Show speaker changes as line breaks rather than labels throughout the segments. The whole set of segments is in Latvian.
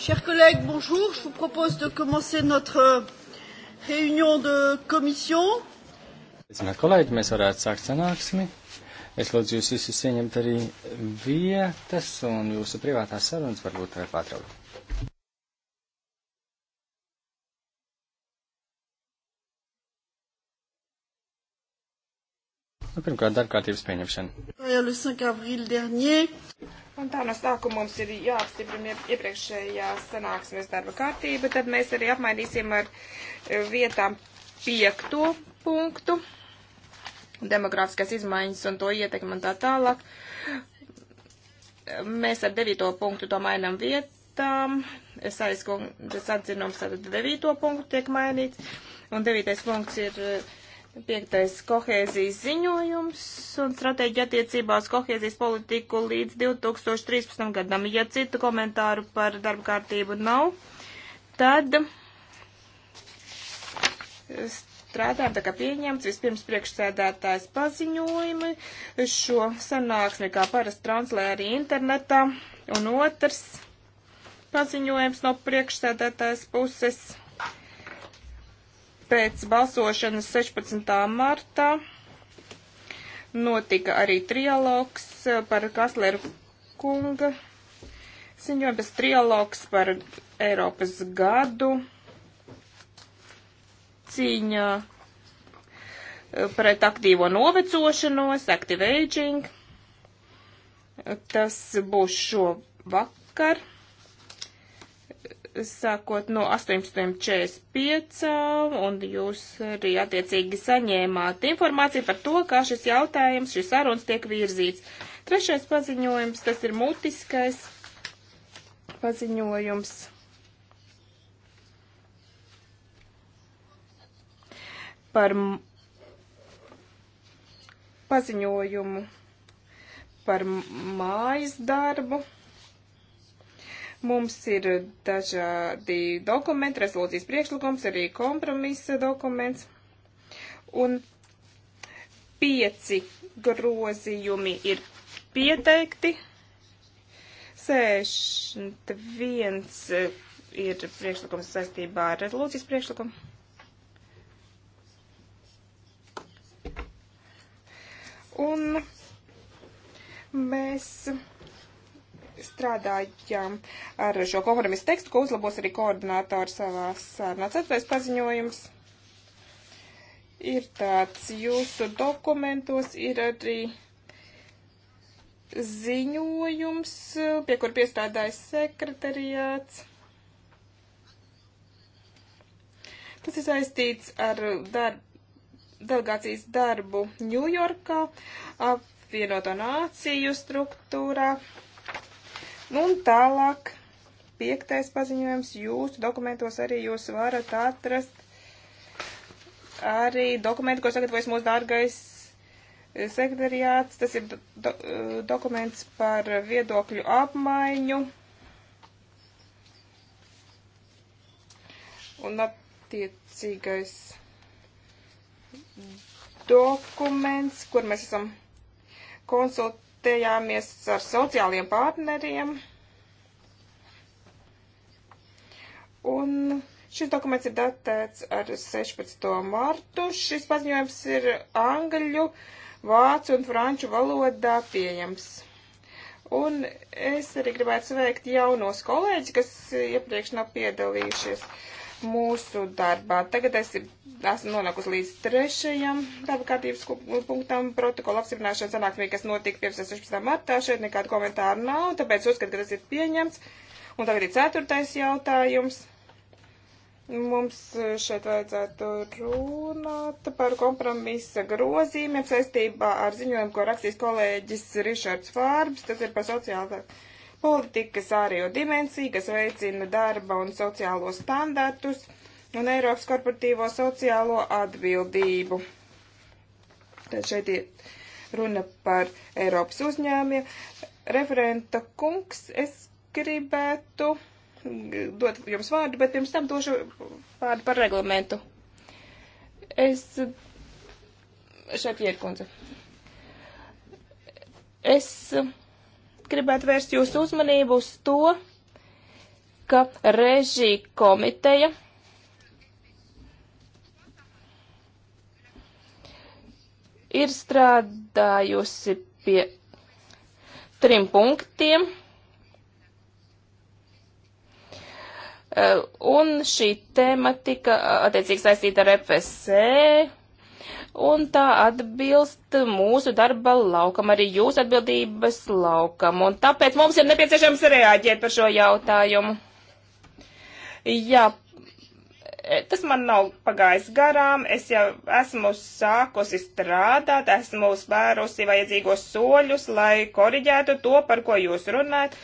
Chers collègues, bonjour. Je vous propose de commencer notre euh, réunion de commission.
Sveicināt, kolēģi, mēs varētu sākt sanāksmi. Es lūdzu jūs visus ieņemt arī vietas un jūsu privātās sarunas varbūt varētu pārtraukt. Nu, pirmkārt, darbkārtības pieņemšana.
Un tā no sākuma mums ir jāapstiprina iepriekšējā sanāksmes darba kārtība, tad mēs arī apmainīsim ar e, vietām piekto punktu, demografiskās izmaiņas un to ietekmi un tā tālāk. Mēs ar devīto punktu to mainam vietām. Es aizkundu, tas atzinums ar devīto punktu tiek mainīts. Un devītais punkts ir e, Piektais kohēzijas ziņojums un stratēģija attiecībās kohēzijas politiku līdz 2013. gadam. Ja citu komentāru par darba kārtību nav, tad strādājam tā kā pieņemts. Vispirms priekšsēdētājs paziņojumi. Šo sanāksmi kā parasti translē arī internetā. Un otrs paziņojums no priekšsēdētājas puses Pēc balsošanas 16. martā notika arī trialogs eh, par Kasleru kunga ziņojumu, pēc trialogs par Eiropas gadu cīņā eh, pret aktīvo novecošanos, active aging. Tas būs šo vakar sākot no 18.45, un jūs arī attiecīgi saņēmāt informāciju par to, kā šis jautājums, šis sarunas tiek virzīts. Trešais paziņojums, tas ir mutiskais paziņojums. Par paziņojumu par mājas darbu. Mums ir dažādi dokumenti, rezolūcijas priekšlikums, arī kompromisa dokuments. Un pieci grozījumi ir pieteikti. 61 eh, ir priekšlikums saistībā ar rezolūcijas priekšlikumu. Un mēs strādājām ar šo kompromisu tekstu, ko uzlabos arī koordinātori savā sārunā. Ceturtais paziņojums ir tāds, jūsu dokumentos ir arī ziņojums, pie kur piestrādājas sekretariāts. Tas ir saistīts ar darbu delegācijas darbu Ņujorkā, apvienoto nāciju struktūrā. Un tālāk, piektais paziņojums, jūsu dokumentos arī jūs varat atrast arī dokumentu, ko sagatavojas mūsu dārgais sekretariāts. Tas ir do, dokuments par viedokļu apmaiņu. Un attiecīgais dokuments, kur mēs esam konsultējuši kontaktējāmies ar sociāliem partneriem. Un šis dokuments ir datēts ar 16. martu. Šis paziņojums ir angļu, vācu un franču valodā pieejams. Un es arī gribētu sveikt jaunos kolēģus, kas iepriekš nav piedalījušies. Uh, mūsu darbā. Tagad es esmu nonākusi līdz trešajam darba kārtības punktam protokola apstiprināšanas sanāksmē, kas notika 15.16. martā. Šeit nekādu komentāru nav, tāpēc uzskatu, ka tas ir pieņemts. Un tagad ir ceturtais jautājums. Mums e, šeit vajadzētu runāt par kompromisa grozījumiem saistībā ar ziņojumu, ko rakstīs kolēģis Rišards Fārbs. Tas ir par sociālās politikas ārējo dimensiju, kas veicina darba un sociālo standartus un Eiropas korporatīvo sociālo atbildību. Tad šeit ir runa par Eiropas uzņēmiem. Referenta kungs, es gribētu dot jums vārdu, bet pirms tam došu vārdu par reglamentu. Es šeit iekundze. Es gribētu vērst jūsu uzmanību uz to, ka režija komiteja ir strādājusi pie trim punktiem. Eh, un šī tematika, eh, attiecīgi saistīta ar FSE, un tā atbilst mūsu darba laukam, arī jūsu atbildības laukam, un tāpēc mums ir nepieciešams reaģēt par šo jautājumu. Jā, e, tas man nav pagājis garām, es jau esmu sākusi strādāt, esmu spērusi vajadzīgos soļus, lai koriģētu to, par ko jūs runājat.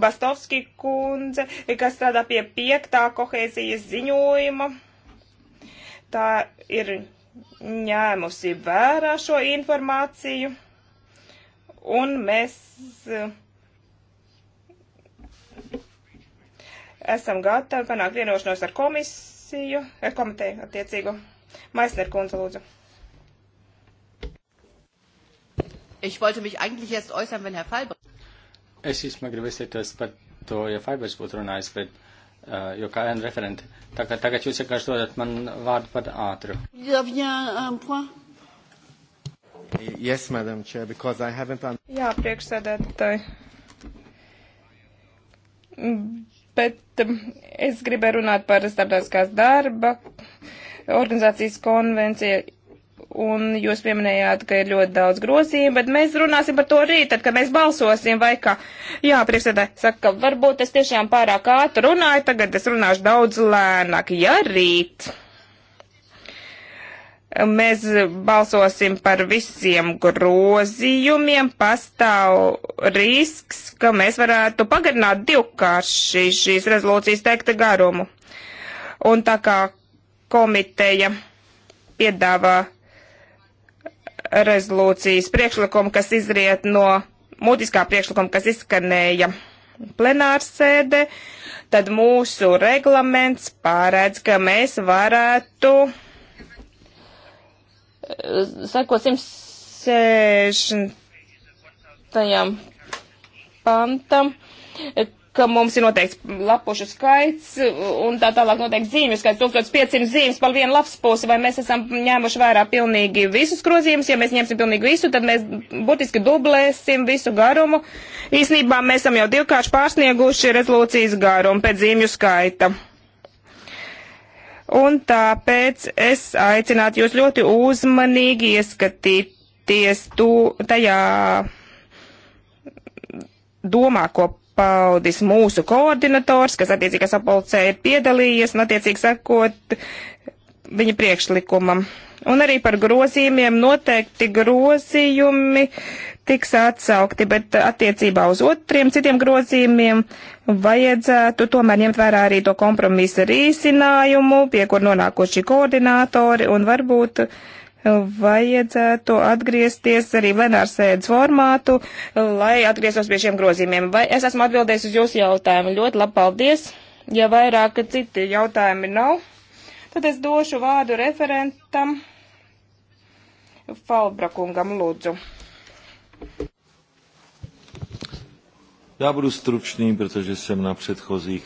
Bastovski kundze, kas strādā pie piektā kohēzijas ziņojuma. Tā ir ņēmusi vērā šo informāciju, un mēs eh, esam gatavi panākt vienošanos ar komisiju, ar komiteju attiecīgu. Maisner kundze, lūdzu.
Ich wollte mich eigentlich erst äußern, wenn Herr Falber.
Es īstenībā gribēju izteikties par to, ja Falbers būtu runājis, bet Uh, jo kā ēna referenti. Tā kā tagad jūs vienkārši dodat man vārdu par ātru. Yes, madam chair, because I haven't...
Jā, priekšsēdētāji. Bet um, es gribēju runāt par starptautiskās darba organizācijas konvenciju un jūs pieminējāt, ka ir ļoti daudz grozījumu, bet mēs runāsim par to rīt, tad, kad mēs balsosim, vai kā. Jā, priekšsēdētāji saka, varbūt es tiešām pārāk ātri runāju, tagad es runāšu daudz lēnāk, ja rīt. Mēs balsosim par visiem grozījumiem. Pastāv risks, ka mēs varētu pagarināt divkārši šīs rezolūcijas teikta garumu. Un tā kā komiteja piedāvā rezolūcijas priekšlikumu, kas izriet no mutiskā priekšlikuma, kas izskanēja plenārsēde, tad mūsu reglaments pārēdz, ka mēs varētu eh, sako 160. pantam ka mums ir noteikts lapušu skaits un tā tālāk noteikti zīmju skaits, 1500 zīmes par vienu lapas pusi, vai mēs esam ņēmuši vērā pilnīgi visus grozījumus, ja mēs ņemsim pilnīgi visu, tad mēs burtiski dublēsim visu garumu. Īsnībā mēs esam jau divkārši pārsnieguši rezolūcijas garumu pēc zīmju skaita. Un tāpēc es aicinātu jūs ļoti uzmanīgi ieskatīties tu, tajā domā, ko paudis mūsu koordinators, kas attiecīgā sapulcē ir piedalījies un attiecīgi sakot viņa priekšlikumam. Un arī par grozījumiem noteikti grozījumi tiks atsaukti, bet attiecībā uz otriem citiem grozījumiem vajadzētu tomēr ņemt vērā arī to kompromisa risinājumu, pie kur nonākoši koordinātori un varbūt uh, vajadzētu atgriezties arī plenārsēdes formātu, lai atgrieztos pie šiem grozījumiem. Vai es esmu atbildējis uz jūsu jautājumu? Ļoti labi, paldies. Ja vairāk citi jautājumi nav, tad es došu vārdu referentam Falbrakungam lūdzu.
Já budu stručný, protože jsem na předchozích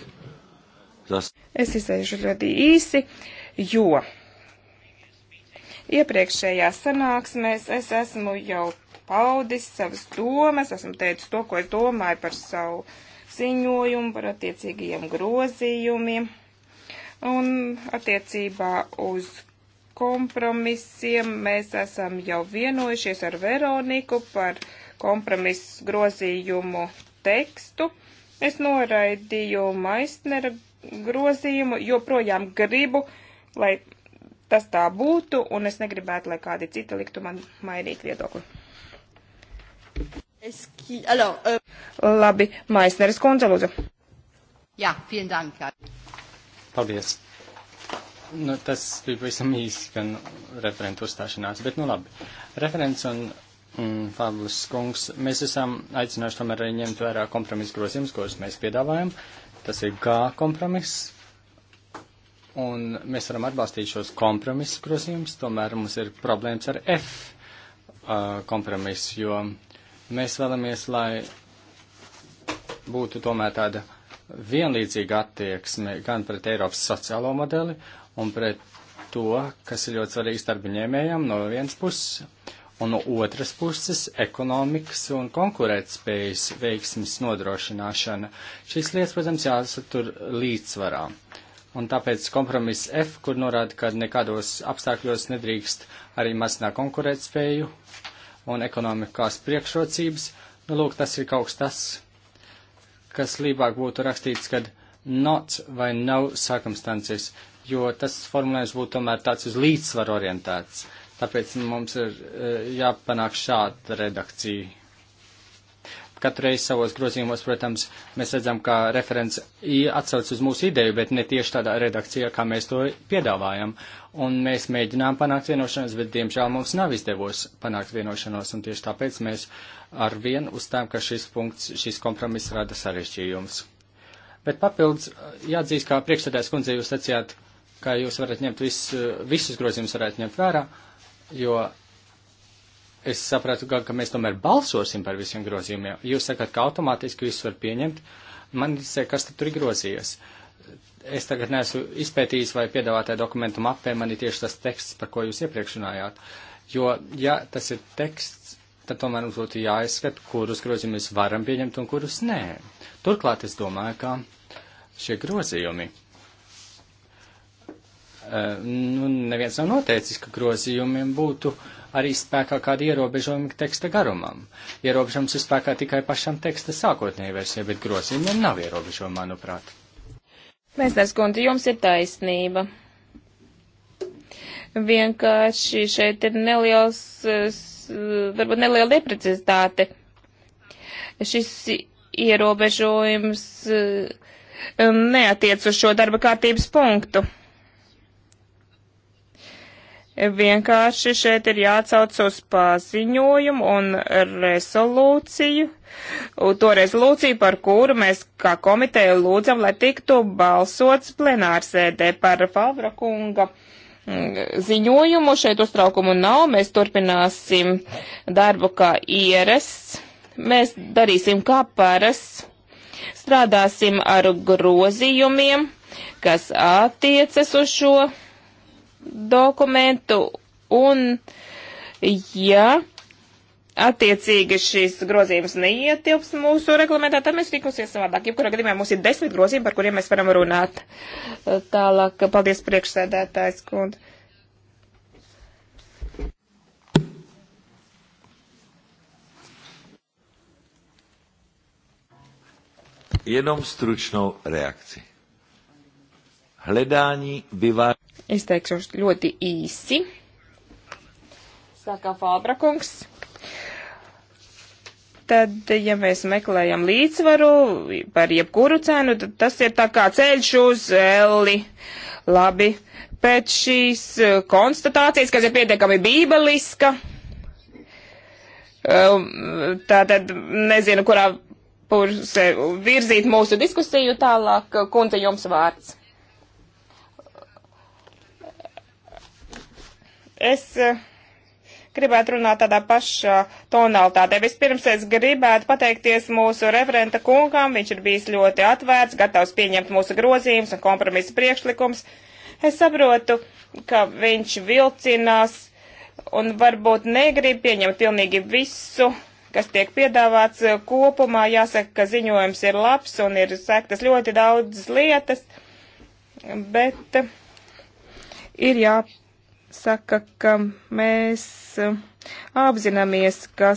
zas...
Es izēšu ļoti īsi, jo Iepriekšējās sanāksmēs es esmu jau paudis savas domas, esmu teicis to, ko es domāju par savu ziņojumu, par attiecīgajiem grozījumiem un attiecībā uz kompromisiem mēs esam jau vienojušies ar Veroniku par kompromisu grozījumu tekstu. Es noraidīju Maisnera grozījumu, joprojām gribu, lai tas tā būtu, un es negribētu, lai kādi citi liktu man mainīt viedokli.
Ki, alors, euh...
Labi, Maisneris kundze, lūdzu.
Jā, vielen dank.
Paldies. Nu, tas bija pavisam īsi, gan nu, referentu uzstāšanās, bet nu labi. Referents un mm, Pāvils Kungs, mēs esam aicinājuši tomēr ņemt vērā kompromisu grozījumus, kurus mēs piedāvājam. Tas ir G kompromiss, Un mēs varam atbalstīt šos kompromisu grozījumus, tomēr mums ir problēmas ar F uh, kompromisu, jo mēs vēlamies, lai būtu tomēr tāda vienlīdzīga attieksme gan pret Eiropas sociālo modeli un pret to, kas ir ļoti svarīgs darba ņēmējam no vienas puses, un no otras puses ekonomikas un konkurētspējas veiksmes nodrošināšana. Šīs lietas, protams, jāsatur līdzsvarā. Uh, un tāpēc kompromiss F, kur norāda, ka nekādos apstākļos nedrīkst arī mazināt konkurētspēju un ekonomikās priekšrocības, nu lūk, tas ir kaut kas tas, kas labāk būtu rakstīts, kad not vai nav circumstances, jo tas formulējums būtu tomēr tāds uz līdzsvaru orientēts. Tāpēc mums ir eh, jāpanāk šāda redakcija. Katru reizi savos grozījumos, protams, mēs redzam, ka referents atsauc uz mūsu ideju, bet ne tieši tādā redakcijā, kā mēs to piedāvājam. Un mēs mēģinām panākt vienošanos, bet, diemžēl, mums nav izdevos panākt vienošanos, un tieši tāpēc mēs ar vienu uzstājam, ka šis punkts, šis kompromiss rada sarežģījums. Bet papildus jāatzīst, kā priekšstādājs kundze jūs sacījāt, ka jūs varat ņemt vis, visus grozījumus, varētu ņemt vērā, jo es sapratu, ka, ka mēs tomēr balsosim par visiem grozījumiem. Jūs sakat, ka automātiski visus var pieņemt. Man interesē, kas tad tur ir grozījies. Es tagad neesmu izpētījis vai piedāvātajā dokumentu mapē, man ir tieši tas teksts, par ko jūs iepriekš runājāt. Jo, ja tas ir teksts, tad tomēr mums būtu jāizskat, kurus grozījumus varam pieņemt un kurus nē. Turklāt es domāju, ka šie grozījumi. Eh, nu, neviens nav noteicis, ka grozījumiem būtu uh, arī spēkā kādi ierobežojumi teksta garumam. Ierobežojums ir spēkā tikai pašam teksta sākotnēji versijai, bet grozījumiem nav ierobežojumi, manuprāt.
Mēs neskundi, jums ir taisnība. Vienkārši šeit ir neliels, varbūt neliela neprecizitāte. Šis ierobežojums eh, neatiec uz šo darba kārtības punktu. Vienkārši šeit ir jāatsauc uz paziņojumu un rezolūciju, to rezolūciju, par kuru mēs kā komiteja lūdzam, lai tiktu balsots plenārsēdē par Favra kunga mm, ziņojumu. Šeit uztraukumu nav, mēs turpināsim darbu kā ierasts, mēs darīsim kā parasts, strādāsim ar grozījumiem, kas attiecas uz šo dokumentu un, ja attiecīgi šīs grozījums neietilps mūsu reglamentā, tad mēs rīkosies savādāk. Jebkurā gadījumā mums ir desmit grozījumi, par kuriem mēs varam runāt. Tālāk, paldies priekšsēdētājs kundze.
Jenom stručnou reakci hledání vyvá...
Es teikšu ļoti īsi. Sākā Fābra kungs. Tad, ja mēs meklējam līdzsvaru par jebkuru cenu, tad tas ir tā kā ceļš uz elli. Labi, pēc šīs e, konstatācijas, kas ir pietiekami bībeliska, um, tātad nezinu, kurā pursē virzīt mūsu diskusiju tālāk, kundze jums vārds. Es eh, gribētu runāt tādā pašā tonalitātē. Vispirms es gribētu pateikties mūsu referenta kungam, viņš ir bijis ļoti atvērts, gatavs pieņemt mūsu grozījumus un kompromisa priekšlikums. Es saprotu, ka viņš vilcinās un varbūt negrib pieņemt pilnīgi visu, kas tiek piedāvāts eh, kopumā. Jāsaka, ka ziņojums ir labs un ir sektas ļoti daudzas lietas, bet eh, ir jāpārāk saka, ka mēs eh, apzināmies, ka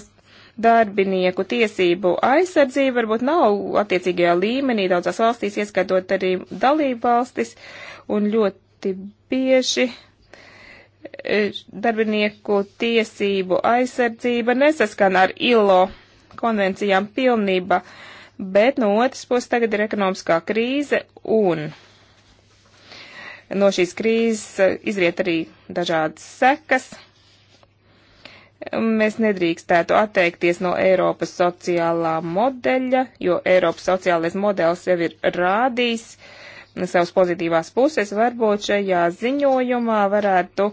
darbinieku tiesību aizsardzība varbūt nav attiecīgajā līmenī daudzās valstīs, ieskaitot arī dalību valstis, un ļoti bieži eh, darbinieku tiesību aizsardzība nesaskan ar ILO konvencijām pilnība, bet no otras puses tagad ir ekonomiskā krīze un no šīs krīzes eh, izriet arī dažādas sekas. Mēs nedrīkstētu atteikties no Eiropas sociālā modeļa, jo Eiropas sociālais modelis jau ir rādījis savas pozitīvās puses. Varbūt šajā ziņojumā varētu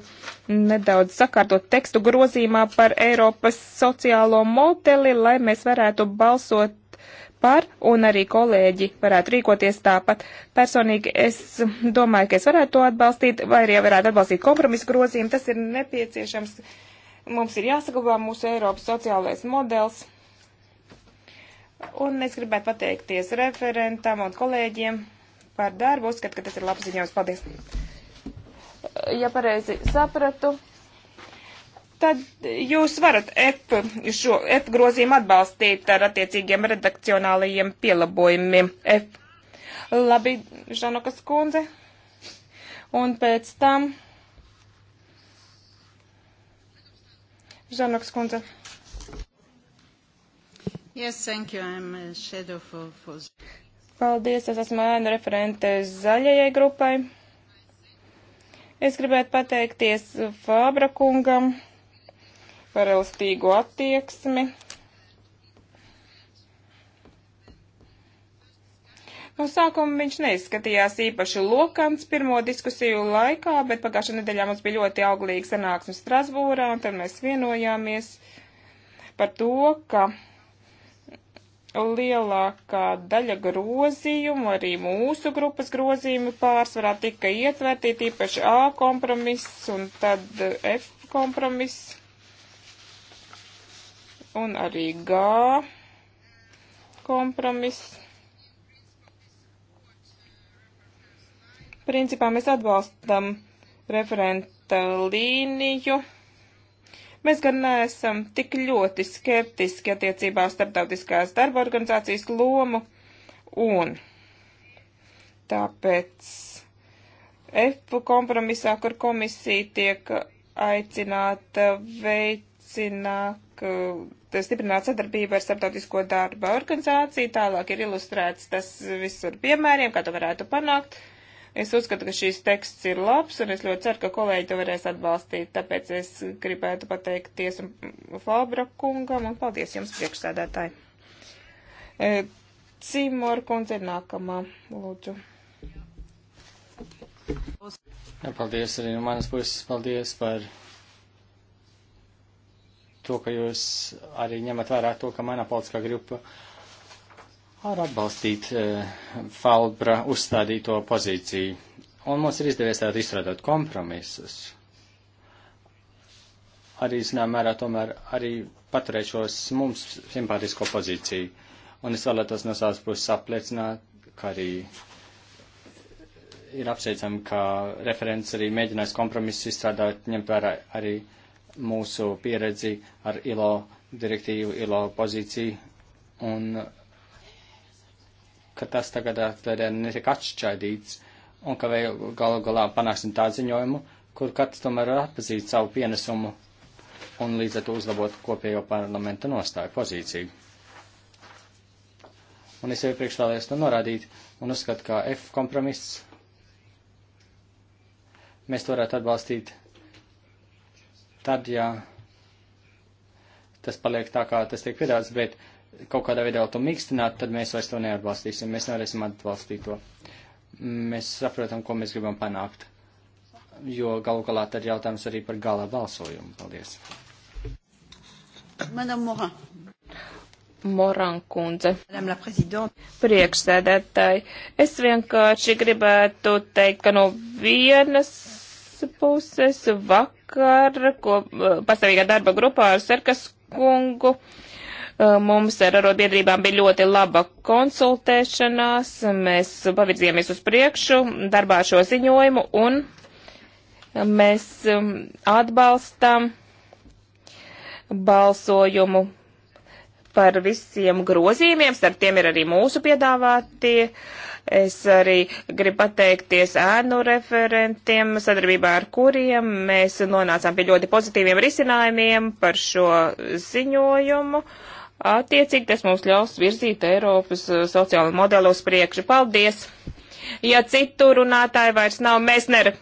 nedaudz sakārtot tekstu grozīmā par Eiropas sociālo modeli, lai mēs varētu balsot par, un arī kolēģi varētu rīkoties tāpat. Personīgi es domāju, ka es varētu to atbalstīt, vai arī varētu atbalstīt kompromisu grozījumu. Tas ir nepieciešams. Mums ir jāsaglabā mūsu Eiropas sociālais modelis. Un es gribētu pateikties referentam un kolēģiem par darbu. Uzskatu, ka tas ir labs ziņojums. Paldies! Ja pareizi sapratu tad jūs varat EP, šo EP grozījumu atbalstīt ar attiecīgiem redakcionālajiem pielabojumiem. EP. Labi, Žanokas kundze. Un pēc tam. Žanokas kundze.
Yes, thank you. I'm a shadow for, for...
Paldies, es esmu ēnu referente zaļajai grupai. Es gribētu pateikties Fābra kungam par elastīgu attieksmi. No sākuma viņš neizskatījās īpaši lokants pirmo diskusiju laikā, bet pagājušā nedēļā mums bija ļoti auglīga sanāksme Strasbūrā, un tad mēs vienojāmies par to, ka lielākā daļa grozījumu, arī mūsu grupas grozījumu pārsvarā tika ietverti, tīpaši A kompromiss un tad F kompromiss un arī G kompromiss. Principā mēs atbalstam referenta līniju. Mēs gan neesam tik ļoti skeptiski attiecībā uz starptautiskās darba organizācijas lomu un tāpēc F kompromisā, kur komisija tiek aicināta veicināt uh, stiprināt sadarbību ar Startautisko darba organizāciju. Tālāk ir ilustrēts tas viss ar piemēriem, kā to varētu panākt. Es uzskatu, ka šīs teksts ir labs, un es ļoti ceru, ka kolēģi to varēs atbalstīt. Tāpēc es gribētu pateikties Fabra kungam, un paldies jums priekšsēdētāji. E, Cimor kundze ir nākamā, lūdzu.
Jā, paldies arī no manas puses, paldies par to, ka jūs arī ņemat vērā to, ka mana politiskā grupa var atbalstīt e, Falbra uzstādīto pozīciju. Un mums ir izdevies tādu izstrādāt kompromisus. Arī, zinām, mērā tomēr arī paturēšos mums simpātisko pozīciju. Un es vēlētos no savas puses apliecināt, ka arī ir apsveicami, ka referents arī mēģinās kompromisu izstrādāt, ņemt vērā arī. arī mūsu pieredzi ar ILO direktīvu, ILO pozīciju, un ka tas tagad netiek atšķaidīts, un ka galu galā panāksim tādu ziņojumu, kur katrs tomēr var atpazīt savu pienesumu un līdz ar to uzlabot kopējo parlamenta nostāju pozīciju. Un es jau iepriekš vēlējos to norādīt un uzskatu, ka F kompromiss mēs to varētu atbalstīt tad, ja tas paliek tā, kā tas tiek piedāts, bet kaut kādā veidā to mīkstināt, tad mēs vairs to neatbalstīsim, mēs nevarēsim atbalstīt to. Mēs saprotam, ko mēs gribam panākt, jo galu galā tad jautājums arī par gala balsojumu. Paldies!
Madame Morin. Moran kundze. Priekšsēdētāji, es vienkārši gribētu teikt, ka no vienas puses vak vakar, ko eh, pastāvīgā darba grupā ar Serkas kungu. Eh, mums ar arotbiedrībām bija ļoti laba konsultēšanās, mēs pavirzījāmies uz priekšu darbā šo ziņojumu un mēs eh, atbalstam balsojumu par visiem grozījumiem, starp tiem ir arī mūsu piedāvātie uh, Es arī gribu pateikties ēnu referentiem, sadarbībā ar kuriem mēs nonācām pie ļoti pozitīviem risinājumiem par šo ziņojumu. Attiecīgi tas mums ļaus virzīt Eiropas uh, sociālo modelu uz priekšu. Paldies! Ja citu runātāju vairs nav, mēs ner.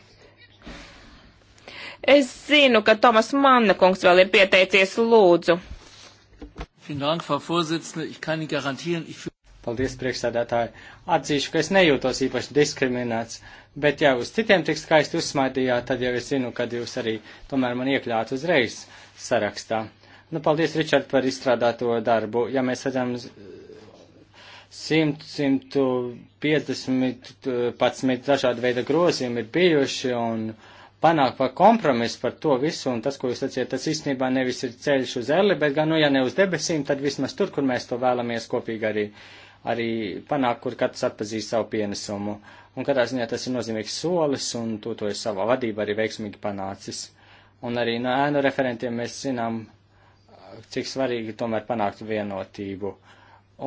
Es zinu, ka Tomas Manna kungs vēl ir pieteicies
lūdzu. Vielen Dank, Frau Vorsitzende. Ich kann Ihnen garantieren, ich Paldies, priekšsēdētāji. Atzīšu, ka es nejūtos īpaši diskriminēts, bet ja uz citiem tik skaisti uzsmaidījāt, tad jau es zinu, kad jūs arī tomēr man iekļāt uzreiz sarakstā. Nu, paldies, Ričard, par izstrādāto darbu. Ja mēs redzam 100, 150, 11 dažāda veida grozījumi ir bijuši un panāk par kompromisu par to visu, un tas, ko jūs teicāt, tas īstenībā nevis ir ceļš uz elli, bet gan, nu, ja ne uz debesīm, tad vismaz tur, kur mēs to vēlamies kopīgi arī uh, arī panākt, kur katrs atpazīst savu pienesumu. Un katrā ziņā tas ir nozīmīgs solis, un to, to ir savā vadībā arī veiksmīgi panācis. Un arī no ēnu referentiem mēs zinām, cik svarīgi tomēr panākt vienotību.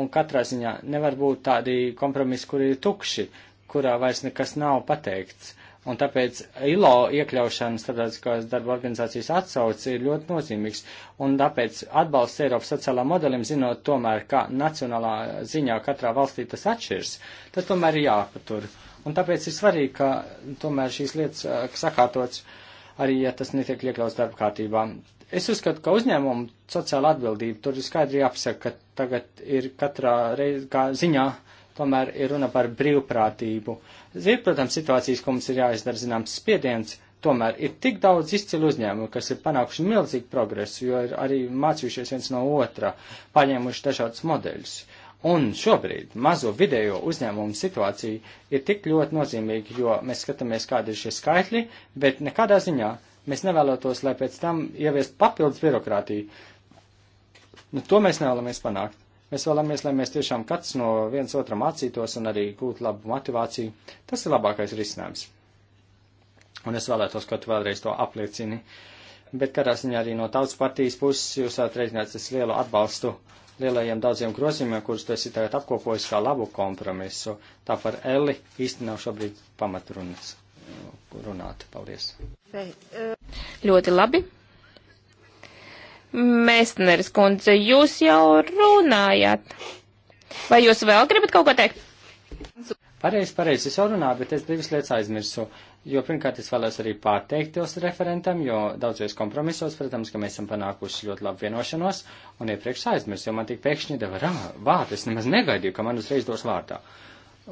Un katrā ziņā nevar būt tādi kompromisi, kur ir tukši, kurā vairs nekas nav pateikts. Un tāpēc ILO iekļaušana starptautiskās darba organizācijas atsauce ir ļoti nozīmīgs. Un tāpēc atbalsts Eiropas sociālā modelim, zinot tomēr, kā nacionālā ziņā katrā valstī tas atšķirs, tas tomēr ir jāpatur. Un tāpēc ir svarīgi, ka tomēr šīs lietas uh, sakārtots, arī ja tas netiek iekļauts darba kārtībā. Es uzskatu, ka uzņēmumu sociāla atbildība tur ir skaidri jāpasaka, ka tagad ir katrā reiz, kā ziņā tomēr ir runa par brīvprātību. Ir, protams, situācijas, ko mums ir jāizdara zināms spiediens, tomēr ir tik daudz izcilu uzņēmumu, kas ir panākuši milzīgu progresu, jo ir arī mācījušies viens no otra, paņēmuši dažādus modeļus. Un šobrīd mazo vidējo uzņēmumu situācija ir tik ļoti nozīmīga, jo mēs skatāmies, kādi ir šie skaitļi, bet nekādā ziņā mēs nevēlētos, lai pēc tam ieviest papildus birokrātiju. Nu, to mēs nevēlamies panākt. Mēs vēlamies, lai mēs tiešām kāds no viens otram mācītos un arī gūtu labu motivāciju. Tas ir labākais risinājums. Un es vēlētos, ka tu vēlreiz to apliecini. Bet kādā ziņā arī no tautas partijas puses jūs varat reiķināt es lielu atbalstu lielajiem daudziem grozījumiem, kurus tu esi tagad apkopojis kā labu kompromisu. Tā par Eli īsti nav šobrīd pamatrunas uh, runāt. Paldies.
Uh, Ļoti labi.
Mēsneris kundze, jūs jau runājāt. Vai jūs vēl gribat kaut ko teikt?
Pareizi, pareizi, es jau runāju, bet es divas lietas aizmirsu. Jo pirmkārt, es vēlos arī pateikties referentam, jo daudzies kompromisos, protams, ka mēs esam panākuši ļoti labu vienošanos, un iepriekš aizmirsu, jo man tik pēkšņi deva rā, vārdu, es nemaz negaidīju, ka man uzreiz dos vārdā.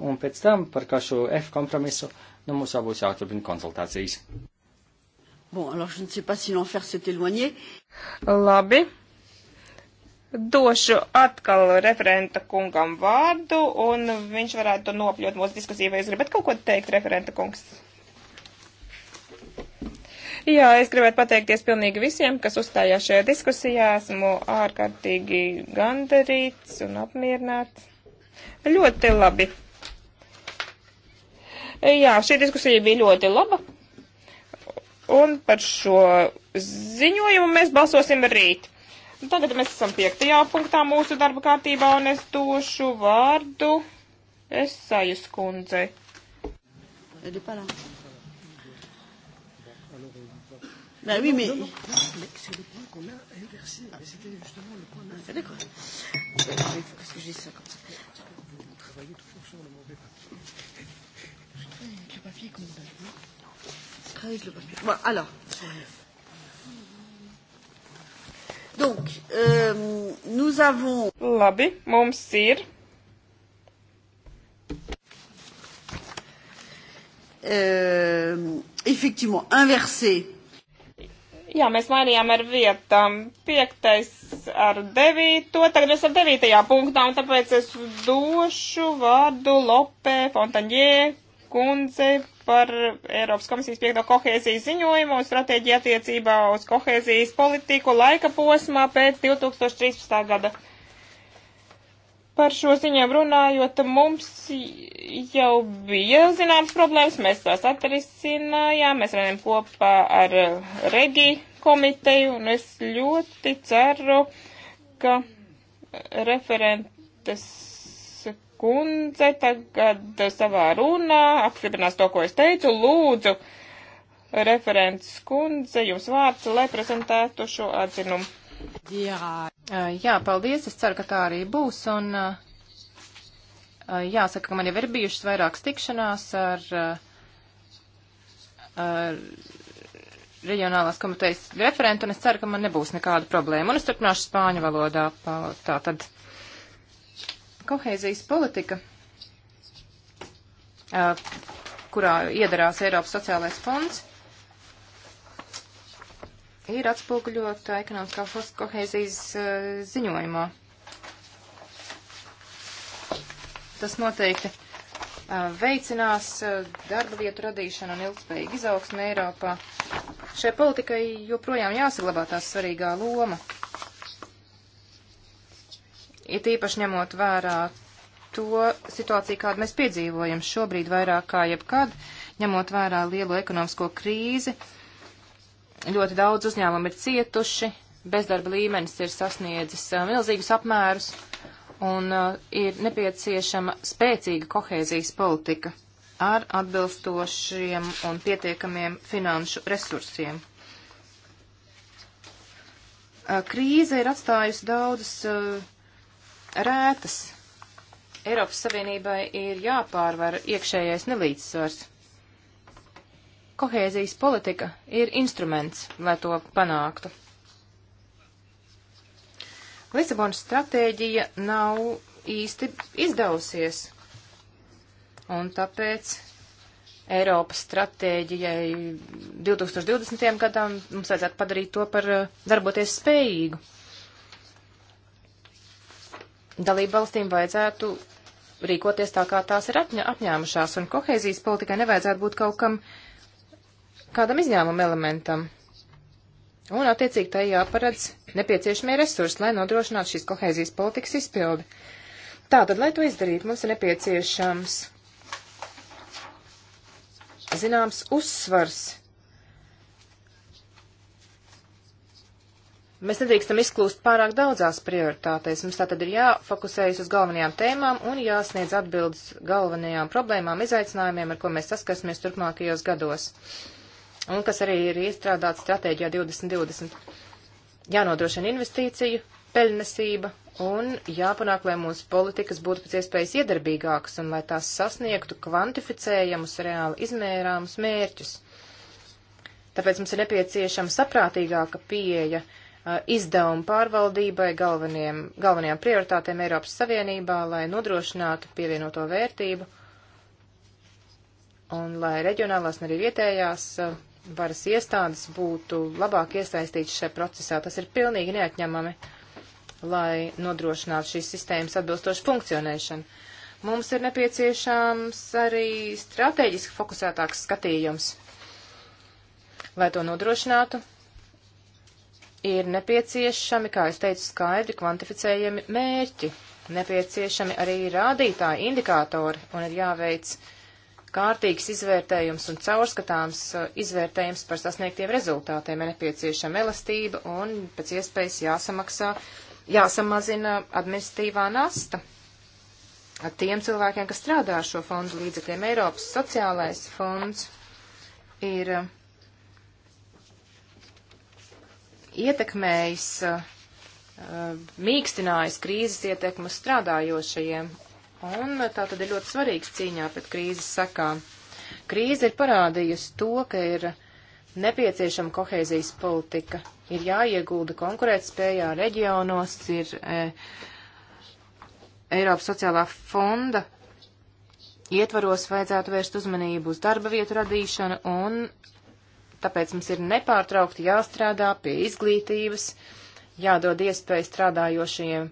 Un pēc tam par kašu F kompromisu, nu mums jau būs jāturpina konsultācijas.
Bon, alors je ne sais pas si l'enfer s'est éloigné. Labi.
Došu atkal referenta kungam vārdu, un viņš varētu nopļot mūsu diskusiju, vai jūs gribat kaut ko teikt, referenta kungs? Jā, es gribētu pateikties pilnīgi visiem, kas uzstājās šajā diskusijā. Esmu ārkārtīgi gandarīts un apmierināts. Ļoti labi. Jā, šī diskusija bija ļoti laba. Un par šo ziņojumu mēs balsosim rīt. Tagad mēs esam piektajā punktā mūsu darba kārtībā, un es došu vārdu Esaju skundzei. Ben oui,
mais.
Sur le point qu'on a inversé, mais c'était justement le point. Ah, D'accord. Parce que j'ai ça comme ça. Vous travaillez toujours sur le mauvais papier. Le papier qu'on donne. 13, le papier. Bon, alors.
Donc, euh, nous avons. Labi, mums ir. Euh,
effectivement, inversé.
Jā, mēs mainījām ar vietām 5 ar 9. Tagad mēs ar 9. punktā, un tāpēc es došu vārdu Lopē Fontaņē kundze par Eiropas komisijas piekto kohēzijas ziņojumu un stratēģiju attiecībā uz kohēzijas politiku laika posmā pēc 2013. gada. Par šo ziņām runājot, mums jau bija zināmas problēmas, mēs tās atrisinājām, mēs runājam kopā ar Regi komiteju, un es ļoti ceru, ka referentes kundze tagad eh, savā runā apstiprinās to, ko es teicu. Lūdzu,
referents kundze, jums vārds, lai prezentētu šo atzinumu. Jā. Eh, jā, paldies. Es ceru, ka tā arī būs. Un eh, jāsaka, ka man jau ir bijušas vairākas tikšanās ar, ar reģionālās komitejas referentu, un es ceru, ka man nebūs nekāda problēma. Un es turpināšu spāņu valodā. Tā tad. Kohēzijas politika, kurā iedarās Eiropas sociālais fonds, ir atspoguļota ekonomiskās kohēzijas ziņojumā. Tas noteikti veicinās darba vietu radīšanu un ilgspējīgu izaugsmu Eiropā. Šai politikai joprojām jāsaglabā tās svarīgā loma it īpaši ņemot vērā to situāciju, kādu mēs piedzīvojam šobrīd vairāk kā jebkad, ņemot vērā lielo ekonomisko krīzi. Ļoti daudz uzņēmumu ir cietuši, bezdarba līmenis ir sasniedzis uh, milzīgus apmērus un uh, ir nepieciešama spēcīga kohēzijas politika ar atbilstošiem un pietiekamiem finanšu resursiem. Uh, krīze ir atstājusi daudzas uh, rētas. Eiropas Savienībai ir jāpārvar iekšējais nelīdzsvars. Kohēzijas politika ir instruments, lai to panāktu. Lisabonas stratēģija nav īsti izdevusies, un tāpēc Eiropas stratēģijai 2020. gadam mums vajadzētu padarīt to par eh, darboties spējīgu dalību valstīm vajadzētu rīkoties tā, kā tās ir apņa, apņēmušās, un kohēzijas politikai nevajadzētu būt kaut kam, kādam izņēmuma elementam. Un, attiecīgi, tai jāparedz nepieciešamie resursi, lai nodrošinātu šīs kohēzijas politikas izpildi. Tātad, lai to izdarītu, mums ir nepieciešams zināms uzsvars Mēs nedrīkstam izklūst pārāk daudzās prioritātēs. Mums tātad ir jāfokusējas uz galvenajām tēmām un jāsniedz atbildes galvenajām problēmām, izaicinājumiem, ar ko mēs saskarsimies turpmākajos gados. Un kas arī ir iestrādāts stratēģijā 2020. Jānodrošina investīciju, peļnesība un jāpanāk, lai mūsu politikas būtu pēc iespējas iedarbīgākas un lai tās sasniegtu kvantificējamus, reāli izmērāmus mērķus. Tāpēc mums ir nepieciešama saprātīgāka pieeja uh, Uh, izdevumu pārvaldībai, galvenajām prioritātēm Eiropas Savienībā, lai nodrošinātu pievienoto vērtību un lai reģionālās un arī vietējās uh, varas iestādes būtu labāk iesaistītas šajā procesā. Tas ir pilnīgi neatņemami, lai nodrošinātu šīs sistēmas atbilstošu funkcionēšanu. Mums ir nepieciešams arī strateģiski fokusētāks skatījums. Lai to nodrošinātu, ir nepieciešami, kā es teicu, skaidri kvantificējami mērķi, nepieciešami arī rādītāji, indikātori, un ir jāveic kārtīgs izvērtējums un caurskatāms uh, izvērtējums par sasniegtiem rezultātiem, ir nepieciešama elastība un pēc iespējas jāsamaksā, jāsamazina administratīvā nasta. Ar tiem cilvēkiem, kas strādā ar šo fondu līdzekļiem, Eiropas sociālais fonds ir uh, ietekmējis, eh, mīkstinājis krīzes ietekmu strādājošajiem, un tā tad ir ļoti svarīgs cīņā pret krīzes sekām. Krīze ir parādījusi to, ka ir nepieciešama kohēzijas politika, ir jāiegulda konkurētspējā reģionos, ir e, Eiropas sociālā fonda ietvaros vajadzētu vērst uzmanību uz darba vietu radīšanu un Tāpēc mums ir nepārtraukti jāstrādā pie izglītības, jādod iespēju strādājošajiem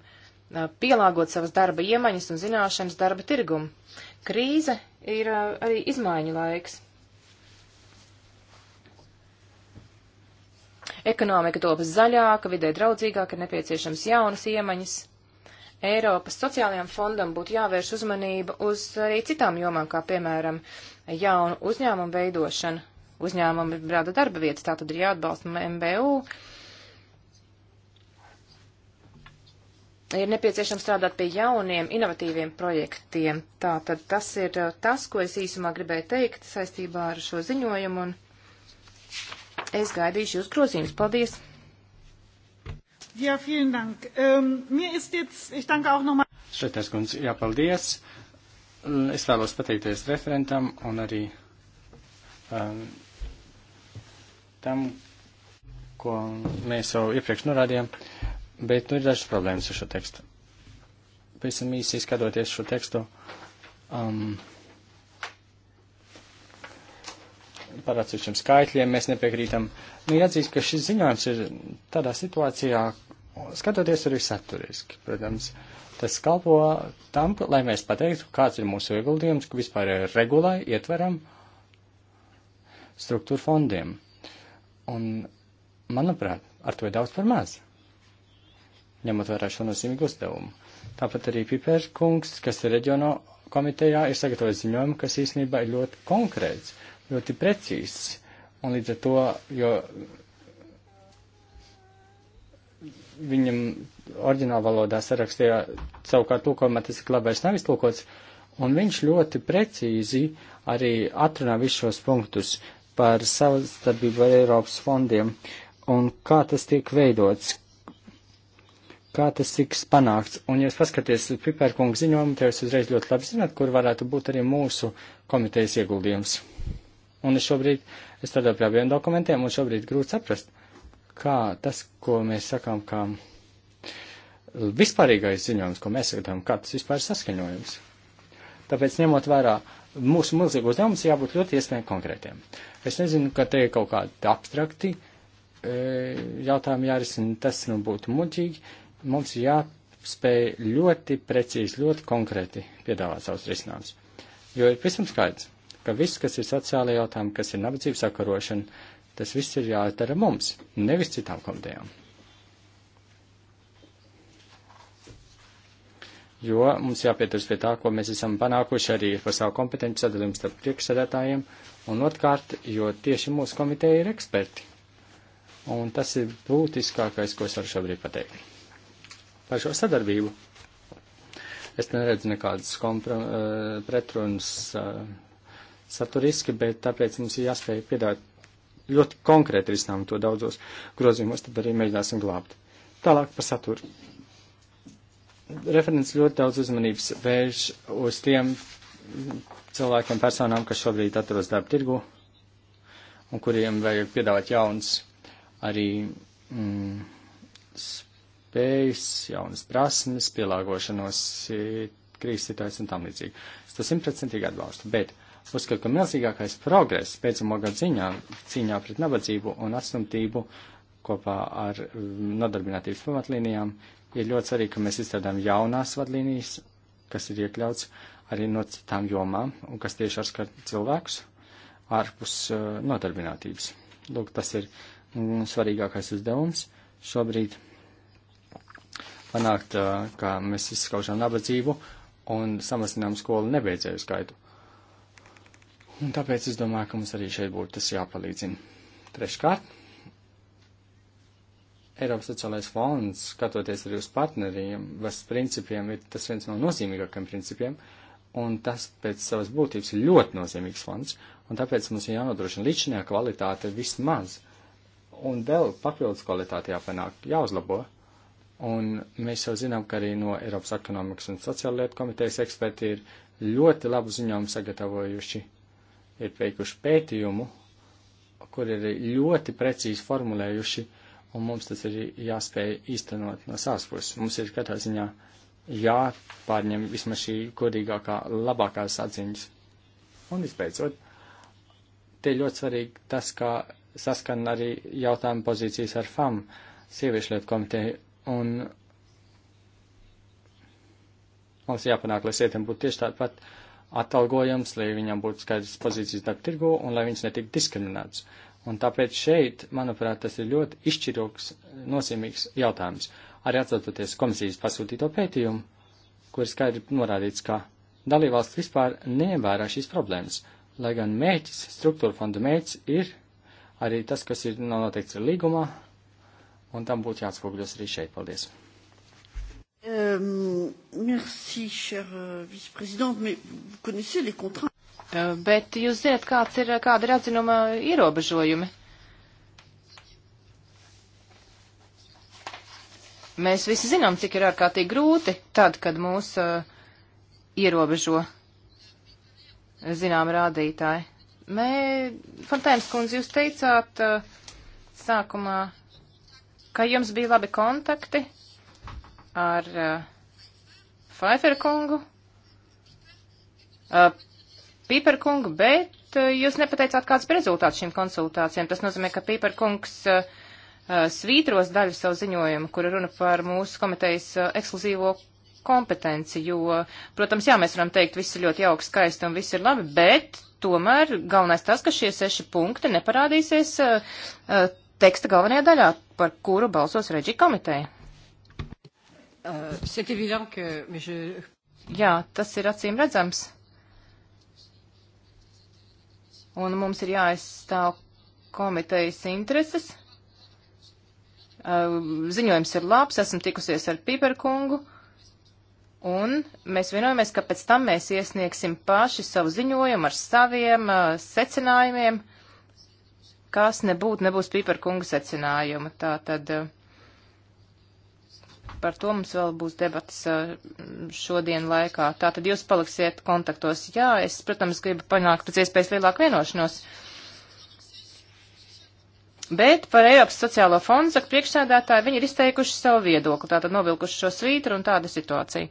pielāgot savas darba iemaņas un zināšanas darba tirgumu. Krīze ir arī izmaiņu laiks. Ekonomika topas zaļāka, vidē draudzīgāka, ir nepieciešams jaunas iemaņas. Eiropas sociālajām fondam būtu jāvērš uzmanība uz arī citām jomām, kā piemēram jaunu uzņēmumu veidošanu, uzņēmumi rada darba vietas, tā tad ir jāatbalsta MBU. ir nepieciešams strādāt pie jauniem, inovatīviem projektiem. Tātad tas ir uh, tas, ko es īsumā gribēju teikt saistībā ar šo ziņojumu, un es gaidīšu jūs grozījumus. Paldies! Jā, ja,
vielen dank. Um, mir ist jetzt, ich danke auch nochmal.
Šreitais kundze, jā, paldies. Es vēlos pateikties referentam un arī um, tam, ko mēs jau iepriekš norādījām, bet nu ir dažas problēmas ar šo tekstu. Pēc tam īsi skatoties šo tekstu, um, par atsevišķiem skaitļiem mēs nepiekrītam. Nu, jāatzīst, ka šis ziņojums ir tādā situācijā, skatoties arī saturiski, protams, tas kalpo tam, lai mēs pateiktu, kāds ir mūsu ieguldījums, ka vispār regulai ietveram struktūra fondiem. Un, manuprāt, ar to ir daudz par maz, ņemot vērā šo nozīmīgu uzdevumu. Tāpat arī Pipers kungs, kas ir reģiono komitejā, ir sagatavojis ziņojumu, kas īstenībā ir ļoti konkrēts, ļoti precīzs. Un līdz ar to, jo viņam oriģināla valodā sarakstīja savukārt tulkojumā tas ir labais nav iztulkots, un viņš ļoti precīzi arī atrunā visus šos punktus, par savstarpību ar Eiropas fondiem un kā tas tiek veidots, kā tas tiks panākts. Un, ja jūs paskaties Piperkungu ziņojumu, tad jūs uzreiz ļoti labi zināt, kur varētu būt arī mūsu komitejas ieguldījums. Un es šobrīd, es strādāju pie abiem dokumentiem, un šobrīd grūti saprast, kā tas, ko mēs sakām, kā vispārīgais ziņojums, ko mēs sakām, kā tas vispār saskaņojums. Tāpēc, ņemot vērā mūsu milzīgos uzdevumus, jābūt ļoti iespējami konkrētiem. Uh, Es nezinu, ka te ir kaut kādi abstrakti e, jautājumi jārisina, tas nu būtu muļķīgi. Mums jāspēj ļoti precīzi, ļoti konkrēti piedāvāt savus risinājumus. Jo ir visam skaidrs, ka viss, kas ir sociālajā jautājumā, kas ir nabadzības sakarošana, tas viss ir jāatara mums, nevis citām komitejām. Jo mums jāpieturas pie tā, ko mēs esam panākuši arī par savu kompetenci sadalījumu starp priekšsēdētājiem. Uh, Un otrkārt, jo tieši mūsu komiteja ir eksperti. Un tas ir būtiskākais, ko es varu šobrīd pateikt. Par šo sadarbību es neredzu nekādas eh, pretrunas uh, eh, saturiski, bet tāpēc mums ir jāspēj piedāvāt ļoti konkrēti risinājumu to daudzos grozījumos, tad arī mēģināsim glābt. Tālāk par saturu. Referents ļoti daudz uzmanības vērš uz tiem cilvēkiem, personām, kas šobrīd atrodas darba tirgu un kuriem vajag piedāvāt jauns arī mm, spējas, jaunas prasmes, pielāgošanos krīzes situācijas un tam līdzīgi. Es to simtprocentīgi atbalstu, bet uzskatu, ka milzīgākais progress pēcamo gadu ziņā cīņā pret nabadzību un atstumtību kopā ar mm, nodarbinātības pamatlīnijām ir ļoti svarīgi, ka mēs izstrādājam jaunās vadlīnijas, kas ir iekļauts arī no citām jomām, un kas tieši atskar cilvēkus ārpus uh, nodarbinātības. Lūk, tas ir mm, svarīgākais uzdevums šobrīd panākt, uh, ka mēs izskaužam nabadzību un samazinām skolu nebeidzēju skaitu. Un tāpēc es domāju, ka mums arī šeit būtu tas jāpalīdzina. Treškārt, Eiropas sociālais fonds, skatoties arī uz partneriem, vas principiem, ir tas viens no nozīmīgākiem principiem, uh, un tas pēc savas būtības ir ļoti nozīmīgs fonds, un tāpēc mums ir jānodrošina līdzinājā kvalitāte vismaz, un vēl papildus kvalitāte jāpanāk, jāuzlabo. Un mēs jau zinām, ka arī no Eiropas ekonomikas un sociāla lietu komitejas eksperti ir ļoti labu ziņojumu sagatavojuši, ir veikuši pētījumu, kur ir ļoti precīzi formulējuši, un mums tas ir jāspēj īstenot no savas puses. Mums ir katrā ziņā uh, jāpārņem vismaz šī godīgākā, labākās atziņas. Un visbeidzot, te ļoti svarīgi tas, kā saskan arī jautājuma pozīcijas ar FAM, sieviešu lietu komiteju, un mums jāpanāk, lai sievietēm būtu tieši tāda pat atalgojums, lai viņam būtu skaidrs pozīcijas darba tirgu un lai viņas netiktu diskriminētas. Un tāpēc šeit, manuprāt, tas ir ļoti izšķiroks, nozīmīgs jautājums. Uh, arī atceltoties komisijas pasūtīto pētījumu, kur skaidri norādīts, ka dalībvalsts vispār nevērā šīs problēmas, lai gan mēķis, struktūra fonda mēķis ir arī tas, kas ir noteikts ar līgumā, un tam būtu jāatspūgļos arī šeit. Paldies!
Um, merci, cher euh, vice-président, mais vous connaissez les contraintes.
Bet jūs zināt, kāds ir, kāda ir atzinuma ierobežojumi? Mēs visi zinām, cik ir ārkārtīgi grūti tad, kad mūs uh, ierobežo zinām rādītāji. Mē, Fontēns kundze, jūs teicāt uh, sākumā, ka jums bija labi kontakti ar uh, Pfeiffer kungu, uh, Piper kungu, bet uh, jūs nepateicāt, kāds bija rezultāts šīm konsultācijām. Tas nozīmē, ka Piper kungs. Uh, Uh, svītros daļu savu ziņojumu, kur runa par mūsu komitejas uh, ekskluzīvo kompetenci, jo, protams, jā, mēs varam teikt, viss ir ļoti jauki, skaisti un viss ir labi, bet tomēr galvenais tas, ka šie seši punkti neparādīsies uh, uh teksta galvenajā daļā, par kuru balsos reģi komiteja.
Uh,
jā, tas ir acīm redzams. Un mums ir jāaizstāv komitejas intereses. Ehm, ziņojums ir labs, esmu tikusies ar Piperkungu, un mēs vienojamies, ka pēc tam mēs iesniegsim paši savu ziņojumu ar saviem eh, secinājumiem, kas nebūtu, nebūs Piperkunga secinājuma. Tā tad eh, par to mums vēl būs debats eh, šodien laikā. Tātad jūs paliksiet kontaktos. Jā, es, protams, gribu panākt pēc iespējas lielāku vienošanos. Uh, Bet par Eiropas sociālo fondu, saka priekšsēdētāji, viņi ir izteikuši savu viedokli, tātad novilkuši šo svītru un tāda situācija.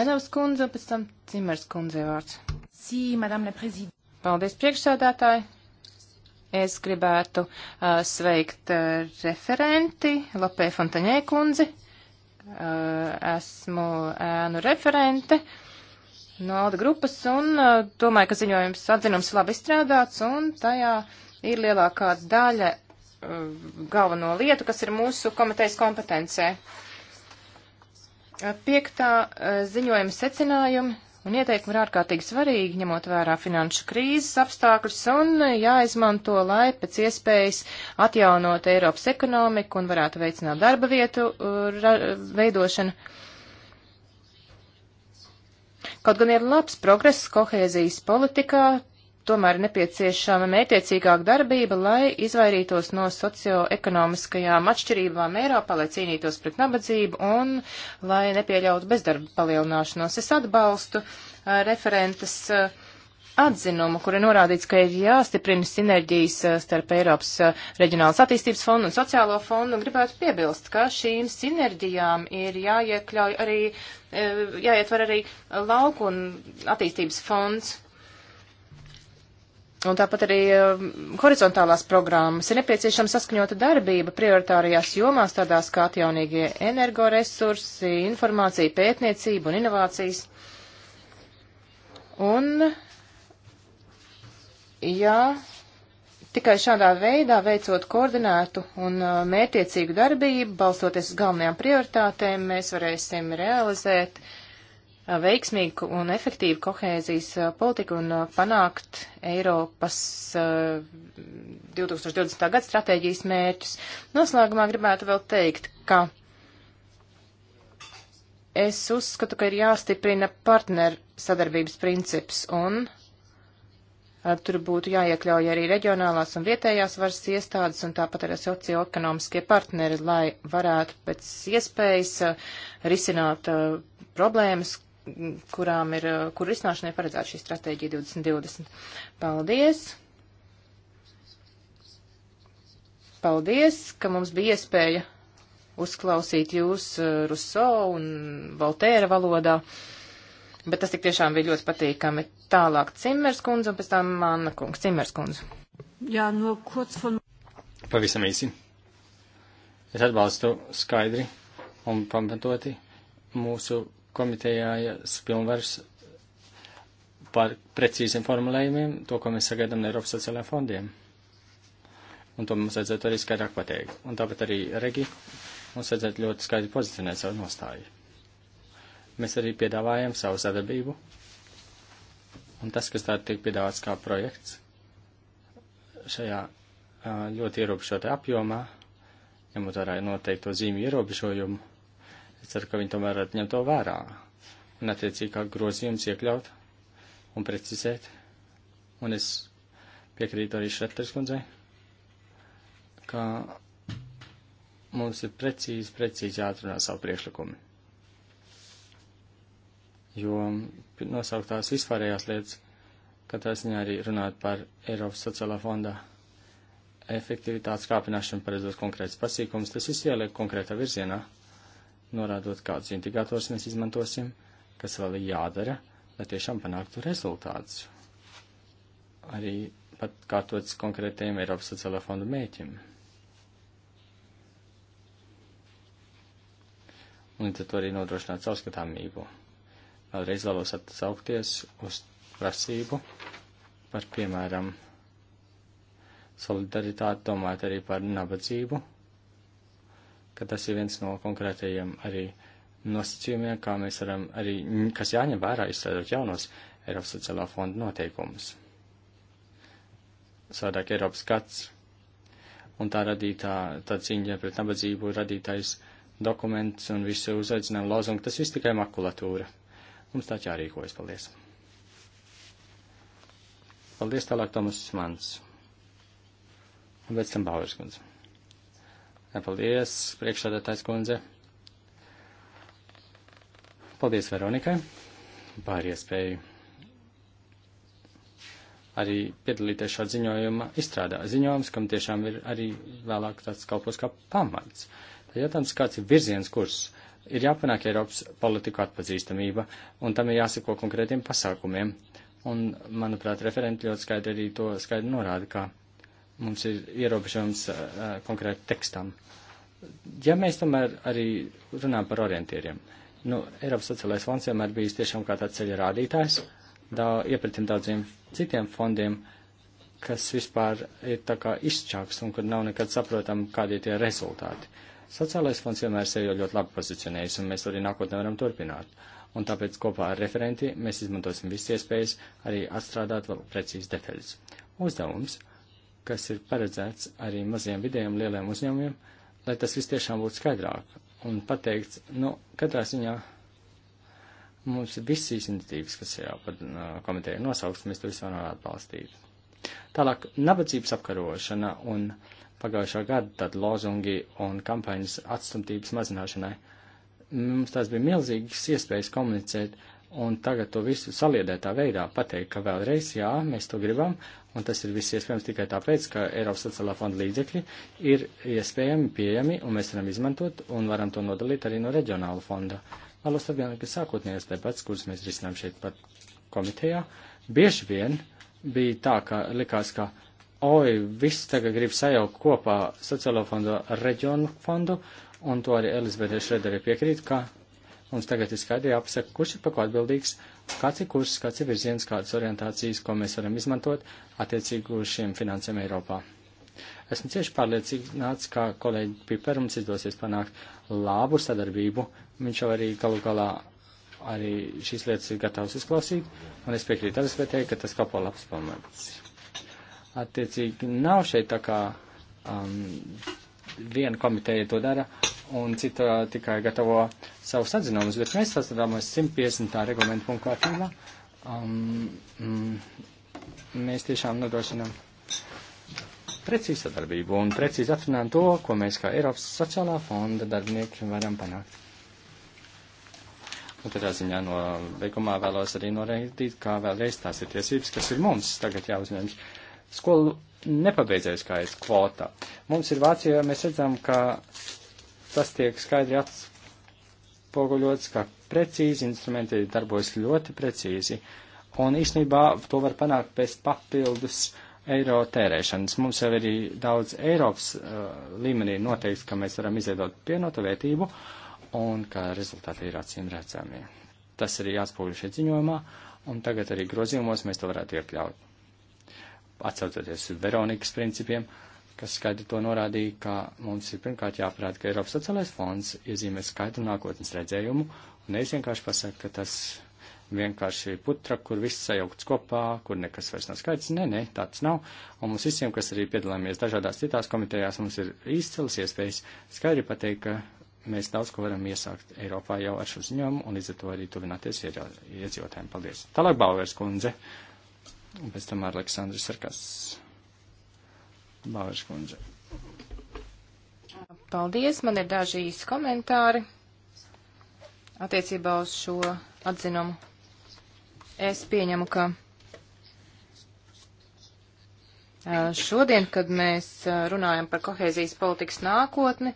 Menavas kundze, pēc tam Cimers kundze vārds.
Sī, madame la prezidente.
Paldies priekšsēdētāji. Es gribētu uh, sveikt uh, referenti Lapē Fontaņē kundzi. Uh, esmu ēnu referente. Uh, no Alda grupas un uh, domāju, ka ziņojums atzinums labi izstrādāts un tajā ir lielākā daļa uh, galveno lietu, kas ir mūsu komitejas kompetencē. Uh, piektā ziņojuma secinājumi un ieteikumi ir ārkārtīgi svarīgi, ņemot vērā finanšu krīzes apstākļus un jāizmanto, lai pēc iespējas atjaunot Eiropas ekonomiku un varētu veicināt darba vietu veidošanu. Kaut gan ir labs progress kohēzijas politikā, tomēr ir nepieciešama mētiecīgāka darbība, lai izvairītos no socioekonomiskajām atšķirībām Eiropā, lai cīnītos pret nabadzību un lai nepieļautu bezdarba palielināšanos. Es atbalstu uh, referentes uh, atzinumu, kur ir norādīts, ka ir jāstiprina sinerģijas uh, starp Eiropas uh, reģionālas attīstības fondu un sociālo fondu, un gribētu piebilst, ka šīm sinerģijām ir jāiekļauj arī, uh, jāietver arī lauku un attīstības fonds. Un tāpat arī um, horizontālās programmas ir nepieciešama saskaņota darbība prioritārajās jomās, tādās kā atjaunīgie energoresursi, informācija, pētniecība un inovācijas. Un Ja tikai šādā veidā veicot koordinētu un uh, mērtiecīgu darbību, balstoties uz galvenajām prioritātēm, mēs varēsim realizēt uh, veiksmīgu un efektīvu kohēzijas uh, politiku un panākt Eiropas 2020. gada stratēģijas mērķus. Noslēgumā gribētu vēl teikt, ka es uzskatu, ka ir jāstiprina partneru sadarbības princips un Tur būtu jāiekļauj arī reģionālās un vietējās varas iestādes un tāpat arī socioekonomiskie partneri, lai varētu pēc iespējas uh, risināt uh, problēmas, kurām ir, uh, kur risināšanai paredzēta šī stratēģija 2020. Paldies! Paldies, ka mums bija iespēja uzklausīt jūs Ruso un Voltēra valodā. Bet tas tik tiešām bija ļoti patīkami. Tālāk Cimers kundze un pēc tam Anna kungs. Cimers kundze.
Jā, no kods von.
Pavisam īsi. Es atbalstu skaidri un pamatoti mūsu komitejājas pilnvaras par precīziem formulējumiem, to, ko mēs sagaidām no Eiropas sociālajiem fondiem. Un to mums vajadzētu arī skaidrāk pateikt. Un tāpat arī Regi mums vajadzētu ļoti skaidri pozicionēt savu nostāju mēs arī piedāvājam savu sadarbību. Un tas, kas tādā tiek piedāvāts kā projekts šajā ļoti ierobežotā apjomā, ņemot vērā noteikto zīmju ierobežojumu, es ceru, ka viņi tomēr ņem to vērā un attiecīgi kā grozījums iekļaut un precizēt. Un es piekrītu arī Šreters kundzei, ka mums ir precīzi, precīzi jāatrunā savu priekšlikumu jo nosauktās vispārējās lietas, katrā ziņā arī runāt par Eiropas sociālā fonda efektivitātes kāpināšanu, paredzot konkrēts pasīkums, tas viss ieliek konkrētā virzienā, norādot, kādus indikators mēs izmantosim, kas vēl ir jādara, lai tiešām panāktu rezultātus. Arī pat kārtots konkrētajiem Eiropas sociālā fonda mēķim. Un tad arī nodrošināt savskatāmību vēlreiz vēlos atsaukties uz prasību par, piemēram, solidaritāti, domājot arī par nabadzību, ka tas ir viens no konkrētajiem arī nosacījumiem, kā mēs varam arī, kas jāņem vērā, izstrādot jaunos Eiropas sociālā fonda noteikumus. Sādāk Eiropas gads un tā radītā, tā cīņa pret nabadzību radītais dokuments un visu uzaicinājumu lozungu, tas viss tikai makulatūra. Mums tā jārīkojas. Paldies! Paldies tālāk Tomas Mans. Un pēc tam Bauers kundze. Paldies, priekšsādātājs kundze. Paldies Veronikai par iespēju arī piedalīties šā ziņojuma izstrādā. Ziņojums, kam tiešām ir arī vēlāk tāds kalpos kā pamats. Tad jautājums, kāds ir virziens kurs? ir jāpanāk Eiropas politiku atpazīstamība, un tam ir jāsako konkrētiem pasākumiem. Un, manuprāt, referenti ļoti skaidri arī to skaidri norāda, ka mums ir ierobežojums uh, konkrēti tekstam. Ja mēs tomēr arī runājam par orientieriem, nu, Eiropas sociālais fonds vienmēr bijis tiešām kā tāds ceļa rādītājs, da, iepratim daudziem citiem fondiem, kas vispār ir tā kā izšķāks un kur nav nekad saprotam, kādi ir tie rezultāti. Uh, Sociālais fonds vienmēr sevi jau ļoti labi pozicionējis, un mēs arī nākotnē varam turpināt. Un tāpēc kopā ar referenti mēs izmantosim visas iespējas arī atstrādāt vēl precīzi detaļas. Uzdevums, kas ir paredzēts arī maziem vidējiem lieliem uzņēmumiem, lai tas viss tiešām būtu skaidrāk un pateikts, nu, katrā ziņā mums ir visas iniciatīvas, kas jau pat uh, komiteja ir nosaukts, mēs to visu varam atbalstīt. Tālāk, nabadzības apkarošana un uh, pagājušā gada tad lozungi un kampaņas atstumtības mazināšanai. Mums tās bija milzīgas iespējas komunicēt un tagad to visu saliedētā veidā pateikt, ka vēlreiz, jā, mēs to gribam, un tas ir viss iespējams tikai tāpēc, ka Eiropas sociālā fonda līdzekļi ir iespējami pieejami, un mēs varam izmantot un varam to nodalīt arī no reģionāla fonda. Vēlos atgādināt, ka sākotnējās debats, kuras mēs risinām šeit pat komitejā, bieži vien bija tā, ka likās, ka oi, viss tagad grib sajaukt kopā sociālo fondu ar reģionu fondu, un to arī Elizabete Šredere piekrīt, ka mums tagad ir skaidri jāpasaka, kurš ir par ko atbildīgs, kāds ir kurs, kāds ir virziens, kādas orientācijas, ko mēs varam izmantot attiecīgi uz šiem finansēm Eiropā. Esmu cieši pārliecināts, ka kolēģi Piper mums izdosies panākt labu sadarbību. Viņš jau arī galu galā arī šīs lietas ir gatavs uzklausīt, un es piekrītu Elizabetei, ka tas kalpo labs pamats attiecīgi nav šeit tā kā um, viena komiteja to dara un cita tikai gatavo savus atzinumus, bet mēs sastādāmies 150. reglamentu punktu kārtībā. Um, mm, mēs tiešām nodrošinām precīzu sadarbību un precīzi atrunājam to, ko mēs kā Eiropas sociālā fonda darbinieki varam panākt. Un tādā ziņā no veikumā vēlos arī noreidīt, kā vēlreiz tās ir tiesības, kas ir mums tagad jāuzņems. Uh, skolu nepabeidzējis kā es kvotā. Mums ir Vācijā, mēs redzam, ka tas tiek skaidri atspoguļots, ka precīzi instrumenti darbojas ļoti precīzi, un īstenībā to var panākt bez papildus eiro tērēšanas. Mums jau ir daudz Eiropas uh, līmenī noteikts, ka mēs varam izveidot pienotu vērtību, un ka rezultāti ir acīm redzami. Tas arī jāspūļu šeit ziņojumā, un tagad arī grozījumos mēs to varētu iekļaut atsaucoties uz Veronikas principiem, kas skaidri to norādīja, ka mums ir pirmkārt jāprāt, ka Eiropas sociālais fonds iezīmē skaidru nākotnes redzējumu, un nevis vienkārši pasaka, ka tas vienkārši ir putra, kur viss sajaukts kopā, kur nekas vairs nav skaidrs. Nē, nē, tāds nav. Un mums visiem, kas arī piedalāmies dažādās citās komitejās, mums ir izcils iespējas skaidri pateikt, ka mēs daudz ko varam iesākt Eiropā jau ar šo ziņojumu, un līdz ar to arī tuvināties iedzīvotājiem. Paldies. Tālāk Bauvers kundze. Uh, Un pēc tam ar Aleksandru Sarkas
Bāžu kundze. Paldies, man ir daži īsi komentāri attiecībā uz šo atzinumu. Es pieņemu, ka šodien, kad mēs runājam par kohēzijas politikas nākotni,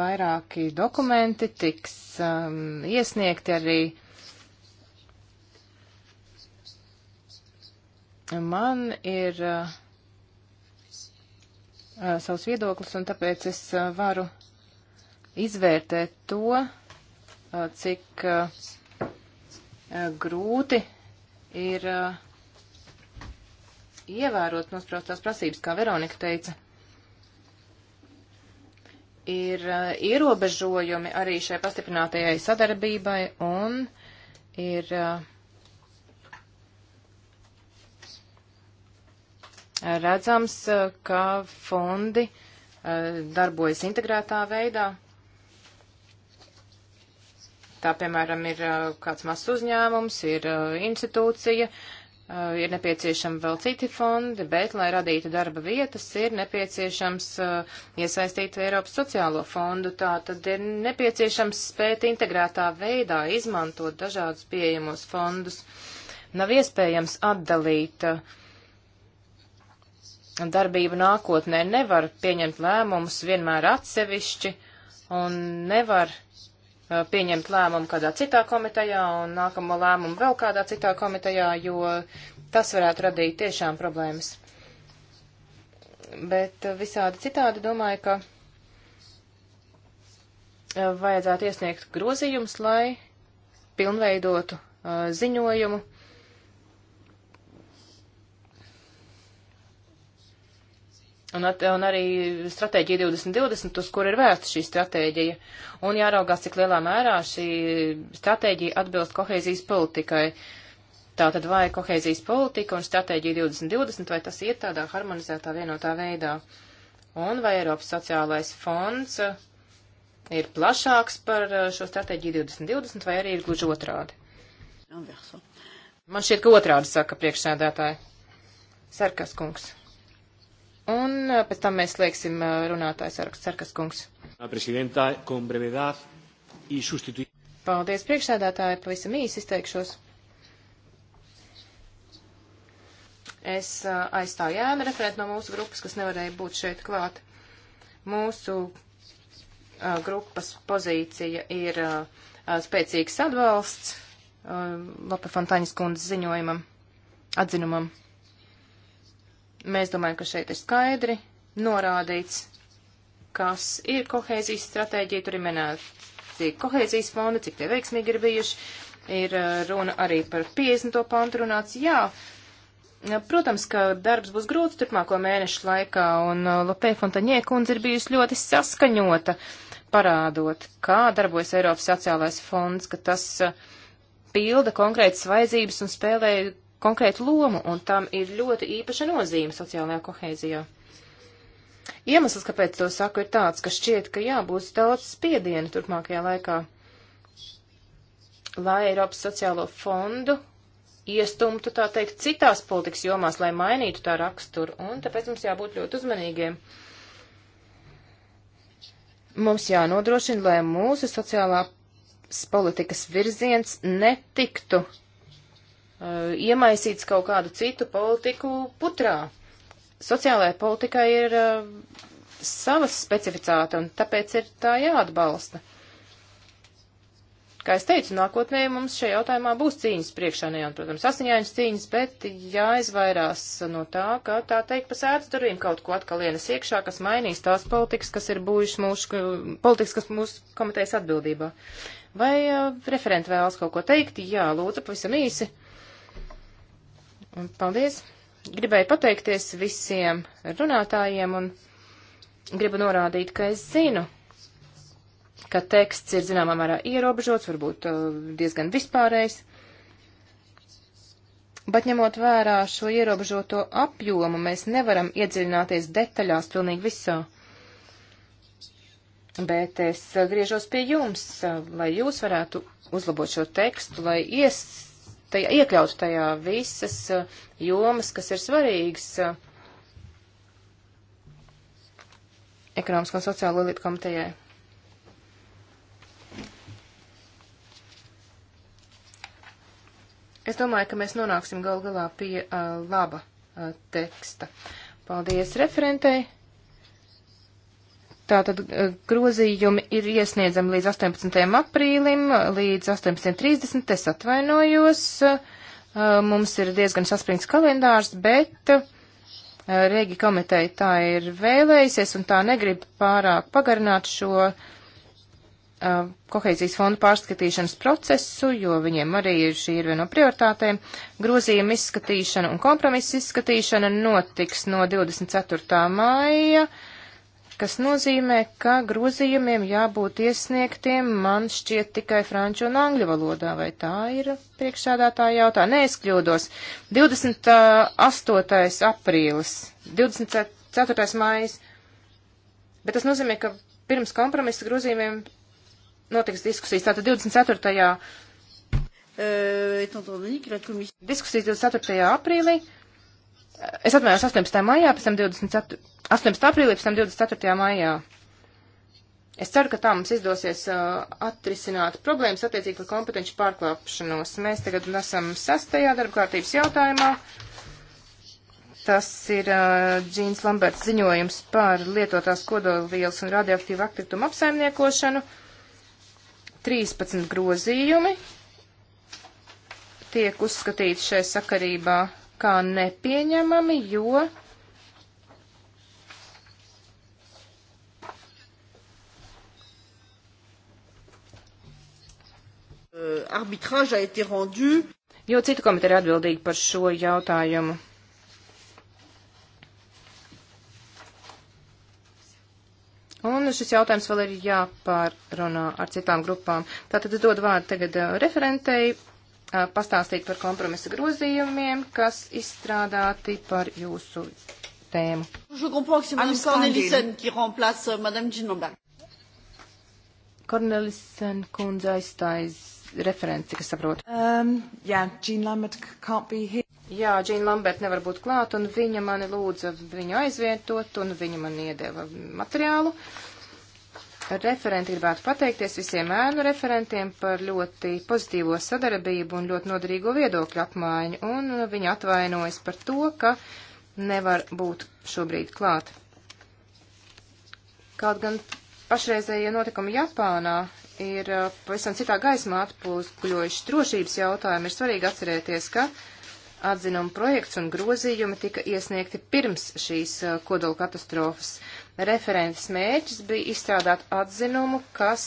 vairāki dokumenti tiks um, iesniegti arī uh, Man ir uh, uh, savs viedoklis, un tāpēc es uh, varu izvērtēt to, uh, cik uh, uh, grūti ir ievērot nospraustās prasības, kā Veronika teica. Ir ierobežojumi arī šai pastiprinātajai sadarbībai un ir uh, redzams, e, ka fondi e, darbojas integrētā veidā. Tā, piemēram, ir e, kāds mazs uzņēmums, ir institūcija, ir nepieciešami vēl citi fondi, bet, lai radītu darba vietas, ir nepieciešams uh, iesaistīt Eiropas sociālo fondu. Tā tad ir nepieciešams spēt integrētā veidā izmantot dažādus pieejamos fondus. Nav iespējams atdalīt uh, darbību nākotnē. Nevar pieņemt lēmumus vienmēr atsevišķi un nevar uh, pieņemt lēmumu kādā citā komitejā un nākamo lēmumu vēl kādā citā komitejā, jo tas varētu radīt tiešām problēmas. Bet uh, visādi citādi domāju, ka uh, vajadzētu iesniegt grozījumus, lai pilnveidotu ziņojumu Un, at, un arī stratēģija 2020, uz kur ir vērsta šī stratēģija. Un jāraugās, cik lielā mērā šī stratēģija atbilst kohēzijas politikai. Tātad vai kohēzijas politika un stratēģija 2020, vai tas iet tādā harmonizētā vienotā veidā. Un vai Eiropas sociālais fonds uh, ir plašāks par uh, šo stratēģiju 2020, vai arī ir gluži otrādi? Man šķiet, ka otrādi saka priekšsēdētāji. Sarkas kungs. Un pēc tam mēs slēgsim runātājs sarakstu Sarkas kungs. Paldies priekšsēdētāji, pavisam īsi izteikšos. Es aizstāju ēnu referentu no mūsu grupas, kas nevarēja būt šeit klāt. Mūsu a, grupas pozīcija ir a, spēcīgs atbalsts Lope Fontaņas kundzes ziņojumam, atzinumam. Mēs domājam, ka šeit ir skaidri norādīts, kas ir kohēzijas stratēģija, tur ir minēti kohēzijas fondi, cik tie veiksmīgi ir bijuši, ir uh, runa arī par 50. pantu runāts. Jā, Protams, ka darbs būs grūts turpmāko mēnešu laikā, un uh, Lopē Fontaņē kundze ir bijusi ļoti saskaņota, parādot, kā darbojas Eiropas sociālais fonds, ka tas uh, pilda konkrētas vajadzības un spēlē konkrētu lomu, un tam ir ļoti īpaša nozīme sociālajā kohēzijā. Iemesls, kāpēc to saku, ir tāds, ka šķiet, ka jā, būs daudz spiediena turpmākajā laikā, lai Eiropas sociālo fondu iestumtu, tā teikt, citās politikas jomās, lai mainītu tā raksturu, un tāpēc mums jābūt ļoti uzmanīgiem. Mums jānodrošina, lai mūsu sociālā politikas virziens netiktu uh, Uh, iemaisīts kaut kādu citu politiku putrā. Sociālajai politikai ir uh, savas specificāte, un tāpēc ir tā jāatbalsta. Kā es teicu, nākotnē mums šajā jautājumā būs cīņas priekšā, ne jau, protams, asiņainas cīņas, bet jāizvairās no tā, ka tā teikt pa sēdz durvīm kaut ko atkal ienes iekšā, kas mainīs tās politikas, kas ir bijušas mūsu, politikas, kas mūsu komitejas atbildībā. Vai uh, referenti vēlas kaut ko teikt? Jā, lūdzu, pavisam īsi. Paldies! Gribēju pateikties visiem runātājiem un gribu norādīt, ka es zinu, ka teksts ir zināmā mērā ierobežots, varbūt uh, diezgan vispārējs. Bet ņemot vērā šo ierobežoto apjomu, mēs nevaram iedziļināties detaļās pilnīgi visā. Bet es griežos pie jums, uh, lai jūs varētu uzlabot šo tekstu, lai ies, tajā, iekļaut tajā visas uh, jomas, kas ir svarīgas uh, ekonomisko un sociālo lietu komitejai. Es domāju, ka mēs nonāksim gal galā pie uh, laba uh, teksta. Paldies referentei! Tātad e, grozījumi ir iesniedzami līdz 18. aprīlim, līdz 18.30. Es atvainojos, e, mums ir diezgan saspringts kalendārs, bet e, Regi komiteja tā ir vēlējusies un tā negrib pārāk pagarināt šo kohēzijas fondu pārskatīšanas procesu, jo viņiem arī ir šī ir viena no prioritātēm. Grozījuma izskatīšana un kompromisa izskatīšana notiks no 24. māja kas nozīmē, ka grozījumiem jābūt iesniegtiem man šķiet tikai franču un angļu valodā, vai tā ir priekšsādātāja jautā? Nē, es kļūdos. 28. aprīlis, 24. mājas, bet tas nozīmē, ka pirms kompromisa grozījumiem notiks diskusijas, tātad 24.
Uh,
Diskusijas 24. aprīlī. Es atvainojos 18. maijā, pēc tam 24. 18. aprīlī, pēc tam 24. maijā. Es ceru, ka tā mums izdosies uh, atrisināt problēmas attiecīgi par kompetenci pārklāpšanos. Mēs tagad esam sastajā darbkārtības jautājumā. Tas ir uh, Džīns Lamberts ziņojums par lietotās kodolvielas un radioaktīvu atkrituma apsaimniekošanu. 13 grozījumi tiek uzskatīti šai sakarībā kā nepieņemami, jo uh,
arbitrāža a été
rendu. Jo citu komiteja ir atbildīga par šo jautājumu. Un šis jautājums vēl ir jāpārrunā ar citām grupām. Tātad es dodu vārdu tagad uh, referentei pastāstīt par kompromisa grozījumiem, kas izstrādāti par jūsu tēmu. Kornelisen kundze aizstājas referenci, kas saprot. Um, yeah, Jean Lambert can't be here. Jā, Džīna Lambert nevar būt klāt, un viņa mani lūdza viņu aizvietot, un viņa man iedeva materiālu. Uh, Referenti gribētu pateikties visiem ēnu referentiem par ļoti pozitīvo sadarbību un ļoti noderīgo viedokļu apmaiņu, un viņi atvainojas par to, ka nevar būt šobrīd klāt. Kaut gan pašreizējie notikumi Japānā ir uh, pavisam citā gaismā atpūskuļojuši drošības jautājumi, ir svarīgi atcerēties, ka atzinuma projekts un grozījumi tika iesniegti pirms šīs uh, kodola katastrofas. Uh, Referents mērķis bija izstrādāt atzinumu, kas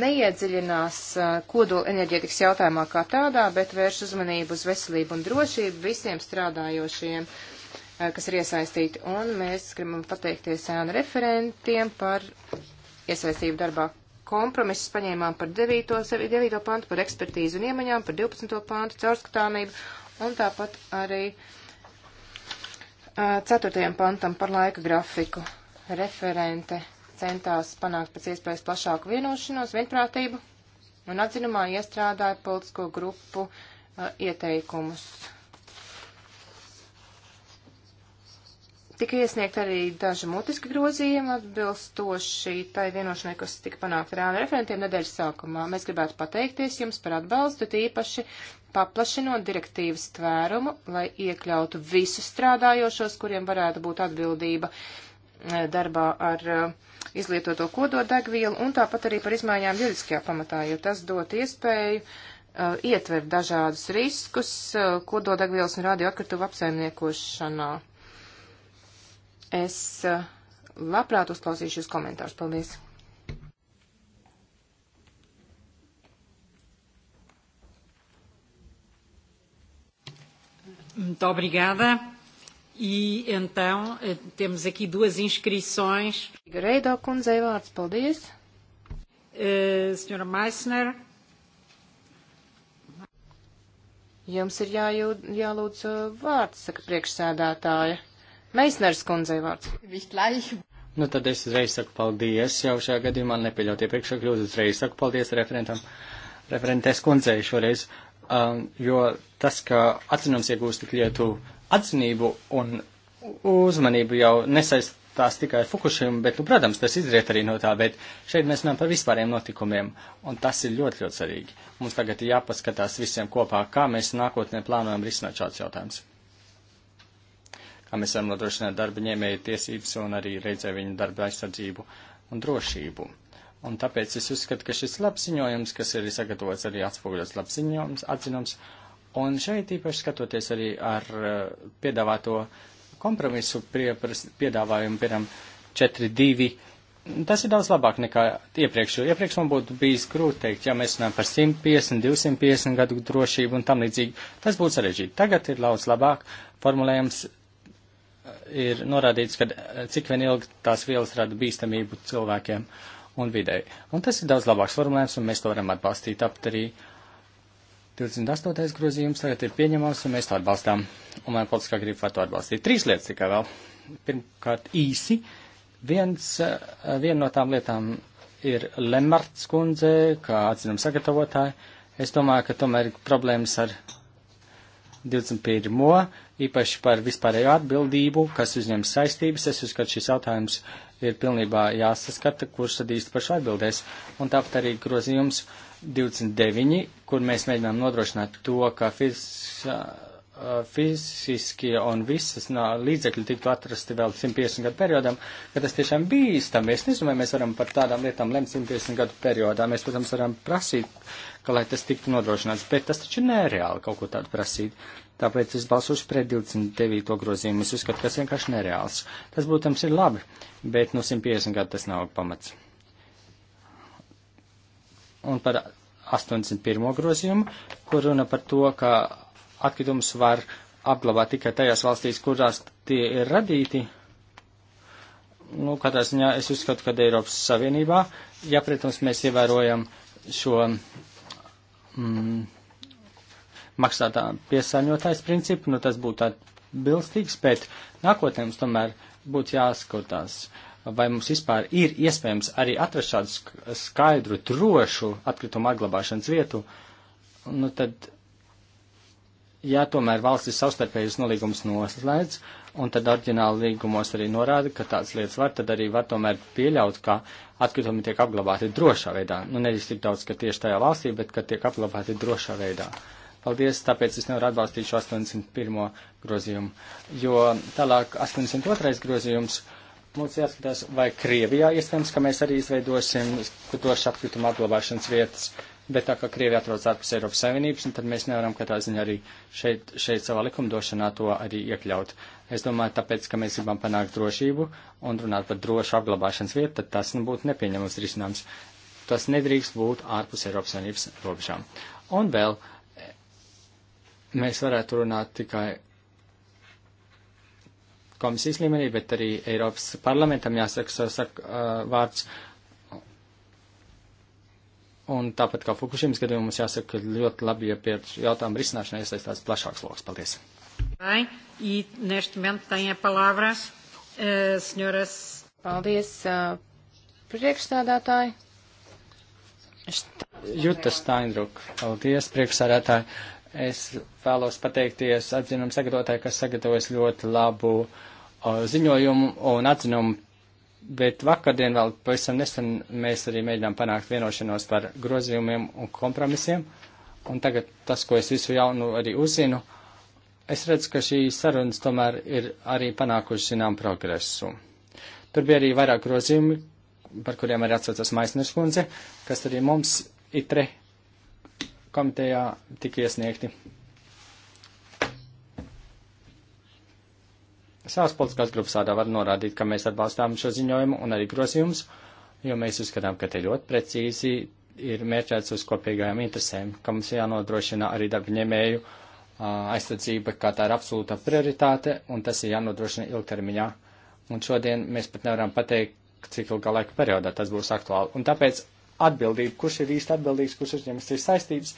neiedziļinās uh, kodola enerģētikas jautājumā kā tādā, bet vērš uzmanību uz veselību un drošību visiem strādājošiem, uh, kas ir iesaistīti. Un mēs gribam pateikties ēnu referentiem par iesaistību darbā. Kompromisus paņēmām par 9. 9. pantu, par ekspertīzu un iemaņām, par 12. pantu, caurskatāmību un tāpat arī 4. Uh, pantam par laika grafiku referente centās panākt pēc iespējas plašāku vienošanos, vienprātību un atzinumā iestrādāja politisko grupu uh, ieteikumus. Tika iesniegt arī daži mutiski grozījumi atbilstoši tai vienošanai, kas tika panākta ar ēnu referentiem nedēļas sākumā. Mēs gribētu pateikties jums par atbalstu, tīpaši paplašinot direktīvas tvērumu, lai iekļautu visus strādājošos, kuriem varētu būt atbildība uh, darbā ar uh, izlietoto kododegvielu un tāpat arī par izmaiņām juridiskajā pamatā, jo tas dot iespēju uh, ietver dažādus riskus uh, kododegvielas un radioaktivu apsaimniekošanā. Es labprāt uzklausīšu jūs komentārus. Paldies!
Muito obrigada. E então eh, temos aqui duas inscrições. Greido kundzei vārds, paldies. Uh, senhora Meissner.
Jums ir jājūd, jālūdz eh, vārds, saka priekšsēdētāja. Meisners kundzei vārds.
Nu tad es uzreiz saku paldies, jau šajā gadījumā nepieļautie priekšsakļūdzu, uzreiz saku paldies referentam, referentes kundzei šoreiz, um, jo tas, ka atzinums iegūst tik lietu. Uh, atzinību un uzmanību jau nesaistās tikai ar Fukušiem, bet, nu, protams, tas izriet arī no tā, bet šeit mēs runājam par vispāriem notikumiem, un tas ir ļoti, ļoti svarīgi. Mums tagad ir jāpaskatās visiem kopā, kā mēs nākotnē plānojam risināt šādus jautājumus. Kā mēs varam nodrošināt darba ņēmēju tiesības un arī reizē viņu darba aizsardzību un drošību. Un tāpēc es uzskatu, ka šis labs ziņojums, kas ir sagatavots arī atspoguļots labs ziņojums, atzinums, uh, Un šeit īpaši skatoties arī ar eh, piedāvāto kompromisu priepras, piedāvājumu, piemēram, 4-2, tas ir daudz labāk nekā iepriekš, jo iepriekš man būtu bijis grūti teikt, ja mēs runājam par 150, 250 gadu drošību un tam līdzīgi, tas būtu sarežģīti. Tagad ir daudz labāk formulējums eh, ir norādīts, ka eh, cik vien ilgi tās vielas rada bīstamību cilvēkiem un videi. Un tas ir daudz labāks formulējums, un mēs to varam atbalstīt apt arī 28. grozījums tagad ir pieņemams, un mēs to atbalstām. Un man politiskā griba var to atbalstīt. Trīs lietas tikai vēl. Pirmkārt, īsi. Viens, eh, viena no tām lietām ir Lemarts kundze, kā atzinuma sagatavotāja. Es domāju, ka tomēr ir problēmas ar 21. īpaši par vispārējo atbildību, kas uzņem saistības. Es uzskatu, šis jautājums ir pilnībā jāsaskata, kurš tad īsti par šo atbildēs. Un tāpat arī grozījums. Uh, 29, kur mēs mēģinām nodrošināt to, ka fizis, fiziskie un visas nā, līdzekļi tiktu atrasti vēl 150 gadu periodam, ka tas tiešām bīstami. Es nezinu, vai mēs varam par tādām lietām lemt 150 gadu periodā. Mēs, protams, varam prasīt, ka lai tas tiktu nodrošināts, bet tas taču nereāli kaut ko tādu prasīt. Tāpēc es balsošu pret 29. grozījumu. Es uzskatu, ka tas vienkārši nereāls. Tas, protams, ir labi, bet no 150 gadu tas nav pamats un par 81. grozījumu, kur runa par to, ka atkritumus var apglabāt tikai tajās valstīs, kurās tie ir radīti. Nu, katrā ziņā es uzskatu, ka Eiropas Savienībā, ja, protams, mēs ievērojam šo mm, maksātā piesāņotājs principu, nu tas būtu atbilstīgs, bet nākotnē mums tomēr būtu jāskatās. Uh, vai mums vispār ir iespējams arī atrast šādu skaidru, drošu atkritumu atglabāšanas vietu, nu tad, ja tomēr valstis savstarpējas nolīgums noslēdz, un tad orģināli līgumos arī norāda, ka tādas lietas var, tad arī var tomēr pieļaut, ka atkritumi tiek apglabāti drošā veidā. Nu, nevis tik daudz, ka tieši tajā valstī, bet ka tiek apglabāti drošā veidā. Paldies, tāpēc es nevaru atbalstīt šo 801. grozījumu, jo tālāk 802. grozījums Mums jāskatās, vai Krievijā iespējams, ka mēs arī izveidosim kutošu atkritumu apglabāšanas vietas, bet tā kā Krievija atrodas ārpus Eiropas Savienības, nu, tad mēs nevaram katrā ziņā arī šeit, šeit savā likumdošanā to arī iekļaut. Es domāju, tāpēc, ka mēs gribam panākt drošību un runāt par drošu apglabāšanas vietu, tad tas nu, būtu nepieņemams risinājums. Tas nedrīkst būt ārpus Eiropas Savienības robežām. Un vēl mēs varētu runāt tikai komisijas līmenī, bet arī Eiropas parlamentam jāsaka savu sak, uh, vārds. Un tāpat kā Fukušīmas gadījumā mums jāsaka, ka ļoti labi, ja pie jautājuma risināšanai iesaistās plašāks loks. Paldies.
Uh, paldies, uh, priekšstādātāji.
Juta Steinruk, paldies, priekšsādātāji. Es vēlos pateikties atzinumu sagatavotāju, kas sagatavojas ļoti labu uh, ziņojumu un atzinumu, bet vakardien vēl pavisam nesen mēs arī mēģinām panākt vienošanos par grozījumiem un kompromisiem, un tagad tas, ko es visu jaunu arī uzzinu, es redzu, ka šīs sarunas tomēr ir arī panākuši zinām progresu. Tur bija arī vairāk grozījumi, par kuriem arī atsaucas Maisnes kundze, kas arī mums itre komitejā tika iesniegti. Savas politiskās grupas vārdā var norādīt, ka mēs atbalstām šo ziņojumu un arī grozījumus, jo mēs uzskatām, ka te ļoti precīzi ir mērķēts uz kopīgajām interesēm, ka mums jānodrošina arī darba ņēmēju aizsardzība, kā tā ir absolūta prioritāte, un tas ir jānodrošina ilgtermiņā. Un šodien mēs pat nevaram pateikt, cik ilgā laika periodā tas būs aktuāli. Un tāpēc atbildība, kurš ir īsti atbildīgs, kurš uzņemas ir saistības,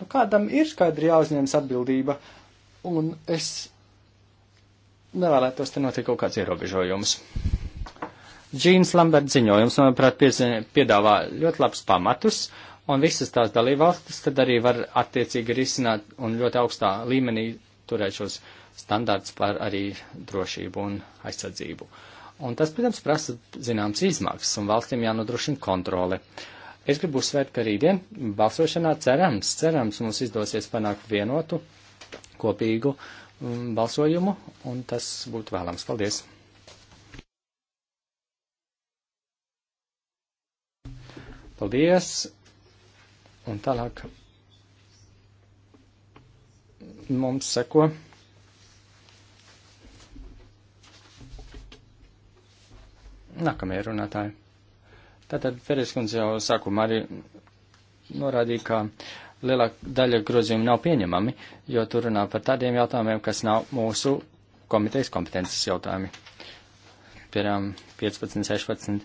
nu kādam ir skaidri jāuzņemas atbildība, un es nevēlētos te notiek kaut kāds ierobežojums. Džīns Lamberts ziņojums, manuprāt, piedāvā ļoti labs pamatus, un visas tās dalībvalstis tad arī var attiecīgi risināt un ļoti augstā līmenī turēt šos standārts par arī drošību un aizsardzību. Un tas, protams, prasa zināms izmaksas, un valstīm jānodrošina kontrole. Es gribu uzsvērt, ka rītdien balsošanā cerams, cerams, mums izdosies panākt vienotu, kopīgu uh, Um, balsojumu, un tas būtu vēlams. Paldies! Paldies! Un tālāk mums seko. Nākamie runātāji. Tātad Feres kundze jau sākumā arī norādīja, ka lielākā daļa grozījumu nav pieņemami, jo tur runā par tādiem jautājumiem, kas nav mūsu komitejas kompetences jautājumi. Piemēram, 15, 16,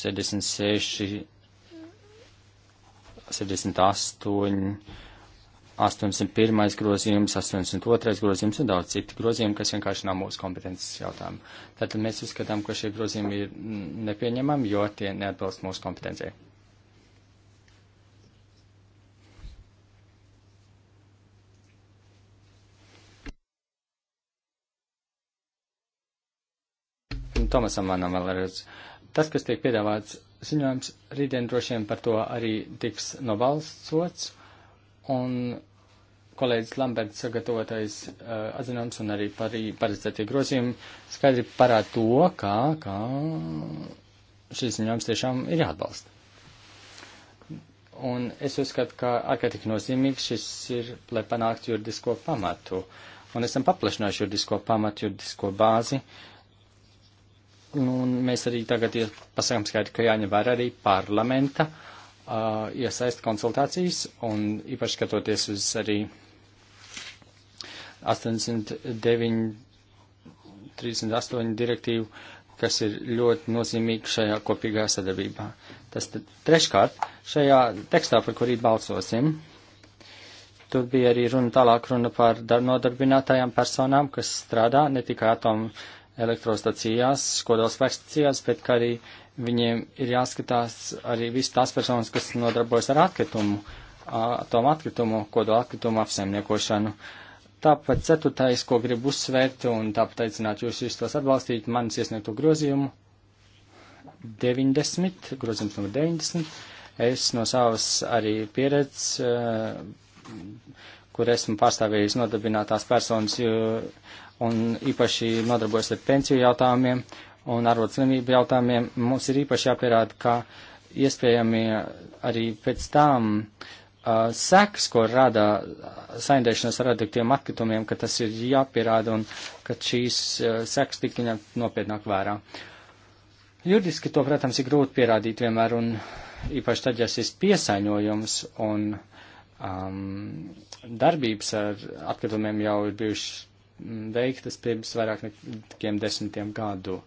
76, 78, 801 grozījums, 802 grozījums un daudz citu grozījumu, kas vienkārši nav mūsu kompetences jautājumu. Tātad mēs uzskatām, ka šie grozījumi ir nepieņemami, jo tie neatbilst mūsu kompetencijai. Tomasam Manam vēl redz. Tas, kas tiek piedāvāts ziņojums, rītdien droši vien par to arī tiks nobalsots, un kolēģis Lamberts sagatavotais uh, atzinums un arī par, paredzētie grozījumi skaidri parāda to, kā, kā šis ziņojums tiešām ir jāatbalsta. Un es uzskatu, ka ārkārtīgi nozīmīgs šis ir, lai panāktu juridisko pamatu. Un esam paplašinājuši juridisko pamatu, juridisko bāzi, uh, Nu, mēs arī tagad pasakām skaidri, ka jāņem vērā arī parlamenta uh, iesaist konsultācijas un īpaši skatoties uz arī 89, 38 direktīvu, kas ir ļoti nozīmīgi šajā kopīgā sadarbībā. Tas tad treškārt šajā tekstā, par kurī balsosim, tur bija arī runa tālāk runa par nodarbinātajām personām, kas strādā ne tikai atomu elektrostacijās, kodolspēkstacijās, bet ka arī viņiem ir jāskatās arī visas tās personas, kas nodarbojas ar atkritumu, atomu atkritumu, kodola atkritumu apsaimniekošanu. Tāpēc ceturtais, ko gribu uzsvērt un tāpat aicināt jūs visus tos atbalstīt, manis iesniegto grozījumu 90, grozījums numur 90. Es no savas arī pieredzes, eh, kur esmu pārstāvējis nodarbinātās personas un īpaši nodarbojas ar pensiju jautājumiem un arotslimību jautājumiem, mums ir īpaši jāpierāda, ka iespējami arī pēc tam uh, seks, ko rada uh, saindēšanas ar radioaktīviem atkritumiem, ka tas ir jāpierāda un ka šīs uh, seks tik viņam nopietnāk vērā. Juridiski to, protams, ir grūti pierādīt vienmēr, un īpaši tad, ja šis piesaņojums un um, darbības ar atkritumiem jau ir bijušas veiktas pirms vairāk nekiem desmitiem gadu.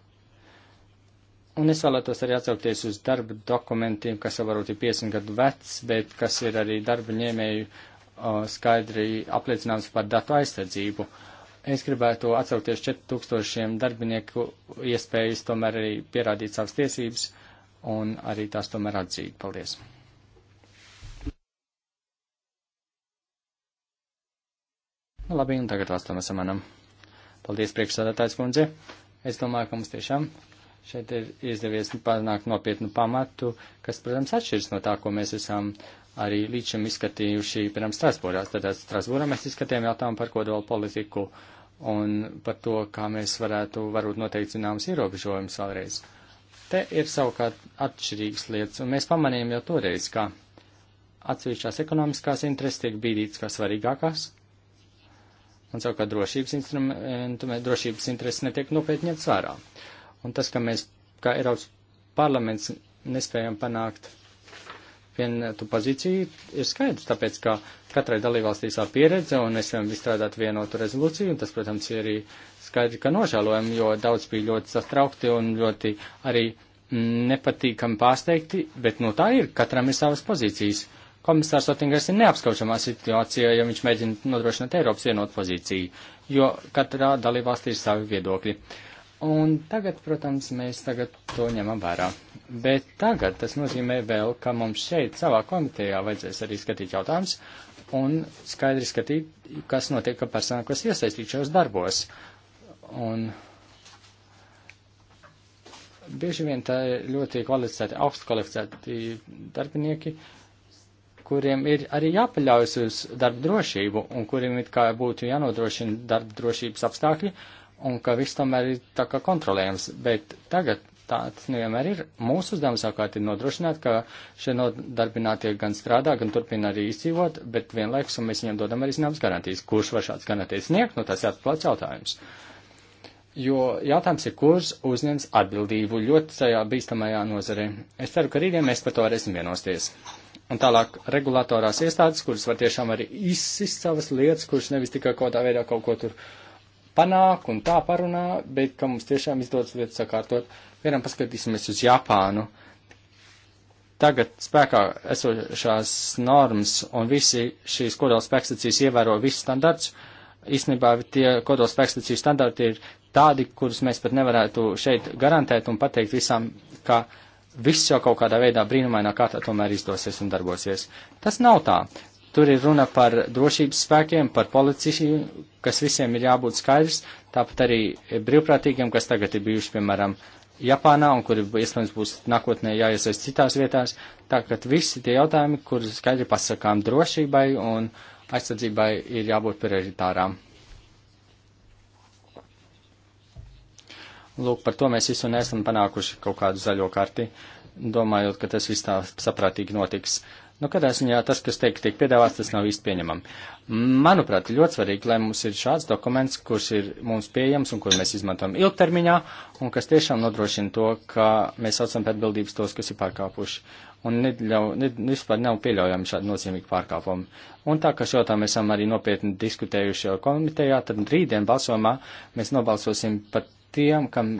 Un es vēlētos arī atsaukties uz darba dokumentiem, kas jau varbūt ir 50 gadu vecs, bet kas ir arī darba ņēmēju uh, skaidri apliecināms par datu aizsardzību. Es gribētu atsaukties 4000 darbinieku iespējas tomēr arī pierādīt savas tiesības un arī tās tomēr atzīt. Paldies! Nu, labi, un tagad vārds tam esam manam. Paldies, priekšsādātājs kundze. Es domāju, ka mums tiešām šeit ir izdevies panākt nopietnu pamatu, kas, protams, atšķiras no tā, ko mēs esam arī līdz šim izskatījuši, piemēram, Strasbūrā. Tātad Strasbūrā mēs izskatījām jautājumu par kodolu politiku un par to, kā mēs varētu varbūt noteikt zināmas ierobežojumus vēlreiz. Te ir savukārt atšķirīgas lietas, un mēs pamanījām jau toreiz, ka atsevišķās ekonomiskās intereses tiek bīdītas kā svarīgākās, Un savukārt drošības instrumentu, drošības intereses netiek nopietni ņemts vērā. Un tas, ka mēs, kā Eiropas parlaments, nespējam panākt vienotu pozīciju, ir skaidrs, tāpēc, ka katrai dalībvalstī savu pieredze un mēs varam izstrādāt vienotu rezolūciju, un tas, protams, ir arī skaidri, ka nožēlojam, jo daudz bija ļoti sastraukti un ļoti arī nepatīkami pārsteigti, bet no tā ir, katram ir savas pozīcijas. Uh, komisārs Otingers ir neapskaužamā situācijā, ja viņš mēģina nodrošināt Eiropas vienotu pozīciju, jo katrā dalībvalstī ir savi viedokļi. Un tagad, protams, mēs tagad to ņemam vērā. Bet tagad tas nozīmē vēl, ka mums šeit savā komitejā vajadzēs arī skatīt jautājums un skaidri skatīt, kas notiek ar personu, kas iesaistīt šajos darbos. Un bieži vien tā ir ļoti kvalificēti, augstu kvalificēti darbinieki, uh, kuriem ir arī jāpaļaujas uz darba drošību un kuriem it kā būtu jānodrošina darba drošības apstākļi un ka viss tomēr ir tā kā kontrolējams. Bet tagad tāds nu vienmēr ir. Mūsu uzdevums savukārt ir nodrošināt, ka šie nodarbinātie gan strādā, gan turpina arī izdzīvot, bet vienlaikus mēs viņiem dodam arī zināmas garantijas. Kurš var šāds garantijas sniegt? Nu, tas ir atklāts jautājums. Jo jautājums ir, kurš uzņems atbildību ļoti tajā bīstamajā nozarē. Es ceru, ka rītdien mēs par to varēsim vienosties. Un tālāk regulatorās iestādes, kuras var tiešām arī izsist savas lietas, kuras nevis tikai kaut kādā veidā kaut ko tur panāk un tā parunā, bet ka mums tiešām izdodas lietas sakārtot. Vienam paskatīsimies uz Japānu. Tagad spēkā esošās normas un visi šīs kodolspēkstacijas ievēro visus standarts. Īstenībā tie kodolspēkstaciju standarti ir tādi, kurus mēs pat nevarētu šeit garantēt un pateikt visām, ka. Kā viss jau kaut kādā veidā brīnumainā kārtā tomēr izdosies un darbosies. Tas nav tā. Tur ir runa par drošības spēkiem, par policiju, kas visiem ir jābūt skaidrs, tāpat arī brīvprātīgiem, kas tagad ir bijuši, piemēram, Japānā un kuri, iespējams, būs nākotnē jāiesaist citās vietās. Tā ka visi tie jautājumi, kur skaidri pasakām drošībai un aizsardzībai ir jābūt prioritārām. Lūk, par to mēs visu nesam panākuši kaut kādu zaļo karti, domājot, ka tas viss tā saprātīgi notiks. Nu, kādā ziņā tas, kas teikt, tiek piedāvāts, tas nav īsti pieņemam. Manuprāt, ļoti svarīgi, lai mums ir šāds dokuments, kurš ir mums pieejams un kur mēs izmantojam ilgtermiņā, un kas tiešām nodrošina to, ka mēs saucam pēc atbildības tos, kas ir pārkāpuši. Un neļau, ne, nu, vispār nav pieļaujami šādi nozīmīgi pārkāpumi. Un tā, ka šo tā mēs esam arī nopietni diskutējuši jau komitejā, tad rītdien balsojumā mēs nobalsosim par tiem, kam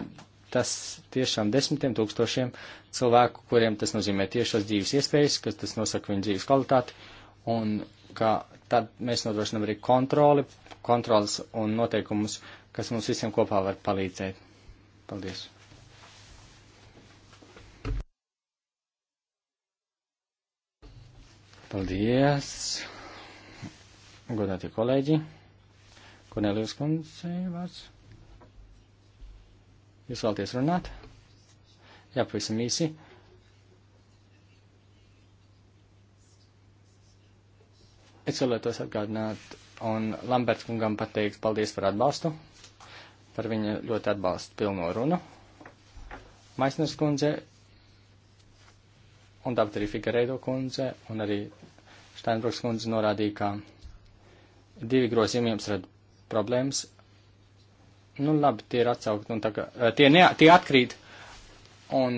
tas tiešām desmitiem tūkstošiem cilvēku, kuriem tas nozīmē tiešos dzīves iespējas, kas tas nosaka viņu dzīves kvalitāti, un ka tad mēs nodrošinām arī kontroli, kontrols un noteikumus, kas mums visiem kopā var palīdzēt. Paldies! Paldies, godātie kolēģi. Kornelijus Kundze, vārds. Jūs vēlaties runāt? Jā, pavisam īsi. Es vēlētos atgādināt un Lamberts kungam pateikt paldies par atbalstu, par viņa ļoti atbalstu pilno runu. Maisnes kundze un tāpat arī Figareido kundze un arī Steinbruks kundze norādīja, ka divi grozījumi jums rada problēmas Nu, labi, tie ir atsaukt, un tā kā, eh, tie, ne, tie atkrīt, un,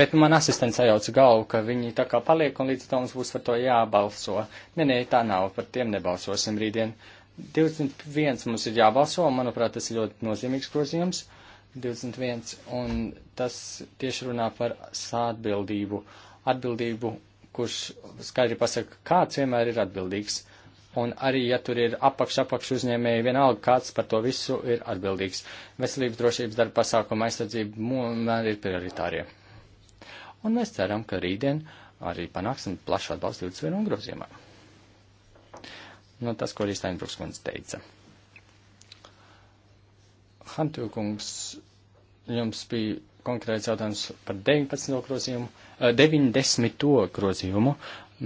bet man asistents sajauca galvu, ka viņi tā kā paliek, un līdz tam mums būs par to jābalso. Nē, nē, tā nav, par tiem nebalsosim rītdien. 21 mums ir jābalso, un, manuprāt, tas ir ļoti nozīmīgs grozījums. 21, un tas tieši runā par sātbildību. Atbildību, kurš skaidri pasaka, kāds vienmēr ir atbildīgs. Uh, un arī, ja tur ir apakš, apakš uzņēmēji, vienalga kāds par to visu ir atbildīgs. Veselības drošības darba pasākuma aizsardzība vienmēr ir prioritārie. Un mēs ceram, ka rītdien arī panāksim plašu atbalstu 21 grozījumā. Nu, tas, ko arī Steinbruks kundze teica. Hantu kungs, jums bija konkrēts jautājums par 19. grozījumu, 90. Eh, grozījumu,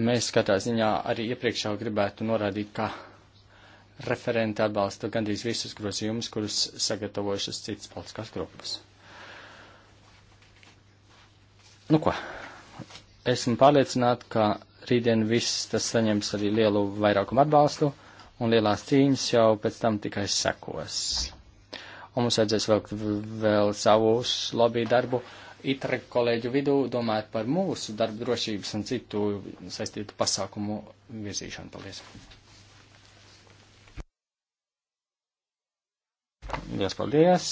Mēs katrā ziņā arī iepriekš jau gribētu norādīt, ka referenti atbalsta gandrīz visus grozījumus, kurus sagatavojušas citas politiskās grupas. Nu ko, esmu pārliecināta, ka rītdien viss tas saņems arī lielu vairākumu atbalstu, un lielās cīņas jau pēc tam tikai sekos. Un mums vajadzēs vēl, vēl savus lobby darbu, uh, itre kolēģu vidū domājat par mūsu darba drošības un citu saistītu pasākumu virzīšanu. Paldies! Liels paldies!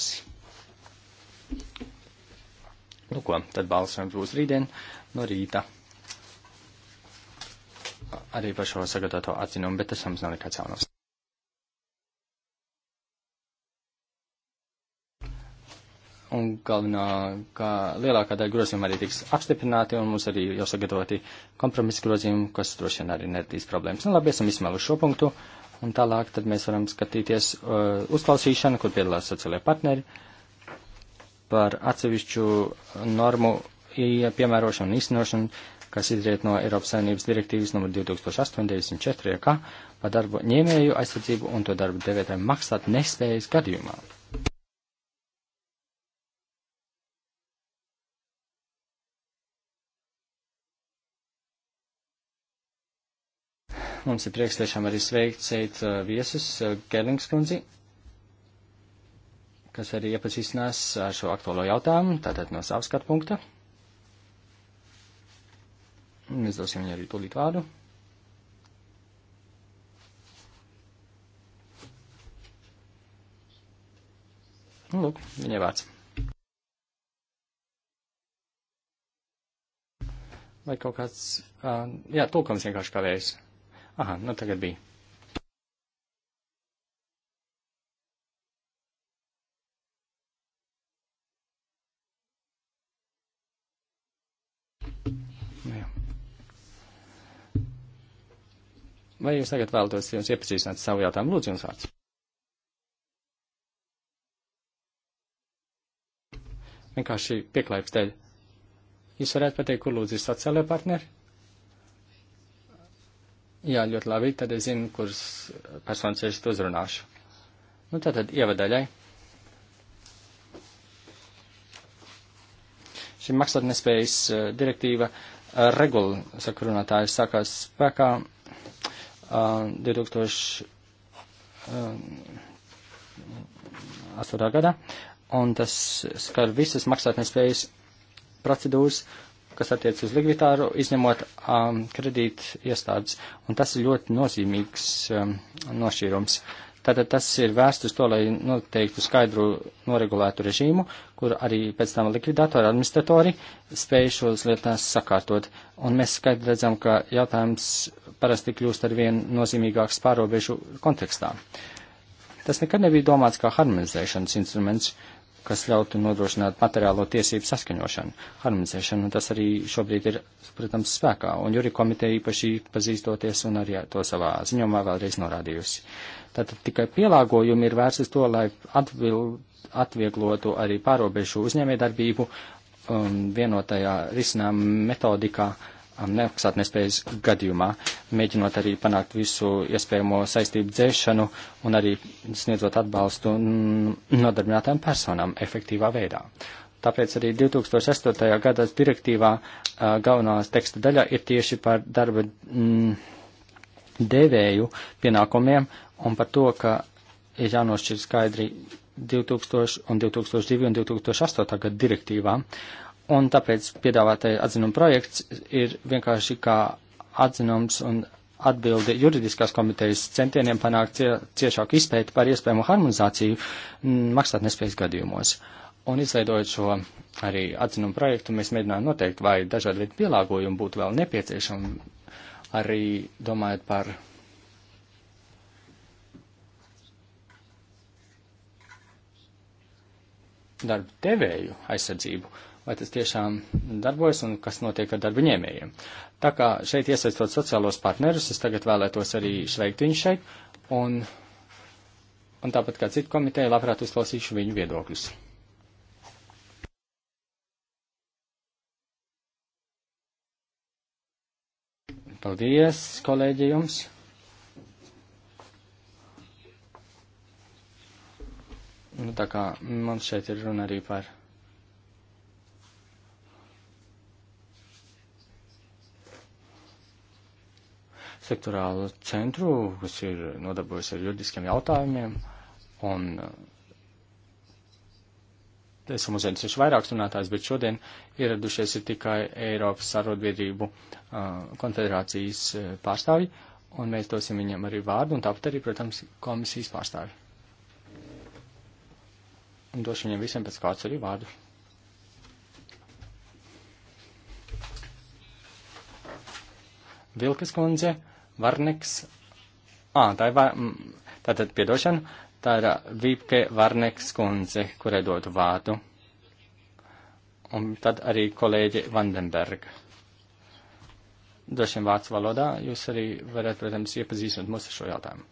Nu ko, tad balsojums būs rītdien no rīta. Arī par šo sagatavoto atzinumu, bet tas mums nav nekāds jaunas. un galvenā, kā lielākā daļa grozījumu arī tiks apstiprināti, un mums arī jau sagatavoti kompromisa grozījumi, kas droši vien arī neradīs problēmas. Nu, labi, esam izsmēluši šo punktu, un tālāk tad mēs varam skatīties uh, uzklausīšanu, kur piedalās sociālajie partneri par atsevišķu normu piemērošanu un īstenošanu, kas izriet no Eiropas Savienības direktīvas nr. 2008-94, kā par darbu ņēmēju aizsardzību un to darbu devējiem maksāt nespējas gadījumā. Mums ir prieks tiešām arī sveikt šeit uh, viesus uh, Gerlings kundzi, kas arī iepazīstinās ar šo aktuālo jautājumu, tātad no savas skatu punkta. Mēs dosim viņai arī tūlīt vārdu. Un nu, lūk, viņai vārds. Vai kaut kāds, uh, jā, tulkums vienkārši kavējas. Kā Aha, nu tagad bija. Vai jūs tagad vēlaties jums iepazīstināt savu jautājumu? Lūdzu, jums vārds. Vienkārši pieklājības dēļ. Jūs varētu pateikt, kur lūdzu ir sociālajie partneri? Jā, ļoti labi, tad es zinu, kuras personas es uzrunāšu. Nu, tātad ievadaļai. Šī maksātnespējas eh, direktīva eh, regula, saka runātājs, sākās spēkā uh, eh, 2008. gadā, un tas skar visas maksātnespējas procedūras, kas attiec uz likviditāru, izņemot um, kredīt iestādes. Un tas ir ļoti nozīmīgs um, nošķīrums. Tātad tas ir vērsts uz to, lai noteiktu skaidru noregulētu režīmu, kur arī pēc tam likvidātori, administratori spēj šos lietas sakārtot. Un mēs skaidri redzam, ka jautājums parasti kļūst ar vien nozīmīgāks pārobežu kontekstā. Tas nekad nebija domāts kā harmonizēšanas instruments, kas ļautu nodrošināt materiālo tiesību saskaņošanu, harmonizēšanu, un tas arī šobrīd ir, protams, spēkā, un Juri komiteja īpaši pazīstoties un arī to savā ziņomā vēlreiz norādījusi. Tātad tikai pielāgojumi ir vērsts uz to, lai atvil, atvieglotu arī pārobežu uzņēmē darbību um, vienotajā risinājuma metodikā nemaksātnespējas gadījumā, mēģinot arī panākt visu iespējamo saistību dzēšanu un arī sniedzot atbalstu nodarbinātām personām efektīvā veidā. Tāpēc arī 2008. gadā direktīvā galvenās teksta daļā ir tieši par darba m, devēju pienākumiem un par to, ka ir jānošķir skaidri 2000 un 2002 un 2008. gada direktīvām Un tāpēc piedāvātais atzinuma projekts ir vienkārši kā atzinums un atbildi juridiskās komitejas centieniem panākt cie, ciešāku izpēti par iespējamu harmonizāciju maksātnespējas gadījumos. Un izveidojot šo arī atzinumu projektu, mēs mēģinājām noteikt, vai dažādi veidi pielāgojumi būtu vēl nepieciešami, arī domājot par darba devēju aizsardzību. Uh, vai tas tiešām darbojas un kas notiek ar darba ņēmējiem. Tā kā šeit iesaistot sociālos partnerus, es tagad vēlētos arī sveikt viņu šeit, un, un tāpat kā citu komiteju, labprāt uzklausīšu viņu viedokļus. Paldies, kolēģi, jums! Nu, tā kā mums šeit ir runa arī par. sektorālu centru, kas ir nodarbojas ar juridiskiem jautājumiem. Un eh, esam uzaicinājuši vairākus runātājus, bet šodien ieradušies ir tikai Eiropas sarodbiedrību uh, eh, konfederācijas uh, pārstāvji, un mēs dosim viņam arī vārdu, un tāpat arī, protams, komisijas pārstāvji. Un došu viņiem visiem pēc kāds arī vārdu. Vilkas kundze Varneks. Ā, tā ir, var... tātad, piedošana, tā ir Vīpke Varneks kundze, kurai dodu vārdu. Un tad arī kolēģi Vandenberga. Došiem vārds valodā, jūs arī varat, protams, iepazīstināt mūs ar šo jautājumu.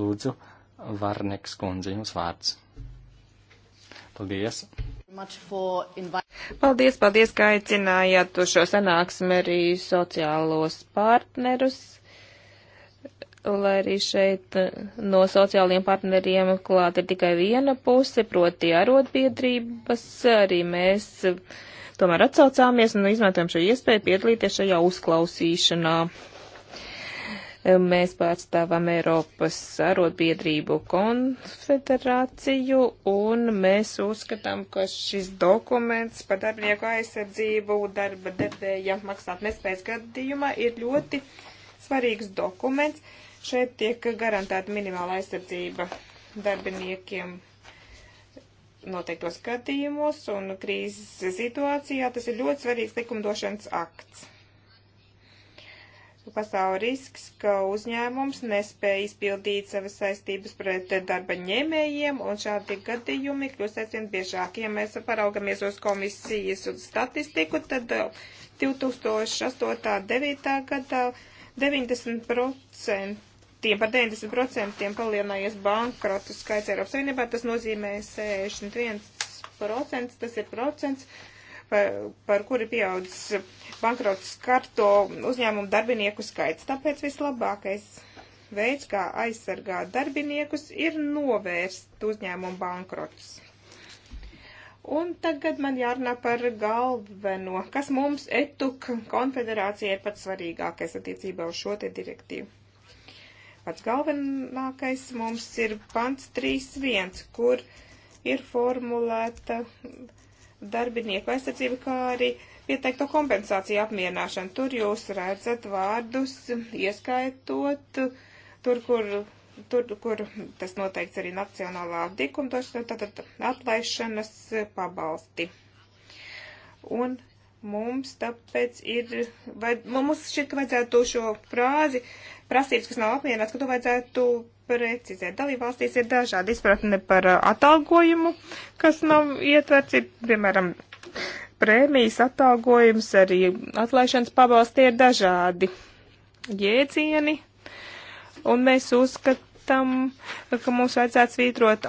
Lūdzu, Varneks kundze, jums vārds. Paldies!
Paldies, paldies, ka aicinājāt uz šo sanāksmi arī sociālos partnerus, lai arī šeit eh, no sociāliem partneriem klāt ir tikai viena puse, proti arotbiedrības, arī mēs eh, tomēr atsaucāmies un izmantojam šo iespēju piedalīties šajā uzklausīšanā. Mēs pārstāvam Eiropas arotbiedrību konfederāciju un mēs uzskatām, ka šis dokuments par darbinieku aizsardzību darba devēja maksāt nespējas gadījumā ir ļoti svarīgs dokuments. Šeit tiek garantēta minimāla aizsardzība darbiniekiem noteiktos gadījumos un krīzes situācijā. Tas ir ļoti svarīgs likumdošanas akts pastāv risks, ka uzņēmums nespēja izpildīt savas saistības pret darba ņēmējiem, un šādi gadījumi kļūst aizvien biežāk. Ja mēs paraugamies uz komisijas un statistiku, tad 2008.9. Uh, gadā 90% tiem par 90% palielinājies bankrotu skaits Eiropas Savienībā. Tas nozīmē 61%, tas ir procents par, par kuri pieaudzis bankrotas karto uzņēmumu darbinieku skaits. Tāpēc vislabākais veids, kā aizsargāt darbiniekus, ir novērst uzņēmumu bankrotus. Un tagad man jārunā par galveno, kas mums etuk konfederācija ir pats svarīgākais attiecībā uz šo te direktīvu. Pats galvenākais mums ir pants 3.1, kur ir formulēta uh, darbinieku aizsardzība, kā arī pieteikto kompensāciju apmierināšanu. Tur jūs redzat vārdus, ieskaitot tur, kur, tur, kur tas noteikts arī nacionālā likumdošana, tātad atlaišanas pabalsti. Un mums tāpēc ir, vai, mums šķiet, ka vajadzētu šo frāzi prasības, kas nav apmierināts, ka to vajadzētu precizēt. Dalībvalstīs ir dažādi izpratne par uh, atalgojumu, kas nav ietverts, ir, piemēram, prēmijas atalgojums, arī atlaišanas pabalsti ir dažādi jēdzieni, un mēs uzskatām, uzskatām, ka mums vajadzētu svītrot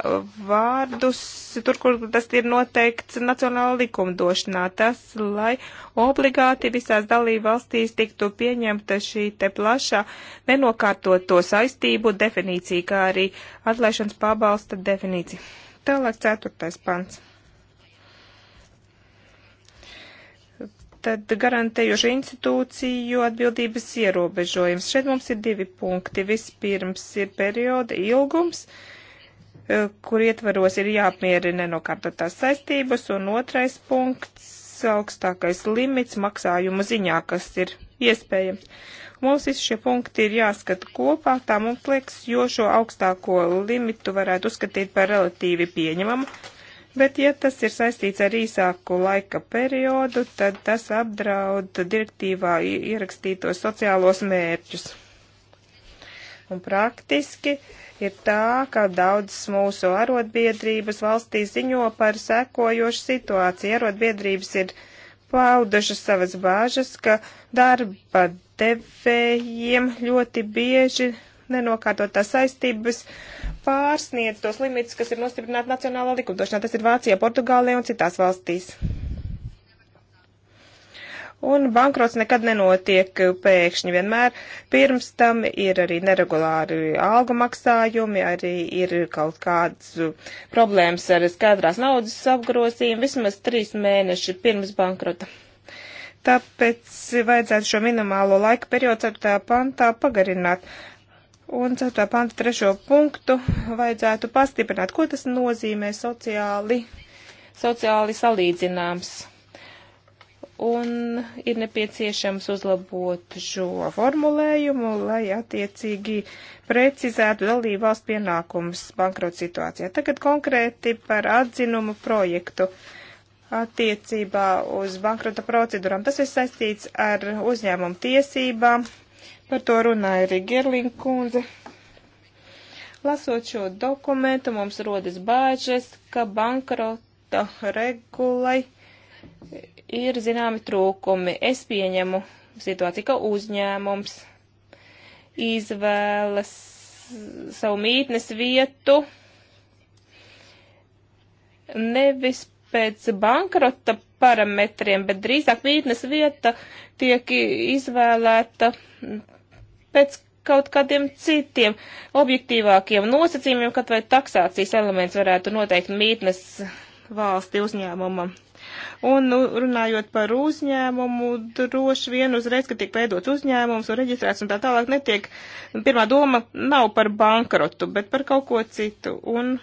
vārdus tur, kur tas ir noteikts nacionāla likumdošanā. Tas, lai obligāti visās dalību valstīs tiktu pieņemta šī te plašā nenokārtoto saistību definīcija, kā arī atlaišanas pabalsta definīcija. Tālāk ceturtais pants. Tātad garantējošu institūciju atbildības ierobežojums. Šeit mums ir divi punkti. Vispirms ir perioda ilgums, eh, kur ietvaros ir jāapmierina nenokārtotās saistības, un otrais punkts - augstākais limits maksājumu ziņā, kas ir iespējams. Mums visi šie punkti ir jāskata kopā, tā mums liekas, jo šo augstāko limitu varētu uzskatīt par relatīvi pieņemamu Bet, ja tas ir saistīts ar īsāku laika periodu, tad tas apdraud direktīvā ierakstītos sociālos mērķus. Un praktiski ir tā, ka daudzas mūsu arotbiedrības valstī ziņo par sekojošu situāciju. Arotbiedrības ir paudušas savas bāžas, ka darba devējiem ļoti bieži nenokārtotās saistības pārsniedz tos limitus, kas ir nostiprināti nacionālā likumdošanā. Tas ir Vācijā, Portugālē un citās valstīs. Un bankrots nekad nenotiek pēkšņi vienmēr. Pirms tam ir arī neregulāri algu maksājumi, arī ir kaut kādas problēmas ar skaidrās naudas apgrozījumu vismaz trīs mēneši pirms bankrota. Tāpēc vajadzētu šo minimālo laika periodu 4. pantā pagarināt un 4. panta 3. punktu vajadzētu pastiprināt. Ko tas nozīmē sociāli, sociāli salīdzināms? Un ir nepieciešams uzlabot šo formulējumu, lai attiecīgi precizētu dalību valsts pienākumus bankrota situācijā. Tagad konkrēti par atzinumu projektu attiecībā uz bankrota procedūram. Tas ir saistīts ar uzņēmumu tiesībām Par to runāja arī Gerlinga kundze. Lasot šo dokumentu, mums rodas bāžas, ka bankrota regulai ir zināmi trūkumi. Es pieņemu situāciju, ka uzņēmums izvēlas savu mītnes vietu nevis pēc bankrota parametriem, bet drīzāk mītnes vieta tiek izvēlēta pēc kaut kādiem citiem objektīvākiem nosacījumiem, kad vai taksācijas elements varētu noteikt mītnes valsti uzņēmumam. Un nu, runājot par uzņēmumu, droši vien uzreiz, kad tiek veidots uzņēmums un reģistrēts un tā tālāk, netiek, pirmā doma nav par bankrotu, bet par kaut ko citu. Un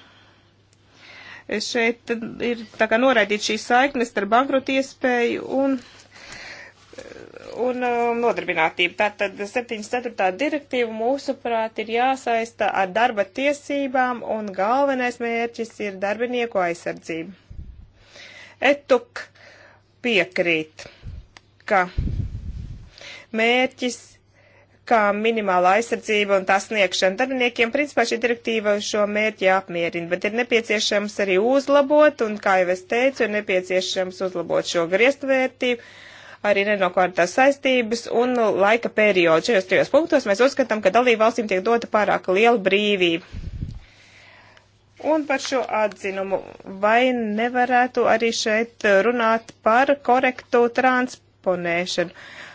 šeit ir tā kā noraidīt šīs saiknes ar bankrotu iespēju un un um, nodarbinātību. Tātad 74. direktīva mūsuprāt ir jāsaista ar darba tiesībām un galvenais mērķis ir darbinieku aizsardzība. Etuk piekrīt, ka mērķis kā minimāla aizsardzība un tā sniegšana darbiniekiem, principā šī direktīva šo mērķi apmierina, bet ir nepieciešams arī uzlabot, un kā jau es teicu, ir nepieciešams uzlabot šo grieztvērtību arī nenokārtās saistības un laika periodu. Šajos trijos punktos mēs uzskatām, ka dalību valstīm tiek dota pārāk liela brīvība. Un par šo atzinumu vai nevarētu arī šeit runāt par korektu transponēšanu? Uh,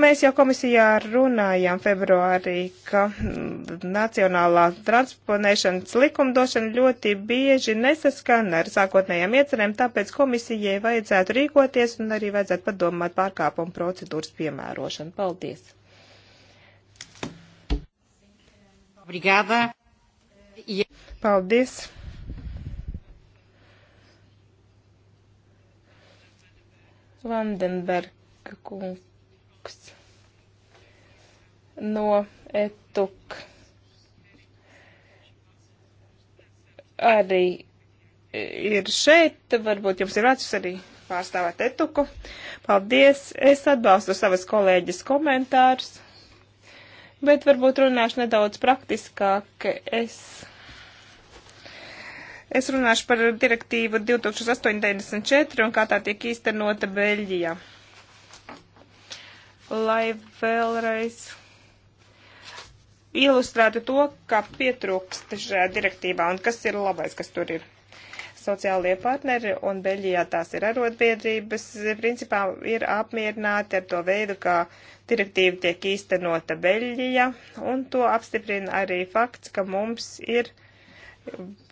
Mēs jau komisijā runājām februārī, ka mm, nacionālā transponēšanas likumdošana ļoti bieži nesaskan ar sākotnējām iecerēm, tāpēc komisijai vajadzētu rīkoties un arī vajadzētu padomāt pārkāpumu procedūras piemērošanu. Paldies!
Obrigada. Paldies!
Vandenberg kungs kungs no etuk. Arī ir šeit, varbūt jums ir vecs arī pārstāvēt etuku. Paldies, es atbalstu savas kolēģis komentārus, bet varbūt runāšu nedaudz praktiskāk. Es Es runāšu par direktīvu 2008-94 un kā tā tiek īstenota Beļģijā lai vēlreiz ilustrētu to, kā pietrūkst šajā direktīvā un kas ir labais, kas tur ir. Sociālie partneri un Beļģijā tās ir arotbiedrības, principā ir apmierināti ar to veidu, kā direktīva tiek īstenota Beļģijā, un to apstiprina arī fakts, ka mums ir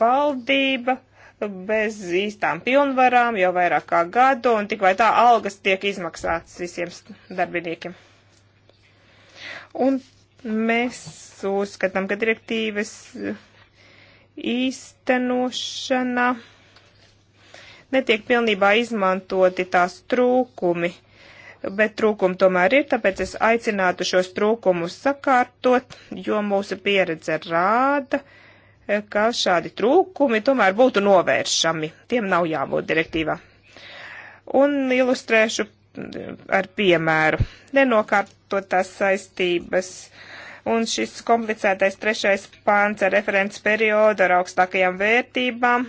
valdība, bez īstām pilnvarām jau vairāk kā gadu, un tik vai tā algas tiek izmaksātas visiem darbiniekiem. Un mēs uzskatām, ka direktīvas eh, īstenošana netiek pilnībā izmantoti tās trūkumi, bet trūkumi tomēr ir, tāpēc es aicinātu šos trūkumus sakārtot, jo mūsu pieredze rāda, uh, ka šādi trūkumi tomēr būtu novēršami. Tiem nav jābūt direktīvā. Un ilustrēšu ar piemēru. Nenokārtotās saistības. Un šis komplicētais trešais pāns ar referents periodu ar augstākajām vērtībām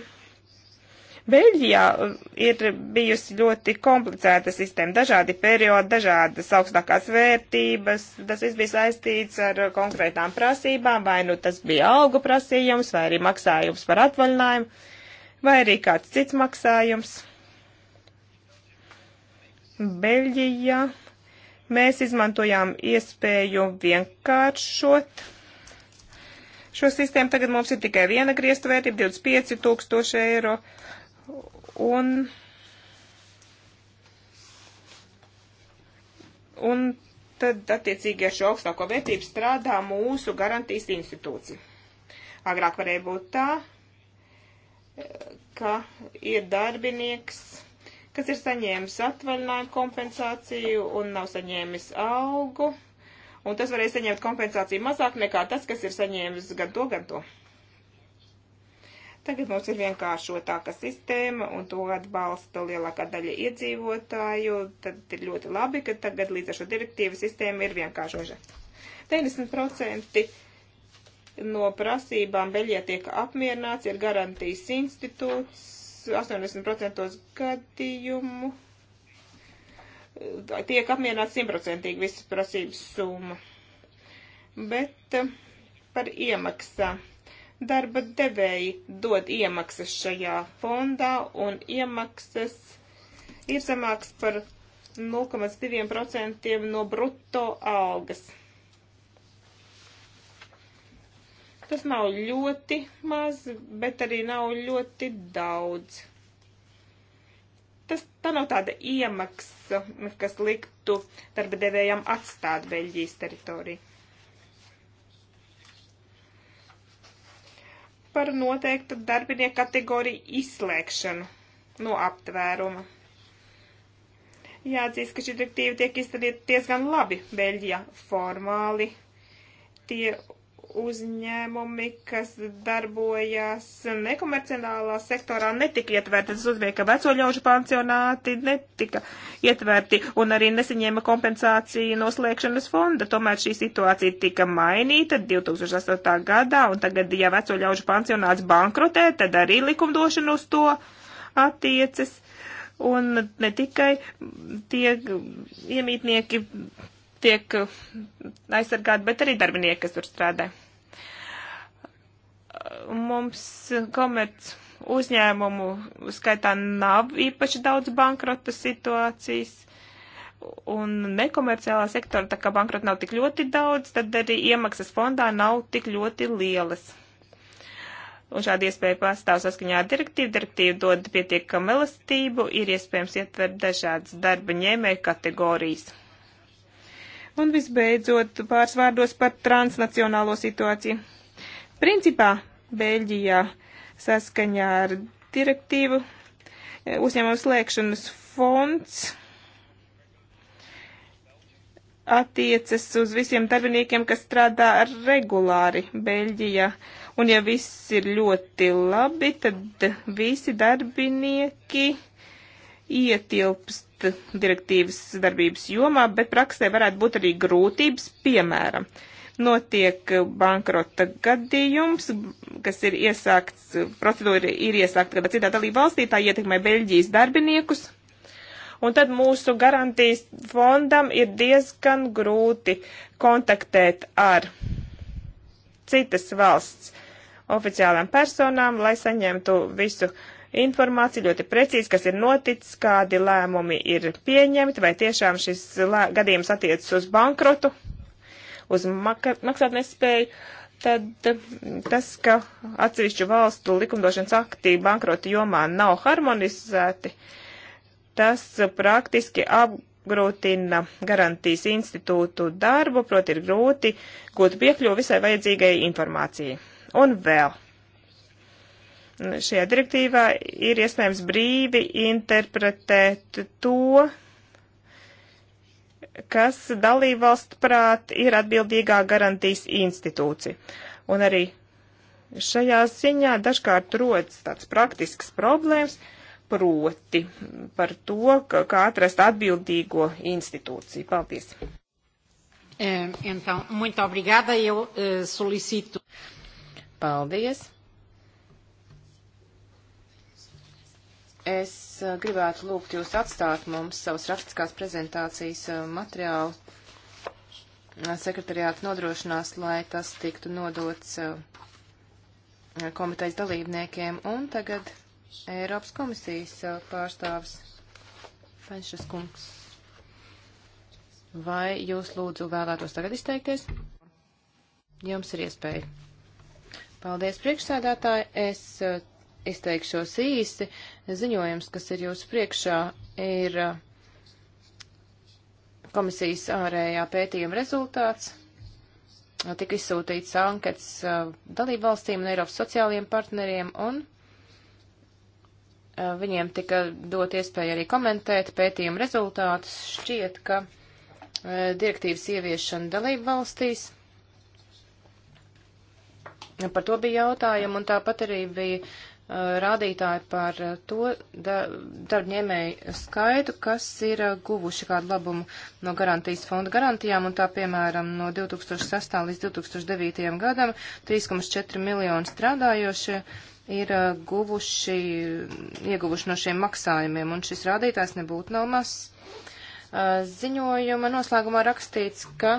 Beļģijā uh, ir bijusi ļoti komplicēta sistēma, dažādi periodi, dažādas augstākās vērtības, tas viss bija saistīts ar uh, konkrētām prasībām, vai nu tas bija algu prasījums, vai arī maksājums par atvaļinājumu, vai arī kāds cits maksājums. Beļģijā mēs izmantojām iespēju vienkāršot šo sistēmu. Tagad mums ir tikai viena griestu vērtība - 25 tūkstoši eiro. Un, un tad, attiecīgi, ar šo augstāko vērtību strādā mūsu garantijas institūcija. Agrāk varēja būt tā, ka ir darbinieks, kas ir saņēmis atvaļinājumu kompensāciju un nav saņēmis algu, un tas varēja saņemt kompensāciju mazāk nekā tas, kas ir saņēmis gan to, gan to. Tagad mums ir vienkāršotāka sistēma, un to atbalsta lielākā daļa iedzīvotāju. Tad ir ļoti labi, ka tagad līdz ar šo direktīvu sistēma ir vienkāršoša. 90% no prasībām Beļģijā tiek apmierināts, ir garantijas institūts 80% gadījumu. Eh, tiek apmierināts simtprocentīgi visas prasības summa. Bet eh, par iemaksām Darba devēji dod iemaksas šajā fondā, un iemaksas ir zemāks par 0,2% no brutto algas. Tas nav ļoti maz, bet arī nav ļoti daudz tas, tā nav tāda iemaksa, kas liktu darba devējām atstāt Beļģijas teritoriju. par noteiktu darbinieku kategoriju izslēgšanu no aptvēruma. Jāatzīst, ka šī direktīva tiek izdarīta diezgan labi Beļģijā formāli. Tie uzņēmumi, kas darbojās nekomercionālā sektorā, netika ietverti. Tas uzvēja, ka veco ļaužu pansionāti netika ietverti un arī nesaņēma kompensāciju noslēgšanas fonda. Tomēr šī situācija tika mainīta 2008. gadā, un tagad, ja veco ļaužu pansionāts bankrotē, tad arī likumdošana uz to attiecas. Un ne tikai tie iemītnieki tiek aizsargāti, bet arī darbinieki, kas tur strādā mums komerc uzņēmumu skaitā nav īpaši daudz bankrota situācijas. Un nekomerciālā sektora, tā kā bankrota nav tik ļoti daudz, tad arī iemaksas fondā nav tik ļoti lielas. Un šāda iespēja pastāv saskaņā ar direktīvu. Direktīva dod pietiekamu elastību, ir iespējams ietvert dažādas darba ņēmēju kategorijas. Un visbeidzot, pāris vārdos par transnacionālo situāciju. Principā Beļģijā saskaņā ar direktīvu e, uzņēmuma slēgšanas fonds attiecas uz visiem darbiniekiem, kas strādā regulāri Beļģijā. Un ja viss ir ļoti labi, tad visi darbinieki ietilpst direktīvas darbības jomā, bet praksē varētu būt arī grūtības, piemēram, uh, notiek uh, bankrota gadījums, kas ir iesākts, uh, procedūra ir iesākta kādā citā dalība valstī, tā ietekmē Beļģijas darbiniekus. Un tad mūsu garantijas fondam ir diezgan grūti kontaktēt ar citas valsts oficiālām personām, lai saņemtu visu informāciju ļoti precīzi, kas ir noticis, kādi lēmumi ir pieņemti, vai tiešām šis gadījums attiecas uz bankrotu uz maksātnespēju, tad mm, tas, ka atsevišķu valstu likumdošanas akti bankrota jomā nav harmonizēti, tas praktiski apgrūtina garantijas institūtu darbu, proti ir grūti gūt piekļuvu visai vajadzīgai informācijai. Un vēl. Šajā direktīvā ir iespējams brīvi interpretēt to, kas dalībvalstu prāt ir atbildīgā garantijas institūcija. Un arī šajā ziņā dažkārt rodas tāds praktisks problēmas, proti par to, ka, kā atrast atbildīgo institūciju. Paldies!
Eh, então, muito obrigada, eu eh, solicito. Paldies! Es eh, gribētu lūgt jūs atstāt mums
savus rakstiskās prezentācijas eh, materiālu. Eh, sekretariāts nodrošinās, lai tas tiktu nodots komitejas dalībniekiem. Un tagad Eiropas komisijas pārstāvs Fenšas kungs. Vai jūs lūdzu vēlētos tagad izteikties? Jums ir iespēja. Paldies, priekšsēdētāji. Es izteikšos īsi. Ziņojums, kas ir jūsu priekšā, ir uh, komisijas ārējā pētījuma rezultāts. Tika izsūtīts anketas uh, dalību valstīm un Eiropas sociālajiem partneriem, un uh, viņiem tika dot iespēja arī komentēt pētījuma rezultātus. Šķiet, ka direktīvas ieviešana dalību valstīs Par to bija jautājumi, un tāpat arī bija rādītāji par to darbņēmēju skaitu, kas ir guvuši kādu labumu no garantijas fonda garantijām, un tā piemēram no 2006. līdz 2009. gadam 3,4 miljonu strādājošie ir uh, guvuši, ieguvuši no šiem maksājumiem, un šis rādītājs nebūtu nav mazs. Uh, ziņojuma noslēgumā rakstīts, ka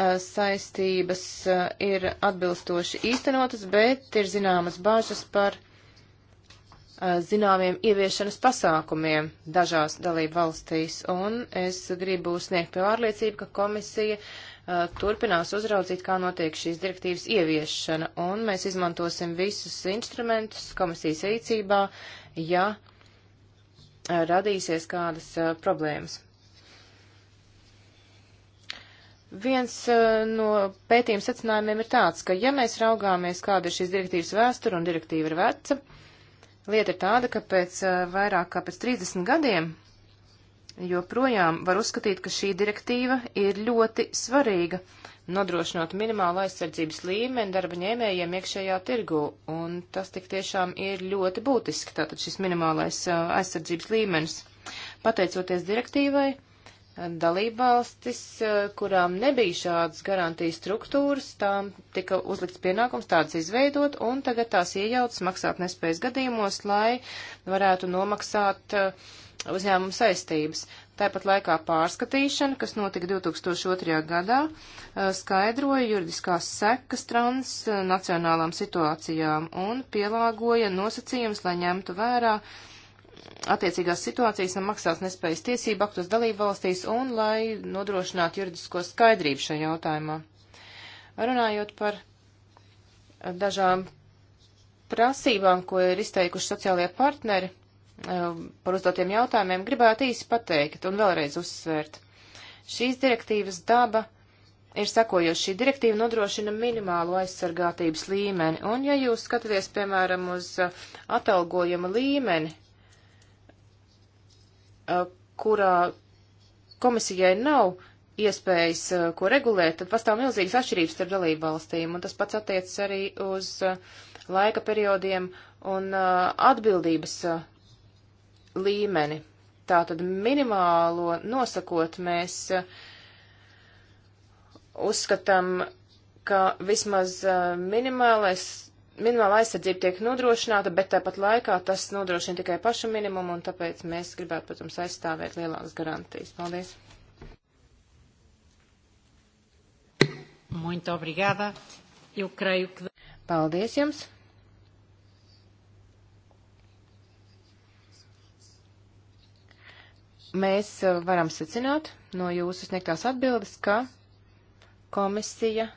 Uh, saistības uh, ir atbilstoši īstenotas, bet ir zināmas bažas par uh, zināmiem ieviešanas pasākumiem dažās dalību valstīs, un es gribu sniegt pārliecību, ka komisija turpinās uzraudzīt, kā notiek šīs direktīvas ieviešana, un mēs izmantosim visus instrumentus komisijas rīcībā, ja radīsies kādas problēmas. Viens eh, no pētījuma secinājumiem ir tāds, ka ja mēs raugāmies, kāda ir šīs direktīvas vēsture un direktīva ir veca, lieta ir tāda, ka pēc eh, vairāk kā pēc 30 gadiem joprojām var uzskatīt, ka šī direktīva ir ļoti svarīga, nodrošinot minimālu aizsardzības līmeni darba ņēmējiem iekšējā tirgu, un tas tik tiešām ir ļoti būtiski, tātad šis minimālais eh, aizsardzības līmenis. Pateicoties direktīvai, dalībvalstis, eh, kurām nebija šādas garantijas struktūras, tām tika uzlikts pienākums tādas izveidot, un tagad tās iejaucas maksāt nespējas gadījumos, lai varētu nomaksāt eh, uzņēmumu saistības. Tāpat laikā pārskatīšana, kas notika 2002. gadā, eh, skaidroja juridiskās sekas transnacionālām situācijām un pielāgoja nosacījums, lai ņemtu vērā uh, attiecīgās situācijas un maksās nespējas tiesību aktus dalību valstīs un lai nodrošinātu juridisko skaidrību šajā jautājumā. Runājot par dažām prasībām, ko ir izteikuši sociālajie partneri eh, par uzdotiem jautājumiem, gribētu īsi pateikt un vēlreiz uzsvērt. Šīs direktīvas daba ir sekojoši. Šī direktīva nodrošina minimālo aizsargātības līmeni, un ja jūs skatāties, piemēram, uz eh, atalgojuma līmeni, Uh, kurā komisijai nav iespējas, uh, ko regulēt, tad pastāv milzīgas atšķirības starp dalību valstīm, un tas pats attiecas arī uz uh, laika periodiem un atbildības līmeni. Tātad minimālo nosakot mēs uzskatām, ka vismaz minimālais minimāla aizsardzība tiek nodrošināta, bet tāpat laikā tas nodrošina tikai pašu minimumu, un tāpēc mēs gribētu, protams, aizstāvēt lielākas garantijas. Paldies!
Muito obrigada. Eu creio que. Paldies jums!
Mēs eh, varam secināt no jūsu sniegtās atbildes, ka komisija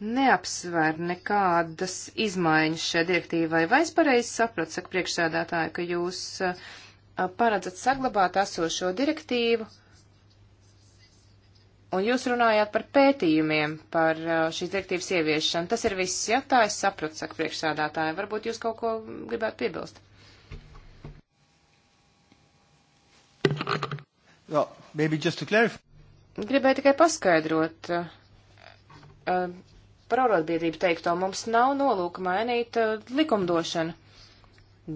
neapsver nekādas izmaiņas šai direktīvai. Vai es pareizi sapratu, saka priekšsēdētāji, ka jūs uh, paredzat saglabāt esošo direktīvu? Un jūs runājāt par pētījumiem, par uh, šīs direktīvas ieviešanu. Tas ir viss, ja tā es sapratu, saka priekšsēdētāji. Varbūt jūs kaut ko gribētu piebilst. Well, Gribēju tikai paskaidrot. Uh, uh par arotbiedrību teikto. Mums nav nolūka mainīt uh, likumdošanu,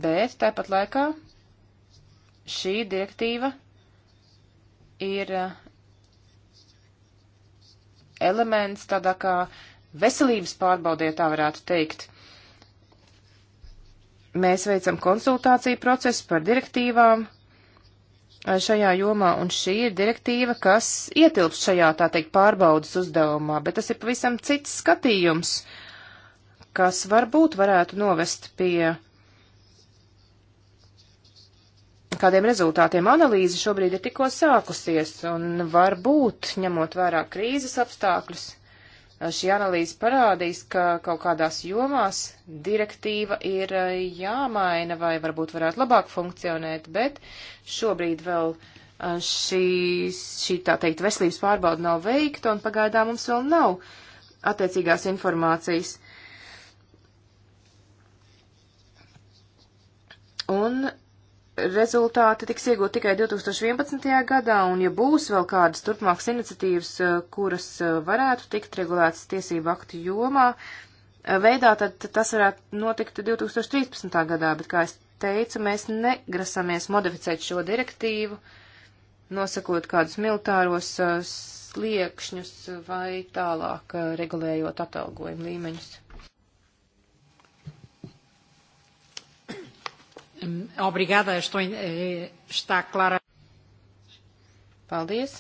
bet tāpat laikā šī direktīva ir uh, elements tādā kā veselības pārbaudē, tā varētu teikt. Mēs veicam konsultāciju procesu par direktīvām, Eh, šajā jomā, un šī ir direktīva, kas ietilpst šajā, tā teikt, pārbaudas uzdevumā, bet tas ir pavisam cits skatījums, kas varbūt varētu novest pie kādiem rezultātiem. Analīze šobrīd ir tikko sākusies, un varbūt, ņemot vērā krīzes apstākļus, šī analīze parādīs, ka kaut kādās jomās direktīva ir eh, jāmaina vai varbūt varētu labāk funkcionēt, bet šobrīd vēl eh, šī, šī tā teikt, veselības pārbauda nav veikta un pagaidām mums vēl nav attiecīgās informācijas. Un rezultāti tiks iegūti tikai 2011. gadā, un ja būs vēl kādas turpmākas iniciatīvas, eh, kuras eh, varētu tikt regulētas tiesību aktu jomā, eh, veidā, tad tas varētu notikt 2013. gadā, bet, kā es teicu, mēs negrasamies modificēt šo direktīvu, nosakot kādus militāros sliekšņus vai tālāk regulējot atalgojumu līmeņus.
Obrigada, estou, eh, está clara. Paldies.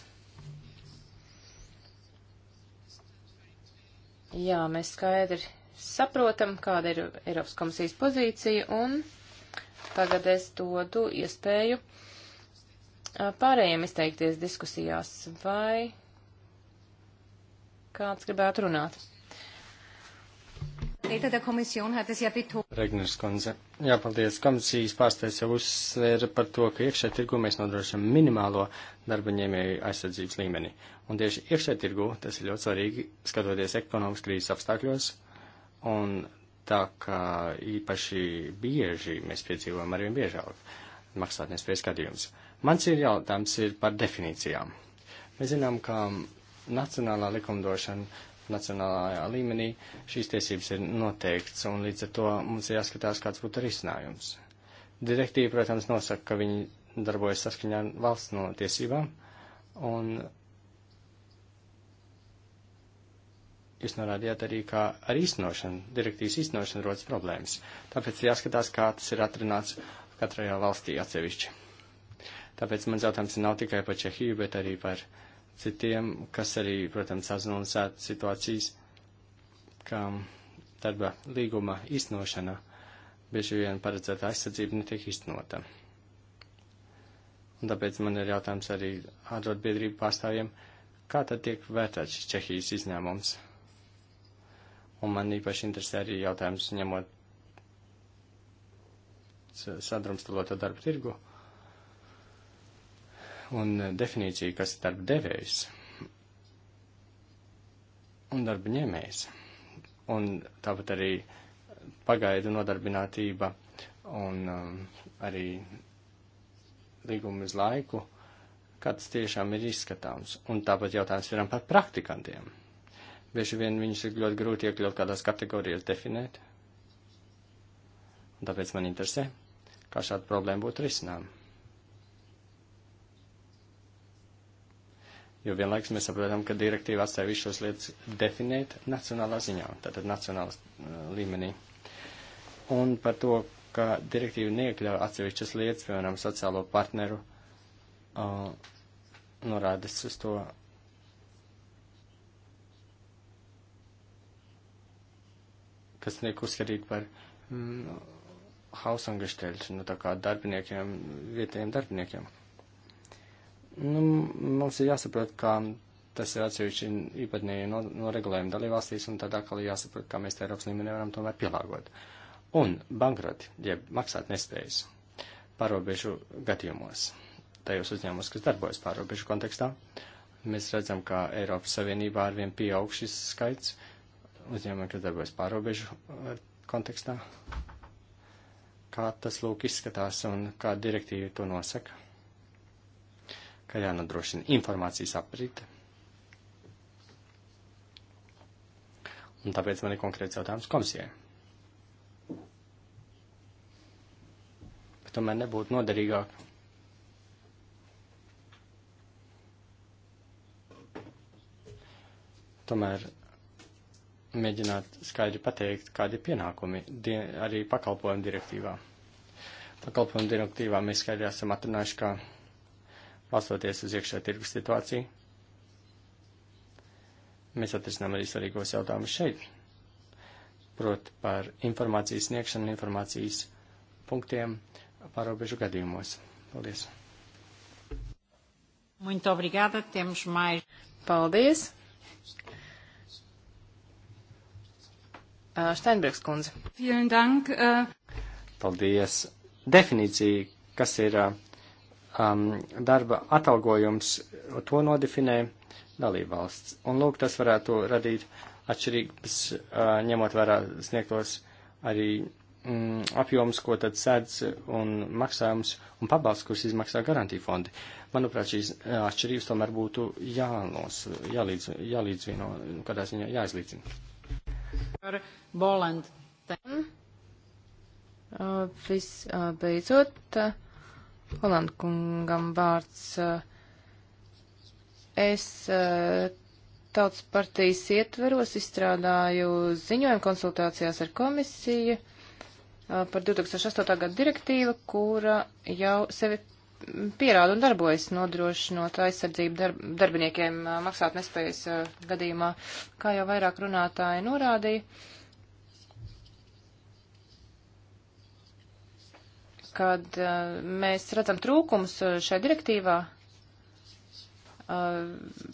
Jā, mēs skaidri saprotam, kāda ir Eiropas komisijas pozīcija, un tagad es dodu iespēju eh, pārējiem izteikties diskusijās, vai
kāds gribētu runāt. Regners
kundze. Jā, paldies. Komisijas pārstāvis jau uzsvēra par to, ka iekšē tirgu mēs nodrošinām minimālo darba ņēmēju aizsardzības līmeni. Un tieši iekšē tirgu tas ir ļoti svarīgi, skatoties ekonomikas krīzes apstākļos. Un tā kā īpaši bieži mēs piedzīvojam arvien biežāk maksātnespējas gadījumus. Mans ir jautājums ir par definīcijām. Mēs zinām, ka nacionālā likumdošana nacionālajā līmenī šīs tiesības ir noteikts, un līdz ar to mums ir jāskatās, kāds būtu risinājums. Direktīva, protams, nosaka, ka viņi darbojas saskaņā ar valsts no tiesībām, un jūs norādījāt arī, ka ar īstenošanu, direktīvas īstenošanu rodas problēmas. Tāpēc ir jāskatās, kā tas ir atrunāts katrajā valstī atsevišķi. Tāpēc mans jautājums nav tikai par Čehiju, bet arī par citiem, kas arī, protams, sazinālisētu situācijas, ka darba līguma iznošana bieži vien paredzēta aizsardzība netiek iznota. Un tāpēc man ir jautājums arī ārotbiedrību pārstāvjiem, kā tad tiek vērtēts šis Čehijas izņēmums. Un man īpaši interesē arī jautājums ņemot sadrumstaloto darbu tirgu un definīcija, kas ir darba devējs un darba ņēmējs. Un tāpat arī pagaidu nodarbinātība un um, arī līguma uz laiku, kāds tiešām ir izskatāms. Un tāpat jautājums varam par praktikantiem. Bieži vien viņus ir ļoti grūti iekļaut kādās kategorijās definēt. Un tāpēc man interesē, kā šāda problēma būtu risinājuma. jo vienlaiks mēs saprotam, ka direktīva atstāja visu šos lietas definēt nacionālā ziņā, tātad nacionālas uh, līmenī. Un par to, ka direktīva neiekļauj atsevišķas lietas, piemēram, sociālo partneru uh, norādes uz to. kas tiek uzskatīt par mm, hausangašteļš, nu tā kā darbiniekiem, vietējiem darbiniekiem. Nu, mums ir jāsaprot, kā tas ir atsevišķi īpatnēji no, no regulējuma dalībvalstīs, un tad atkal jāsaprot, kā mēs te Eiropas līmenī varam tomēr pielāgot. Un bankroti, jeb maksāt nespējas pārobežu gadījumos, tajos uzņēmumos, kas darbojas pārobežu kontekstā, mēs redzam, ka Eiropas Savienībā arvien pieaug šis skaits uzņēmumiem, kas darbojas pārobežu eh, kontekstā. Kā tas lūk izskatās un kā direktīva to nosaka? ka jānodrošina informācijas aprite. Un tāpēc man ir konkrēts jautājums komisijai. Bet tomēr nebūtu noderīgāk. Tomēr mēģināt skaidri pateikt, kādi ir pienākumi arī pakalpojumu direktīvā. Pakalpojumu direktīvā mēs skaidri esam atrunājuši, ka balstoties uz iekšē tirgus situāciju. Mēs atrisinām arī svarīgos jautājumus šeit, proti par informācijas sniegšanu, informācijas punktiem pārobežu gadījumos. Paldies!
Muito obrigada, temos mais. Paldies! Uh, Steinbergs kundze. Vielen Dank. Uh,
Paldies. Definīcija, kas ir uh, um, darba atalgojums, to nodefinē dalībvalsts. Un lūk, tas varētu radīt atšķirības, uh, ņemot vērā sniegtos arī mm, apjoms, ko tad sēdz un maksājums un pabalsts, kurus izmaksā garantija fondi. Manuprāt, šīs uh, atšķirības tomēr būtu jānos, jālīdz, jālīdzvino, nu, kādā ziņā jāizlīdzina.
Boland. Mm.
Uh, Visbeidzot. Uh, Holanda kungam vārds. Eh, es eh, tautas partijas ietveros izstrādāju ziņojumu konsultācijās ar komisiju eh, par 2008. gadu direktīvu, kura jau sevi pierāda un darbojas nodrošinot aizsardzību darb darbiniekiem maksāt nespējas gadījumā, kā jau vairāk runātāji norādīja. kad eh, mēs redzam trūkumus eh, šajā direktīvā, eh,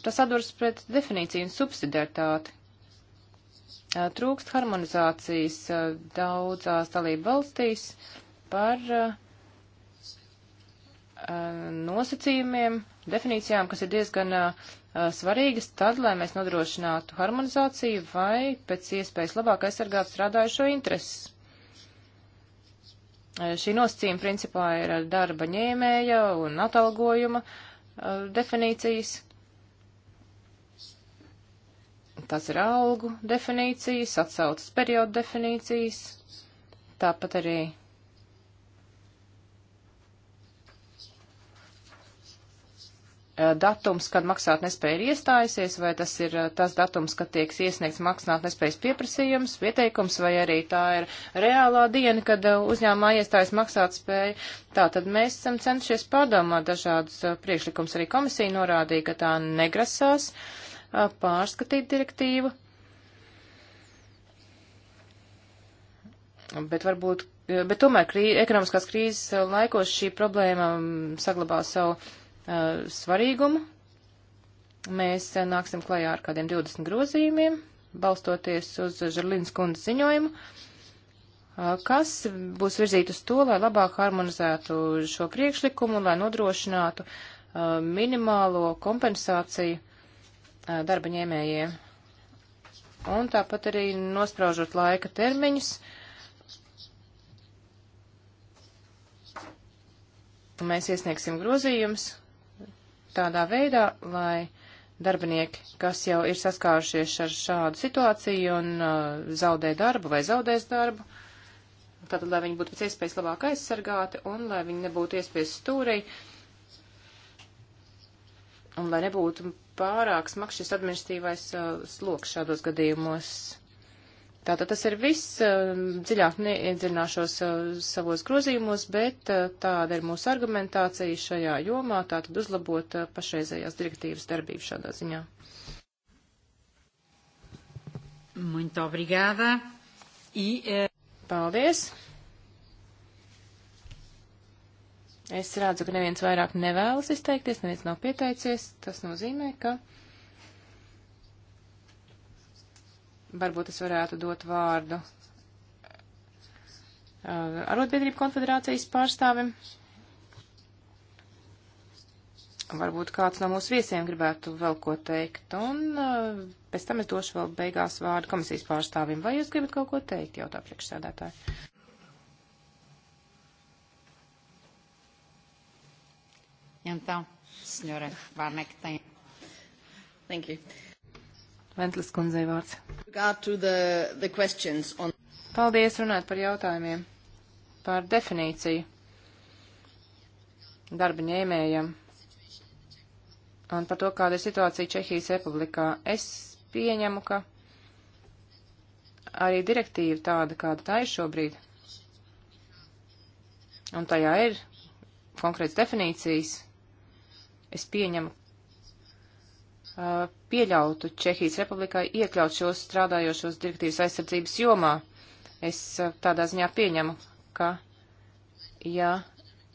tas atduras pret definīciju un subsidiaritāti. Trūkst harmonizācijas daudzās dalību valstīs par nosacījumiem, definīcijām, kas ir diezgan svarīgas tad, lai mēs nodrošinātu harmonizāciju vai pēc iespējas labāk aizsargātu strādājušo intereses. Šī nosacījuma principā ir darba ņēmēja un atalgojuma definīcijas. Tas ir algu definīcijas, atsaucas periodu definīcijas, tāpat arī Eh, datums, kad maksāt nespēja ir iestājusies, vai tas ir eh, tas datums, kad tiek iesniegts maksāt nespējas pieprasījums, pieteikums, vai arī tā ir reālā diena, kad eh, uzņēmumā iestājas maksāt spēja. Tā tad mēs esam cenšies pārdomāt dažādus priekšlikums. Arī komisija norādīja, ka tā negrasās pārskatīt direktīvu. Bet varbūt, bet tomēr krī, ekonomiskās krīzes laikos šī problēma mm, saglabā savu Uh, svarīgumu. Mēs uh, nāksim klajā ar kādiem 20 grozījumiem, balstoties uz Žarlīnas kundas ziņojumu, uh, kas būs virzīt uz to, lai labāk harmonizētu šo priekšlikumu, lai nodrošinātu minimālo kompensāciju darba ņēmējiem. Un tāpat arī nospraužot laika termiņus, mēs iesniegsim grozījumus, tādā veidā, lai darbinieki, kas jau ir saskārušies ar šādu situāciju un uh, zaudē darbu vai zaudēs darbu, tātad, lai viņi būtu pēc iespējas labāk aizsargāti un lai viņi nebūtu iespējas stūrī un lai nebūtu pārāk smags šis administratīvais uh, sloks šādos gadījumos. Tātad tas ir viss, um, dziļāk neiedzināšos uh, savos grozījumos, bet uh, tāda ir mūsu argumentācija šajā jomā, tātad uzlabot uh, pašreizējās direktīvas darbību šādā ziņā.
Muito obrigada. I, e... Eh, Paldies. Es redzu, ka neviens
vairāk nevēlas izteikties, neviens nav pieteicies. Tas nozīmē, ka. varbūt es varētu dot vārdu uh, Arotbiedrību konfederācijas pārstāvim. Varbūt kāds no mūsu viesiem gribētu vēl ko teikt, un uh, pēc tam es došu vēl beigās vārdu komisijas pārstāvim. Vai jūs gribat kaut ko teikt, jautā priekšsēdētāji?
Então, senhora Varnek tem. Thank you.
Ventlis kundzei vārds. The, the on... Paldies runāt par jautājumiem. Par definīciju darba ņēmējam un par to, kāda ir situācija Čehijas republikā. Es pieņemu, ka arī direktīva tāda, kāda tā ir šobrīd. Un tajā ir konkrēts definīcijas. Es pieņemu, Uh, pieļautu Čehijas republikai iekļaut šos strādājošos direktīvas aizsardzības jomā. Es uh, tādā ziņā pieņemu, ka, ja,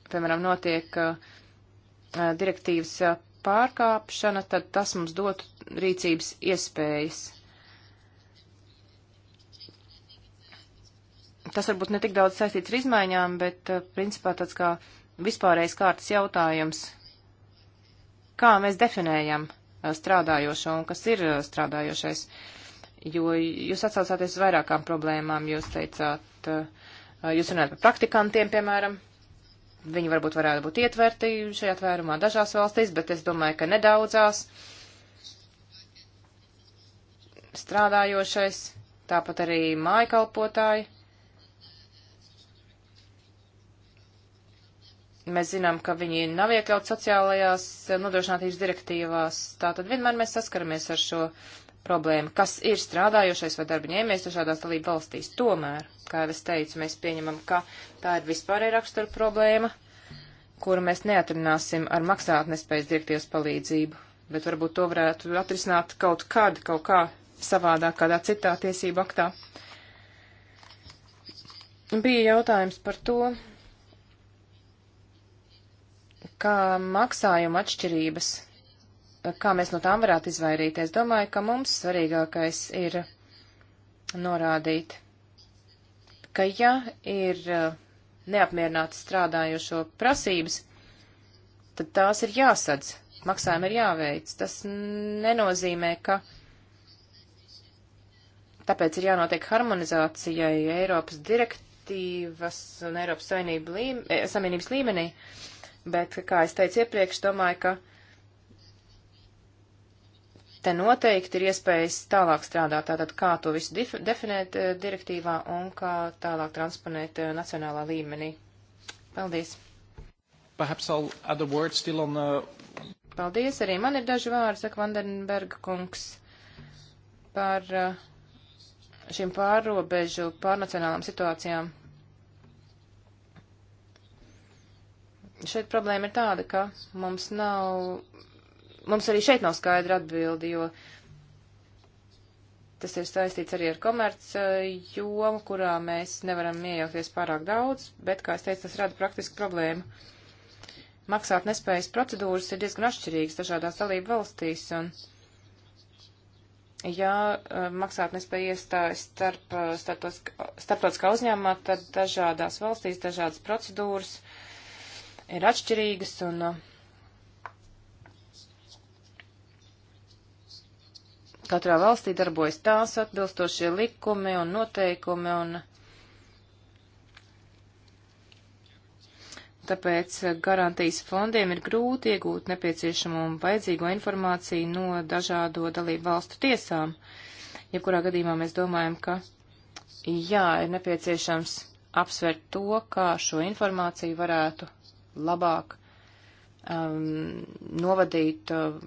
piemēram, notiek uh, direktīvas pārkāpšana, tad tas mums dotu rīcības iespējas. Tas varbūt ne tik daudz saistīts ar izmaiņām, bet principā tāds kā vispārējais kārtas jautājums. Kā mēs definējam strādājošo un kas ir eh, strādājošais. Jo jūs atsaucāties uz vairākām problēmām, jūs teicāt, eh, jūs runājat par praktikantiem, piemēram, viņi varbūt varētu būt ietverti šajā tvērumā dažās valstīs, bet es domāju, ka nedaudzās strādājošais, tāpat arī mājkalpotāji. Mēs zinām, ka viņi nav iekļaut sociālajās eh, nodrošinātības direktīvās, tātad vienmēr mēs saskaramies ar šo problēmu, kas ir strādājošais vai darba ņēmējs dažādās dalību valstīs. Tomēr, kā jau es teicu, mēs pieņemam, ka tā ir vispārēja rakstura problēma, kuru mēs neatrināsim ar maksātnespējas direktīvas palīdzību, bet varbūt to varētu atrisināt kaut kad, kaut kā savādāk, kādā citā tiesību aktā. Bija jautājums par to, kā maksājuma atšķirības, kā mēs no tām varētu izvairīties. Domāju, ka mums svarīgākais ir norādīt, ka ja ir uh, neapmierināti strādājošo prasības, tad tās ir jāsadz, maksājumi ir jāveic. Tas nenozīmē, ka tāpēc ir jānotiek harmonizācijai Eiropas direktīvas un Eiropas eh, Savienības līmenī Bet, kā es teicu iepriekš, domāju, ka te noteikti ir iespējas tālāk strādāt, tātad kā to visu definēt eh, direktīvā un kā tālāk transponēt eh, nacionālā līmenī. Paldies!
Perhaps I'll add
a word still on uh, Paldies, arī man ir daži vārdi, saka Vandenberga kungs, par eh, šīm pārrobežu pārnacionālām situācijām. šeit problēma ir tāda, ka mums nav, mums arī šeit nav skaidra atbildi, jo tas ir saistīts arī ar komerc eh, jomu, kurā mēs nevaram iejaukties pārāk daudz, bet, kā es teicu, tas rada praktiski problēmu. Maksāt nespējas procedūras ir diezgan atšķirīgas dažādās dalību valstīs, un ja eh, maksāt nespēja iestājas starp eh, starptautiskā uzņēmumā, tad dažādās valstīs dažādas procedūras uh, ir atšķirīgas un uh, katrā valstī darbojas tās atbilstošie likumi un noteikumi un tāpēc garantijas fondiem ir grūti iegūt nepieciešamo un vajadzīgo informāciju no dažādo dalību valstu tiesām. Jebkurā gadījumā mēs domājam, ka jā, ir nepieciešams apsvērt to, kā šo informāciju varētu labāk um, novadīt uh,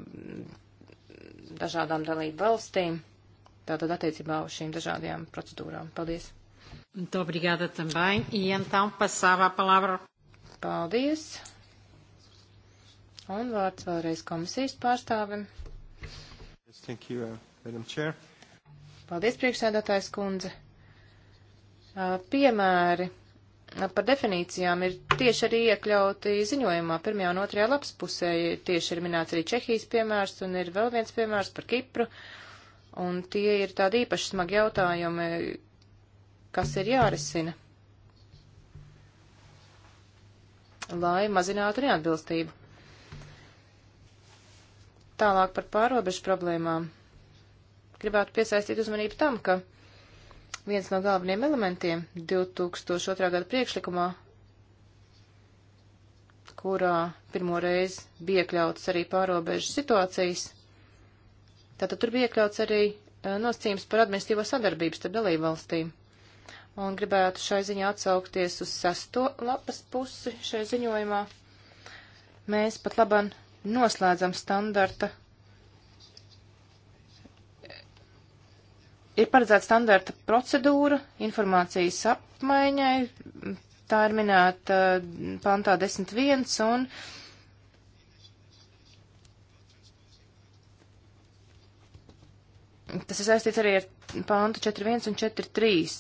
dažādām dalību valstīm, tātad attiecībā uz šīm dažādajām procedūrām. Paldies!
Muito obrigada também. E então passava a palavra. Paldies. Un vārds vēlreiz komisijas pārstāvim.
Yes, thank you, uh, Madam Chair.
Paldies, priekšsēdētājs kundze. Uh, piemēri par definīcijām ir tieši arī iekļauti ziņojumā. Pirmajā un otrajā lapas pusē tieši ir minēts arī Čehijas piemērs un ir vēl viens piemērs par Kipru. Un tie ir tādi īpaši smagi jautājumi, kas ir jārisina, lai mazinātu neatbilstību. Tālāk par pārobežu problēmām. Gribētu piesaistīt uzmanību tam, ka Viens no galvenajiem elementiem 2002. gada priekšlikumā, kurā pirmo reizi bija iekļauts arī pārobežu situācijas, tātad tur bija iekļauts arī eh, nosacījums par administratīvo sadarbību starp dalībvalstīm. Un gribētu šai ziņā atsaukties uz sesto lapas pusi šai ziņojumā. Mēs pat labam noslēdzam standarta Ir paredzēta standarta procedūra informācijas apmaiņai, tā ir minēta uh, pantā 10.1 un tas ir saistīts arī ar pantu 4.1 un 4.3.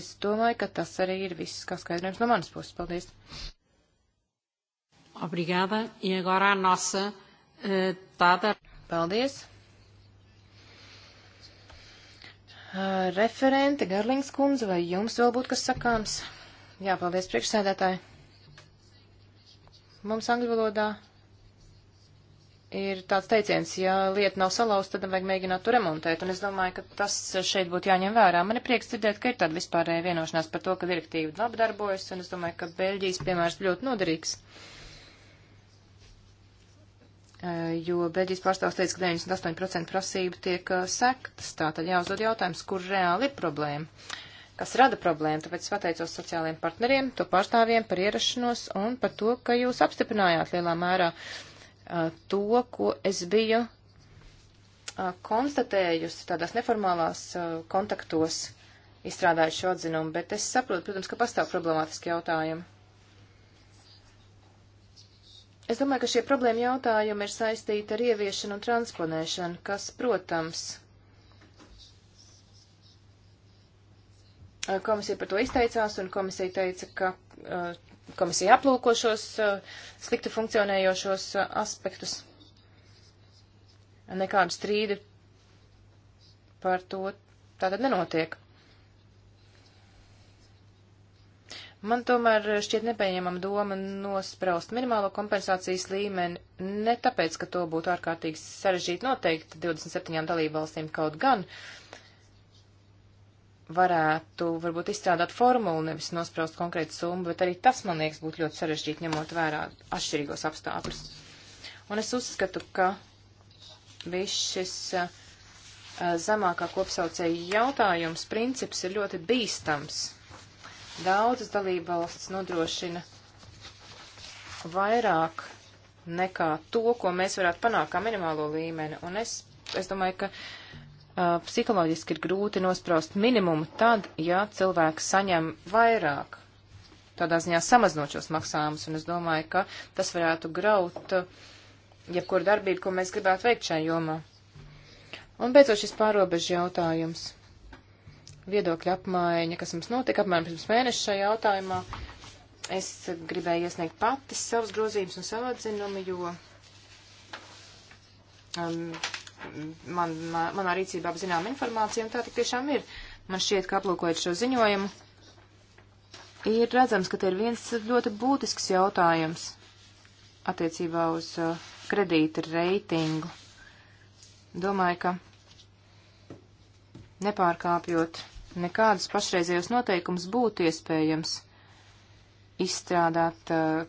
Es domāju, ka tas arī
ir viss, kā skaidrojums no manas puses. Paldies! Obrigada, e agora a nossa uh, eh, deputada. Paldies!
Referente Garlings kundze, vai jums vēl būtu kas sakāms? Jā, paldies priekšsēdētāji. Mums angļu valodā ir tāds teiciens, ja lieta nav salauzta, tad vajag mēģināt to remontēt, un es domāju, ka tas šeit būtu jāņem vērā. Man ir prieks dzirdēt, ka ir tāda vispārēja vienošanās par to, ka direktīva labi darbojas, un es domāju, ka Beļģijas piemērs ļoti noderīgs. Uh, Eh, jo Beļģijas pārstāvs teica, ka 98% prasību tiek eh, sektas. Tātad jāuzdod jautājums, kur reāli ir problēma, kas rada problēmu. Tāpēc es pateicos sociālajiem partneriem, to pārstāvjiem par ierašanos un par to, ka jūs apstiprinājāt lielā mērā eh, to, ko es biju konstatējusi tādās neformālās kontaktos izstrādājot šo atzinumu, bet es saprotu, protams, ka pastāv problemātiski jautājumi. Es domāju, ka šie problēma jautājumi ir saistīti ar ieviešanu un transponēšanu, kas, protams, komisija par to izteicās, un komisija teica, ka uh, komisija aplūko šos uh, slikti funkcionējošos uh, aspektus. Nekādu strīdu par to tātad nenotiek. Man tomēr šķiet nepieņemama doma nospraust minimālo kompensācijas līmeni, ne tāpēc, ka to būtu ārkārtīgi sarežģīti noteikti 27 dalībvalstīm kaut gan varētu varbūt izstrādāt formulu, nevis nospraust konkrētu summu, bet arī tas, man liekas, būtu ļoti sarežģīti ņemot vērā atšķirīgos apstākļus. Un es uzskatu, ka viss šis eh, zemākā kopsaucēja jautājums princips ir ļoti bīstams Daudzas dalībvalstis nodrošina vairāk nekā to, ko mēs varētu panākt kā minimālo līmeni. Un es, es domāju, ka uh, psiholoģiski ir grūti nospraust minimumu tad, ja cilvēks saņem vairāk. Tādā ziņā samazinot šos maksājumus, un es domāju, ka tas varētu graut jebkuru darbību, ko mēs gribētu veikt šajā jomā. Un beidzot šis pārobežu jautājums viedokļa apmaiņa, kas mums notika apmēram pirms mēneša šajā jautājumā. Es gribēju iesniegt pati savus grozījumus un savu atzinumu, jo um, man, man, manā rīcībā zinām informācija, un tā tik tiešām ir. Man šķiet, ka aplūkojot šo ziņojumu, ir redzams, ka te ir viens ļoti būtisks jautājums attiecībā uz uh, kredīta reitingu. Domāju, ka nepārkāpjot nekādus pašreizējos noteikumus būtu iespējams izstrādāt uh,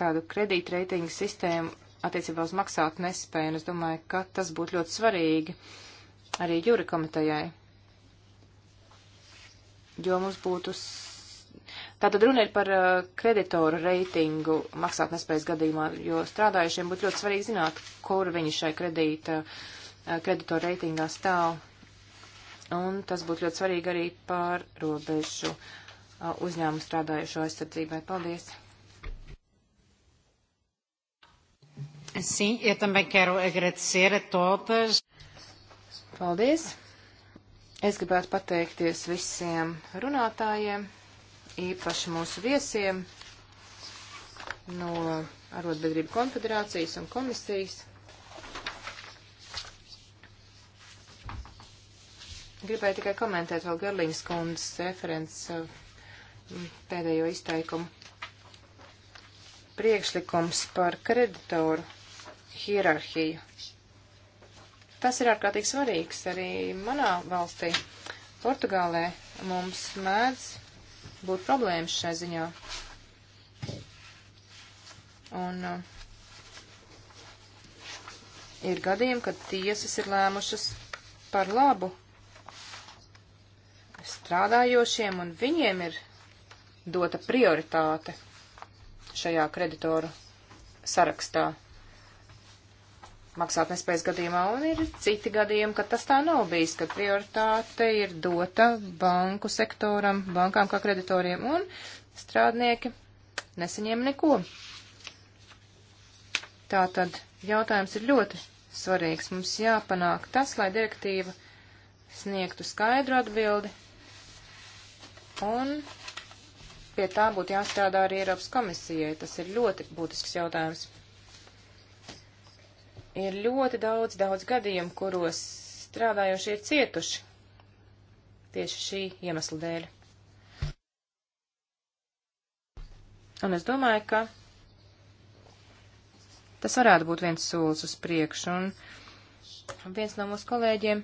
tādu kredītreitingu sistēmu attiecībā uz maksāt nespēju, un es domāju, ka tas būtu ļoti svarīgi arī jūri komitejai, jo mums būtu. Tātad runa ir par uh, kreditoru reitingu maksāt nespējas gadījumā, jo strādājušiem būtu ļoti svarīgi zināt, kur viņi šai kredīta, uh, kreditoru reitingā stāv un tas būtu ļoti svarīgi arī pār robežu
uzņēmumu strādājušo aizsardzībai. Paldies! Sim, eu também quero agradecer a todas. Paldies! Es gribētu pateikties visiem
runātājiem, īpaši mūsu viesiem no Arotbiedrību konfederācijas un komisijas. Gribēju tikai komentēt vēl Gerlīnas kundas referents uh, pēdējo izteikumu. Priekšlikums par kreditoru hierarhiju. Tas ir ārkārtīgi svarīgs arī manā valstī. Portugālē mums mēdz būt problēmas šai ziņā. Un uh, ir gadījumi, kad tiesas ir lēmušas par labu strādājošiem, un viņiem ir dota prioritāte šajā kreditoru sarakstā maksātnespējas gadījumā, un ir citi gadījumi, kad tas tā nav bijis, ka prioritāte ir dota banku sektoram, bankām kā kreditoriem, un strādnieki nesaņem neko. Tātad jautājums ir ļoti svarīgs. Mums jāpanāk tas, lai direktīva sniegtu skaidru atbildi Un pie tā būtu jāstrādā arī Eiropas komisijai. Tas ir ļoti būtisks jautājums. Ir ļoti daudz, daudz gadījumu, kuros strādājošie ir cietuši tieši šī iemesla dēļ. Un es domāju, ka tas varētu būt viens solis uz priekšu. Un viens no mūsu kolēģiem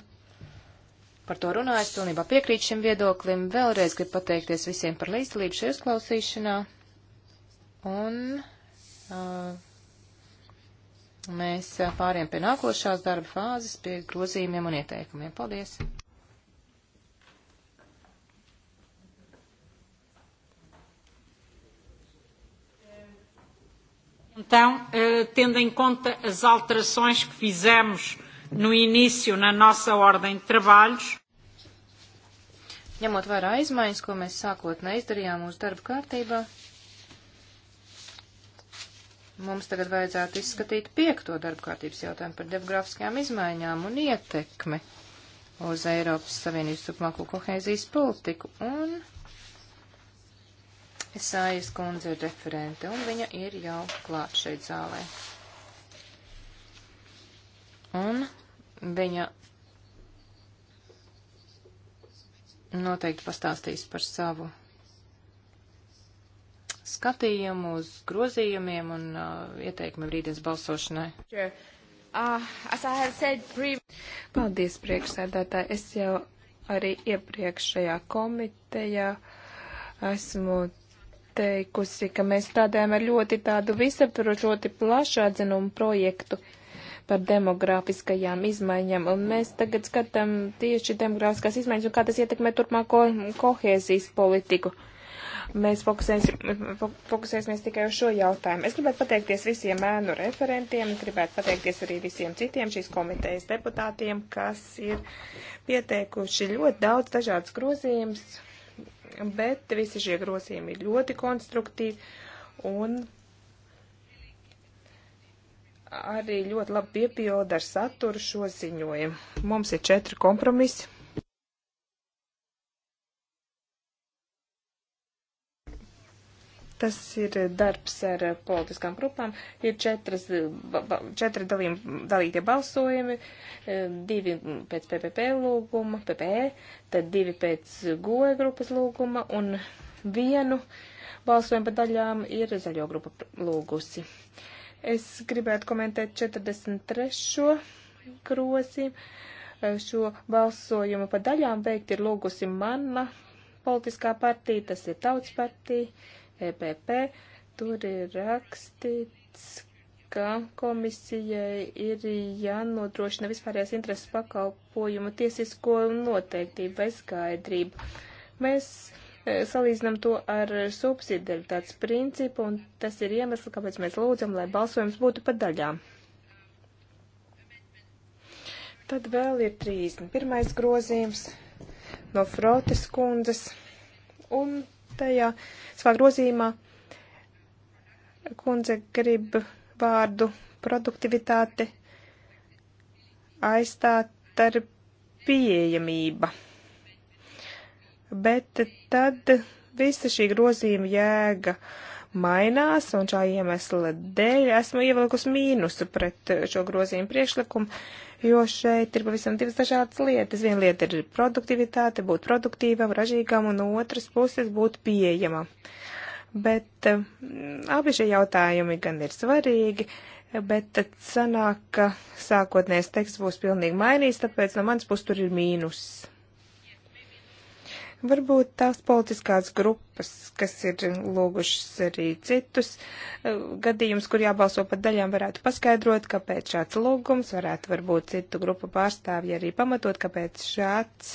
par to runāju, es pilnībā piekrītu šim viedoklim. Vēlreiz gribu pateikties visiem par līdzdalību šajā uzklausīšanā. Un uh, mēs uh, pāriem pie nākošās darba fāzes, pie grozījumiem un ieteikumiem.
Paldies! Então, uh, tendo em conta as alterações que fizemos no início na nossa ordem de trabalhos,
Ņemot vērā aizmaiņas, ko mēs sākotnēji izdarījām mūsu darba kārtībā, mums tagad vajadzētu izskatīt piekto darba kārtības jautājumu par demografiskajām izmaiņām un ietekmi uz Eiropas Savienības turpmāko kohēzijas politiku. Un Esājas kundze ir referente, un viņa ir jau klāt šeit zālē. Un viņa noteikti pastāstīs par savu skatījumu uz grozījumiem un uh, ieteikumiem rītdienas balsošanai.
Sure. Uh, said, Paldies, priekšsēdētāji. Es jau arī iepriekšējā komitejā esmu teikusi, ka mēs strādājam ar ļoti tādu visaptvarošu, ļoti plašu atzinumu projektu. Uh, par demografiskajām izmaiņām, un mēs tagad skatām tieši demografiskās izmaiņas un kā tas ietekmē turpmāko kohēzijas politiku. Mēs fokusēsimies, fokusēsimies tikai uz šo jautājumu. Es gribētu pateikties visiem ēnu referentiem, gribētu pateikties arī visiem citiem šīs komitejas deputātiem, kas ir pieteikuši ļoti daudz dažādas grozījumus, bet visi šie grozījumi ir ļoti konstruktīvi un arī ļoti labi piepilda ar saturu šo ziņojumu. Mums ir četri kompromisi. Tas ir darbs ar politiskām grupām. Ir četras, četri dalījum, dalītie balsojumi, eh, divi pēc PPP lūguma, PPE, tad divi pēc GOE grupas lūguma un vienu balsojumu pa daļām ir zaļo grupa lūgusi. Uh, Es gribētu komentēt 43. grozīm. Šo balsojumu pa daļām veikt ir lūgusi mana politiskā partija, tas ir tautas partija, EPP. Tur ir rakstīts, ka komisijai ir jānodrošina vispārējās intereses pakalpojumu tiesisko noteiktību vai skaidrību. Mēs E, salīdzinām to ar subsidiaritātes principu, un tas ir iemesls, kāpēc mēs lūdzam, lai balsojums būtu pa daļām. Tad vēl ir 31. grozījums no Frotes kundzes, un tajā savā grozījumā kundze grib vārdu produktivitāte aizstāt ar pieejamību bet tad visa šī grozījuma jēga mainās, un šā iemesla dēļ esmu ievilkusi mīnusu pret šo grozījumu priekšlikumu, jo šeit ir pavisam divas dažādas lietas. Viena lieta ir produktivitāte, būt produktīvam, ražīgam, un otras puses būt pieejamam. Bet abi šie jautājumi gan ir svarīgi, bet tad sanāk, ka sākotnējais teksts būs pilnīgi mainīts, tāpēc no manas puses tur ir mīnus. Varbūt tās politiskās grupas, kas ir lūgušas arī citus eh, gadījumus, kur jābalso pa daļām, varētu paskaidrot, kāpēc šāds lūgums, varētu varbūt citu grupu pārstāvji arī pamatot, kāpēc šāds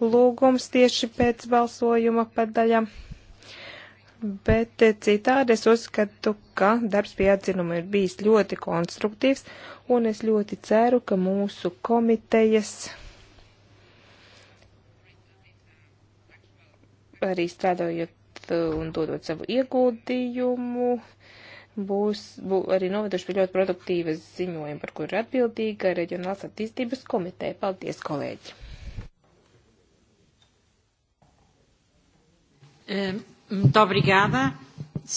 lūgums tieši pēc balsojuma pa daļām bet eh, citādi es uzskatu, ka darbs pie atzinuma ir bijis ļoti konstruktīvs, un es ļoti ceru, ka mūsu komitejas arī strādājot uh, un dodot savu ieguldījumu, būs bū, arī noveduši pie ļoti produktīvas ziņojuma, par kur ir atbildīga Reģionālās attīstības komiteja. Paldies,
kolēģi! Muito obrigada,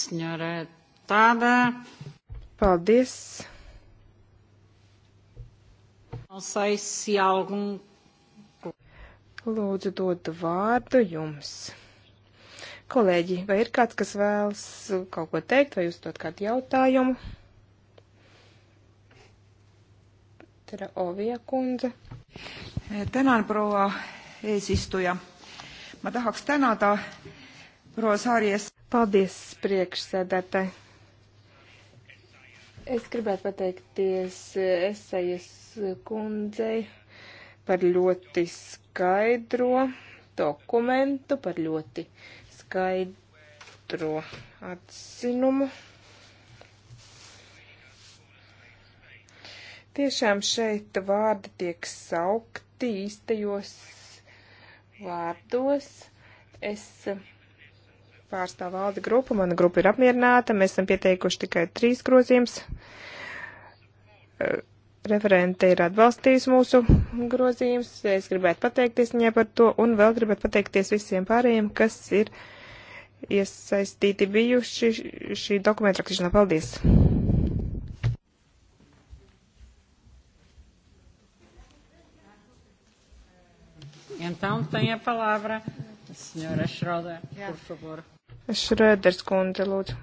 senhora deputada. Paldies. Não sei se algum
Lūdzu, dodu vārdu jums. Kolēģi, vai ir kāds, kas vēlas kaut ko teikt, vai uzdot kādu jautājumu? Tere Ovija kundze. Tänan, proua eesistuja. Ma tahaks tänada proua Saaries. Paldies, priekšsēdētāji. Es gribētu pateikties esejas kundzei par ļoti skaidro dokumentu, par ļoti skaidro atzinumu. Tiešām šeit vārdi tiek saukti īstajos vārdos. Es pārstāvu valdi grupu, mana grupa ir apmierināta, mēs esam pieteikuši tikai trīs grozījums. Referente ir atbalstījusi mūsu grozījumus, es gribētu pateikties viņai par to, un vēl gribētu pateikties visiem pārējiem, kas ir uh, iesaistīti bijuši šī, šī dokumenta rakstīšanā. Paldies!
Então tem a palavra a senhora Schroeder, por
favor. Schroeders kundze, lūdzu.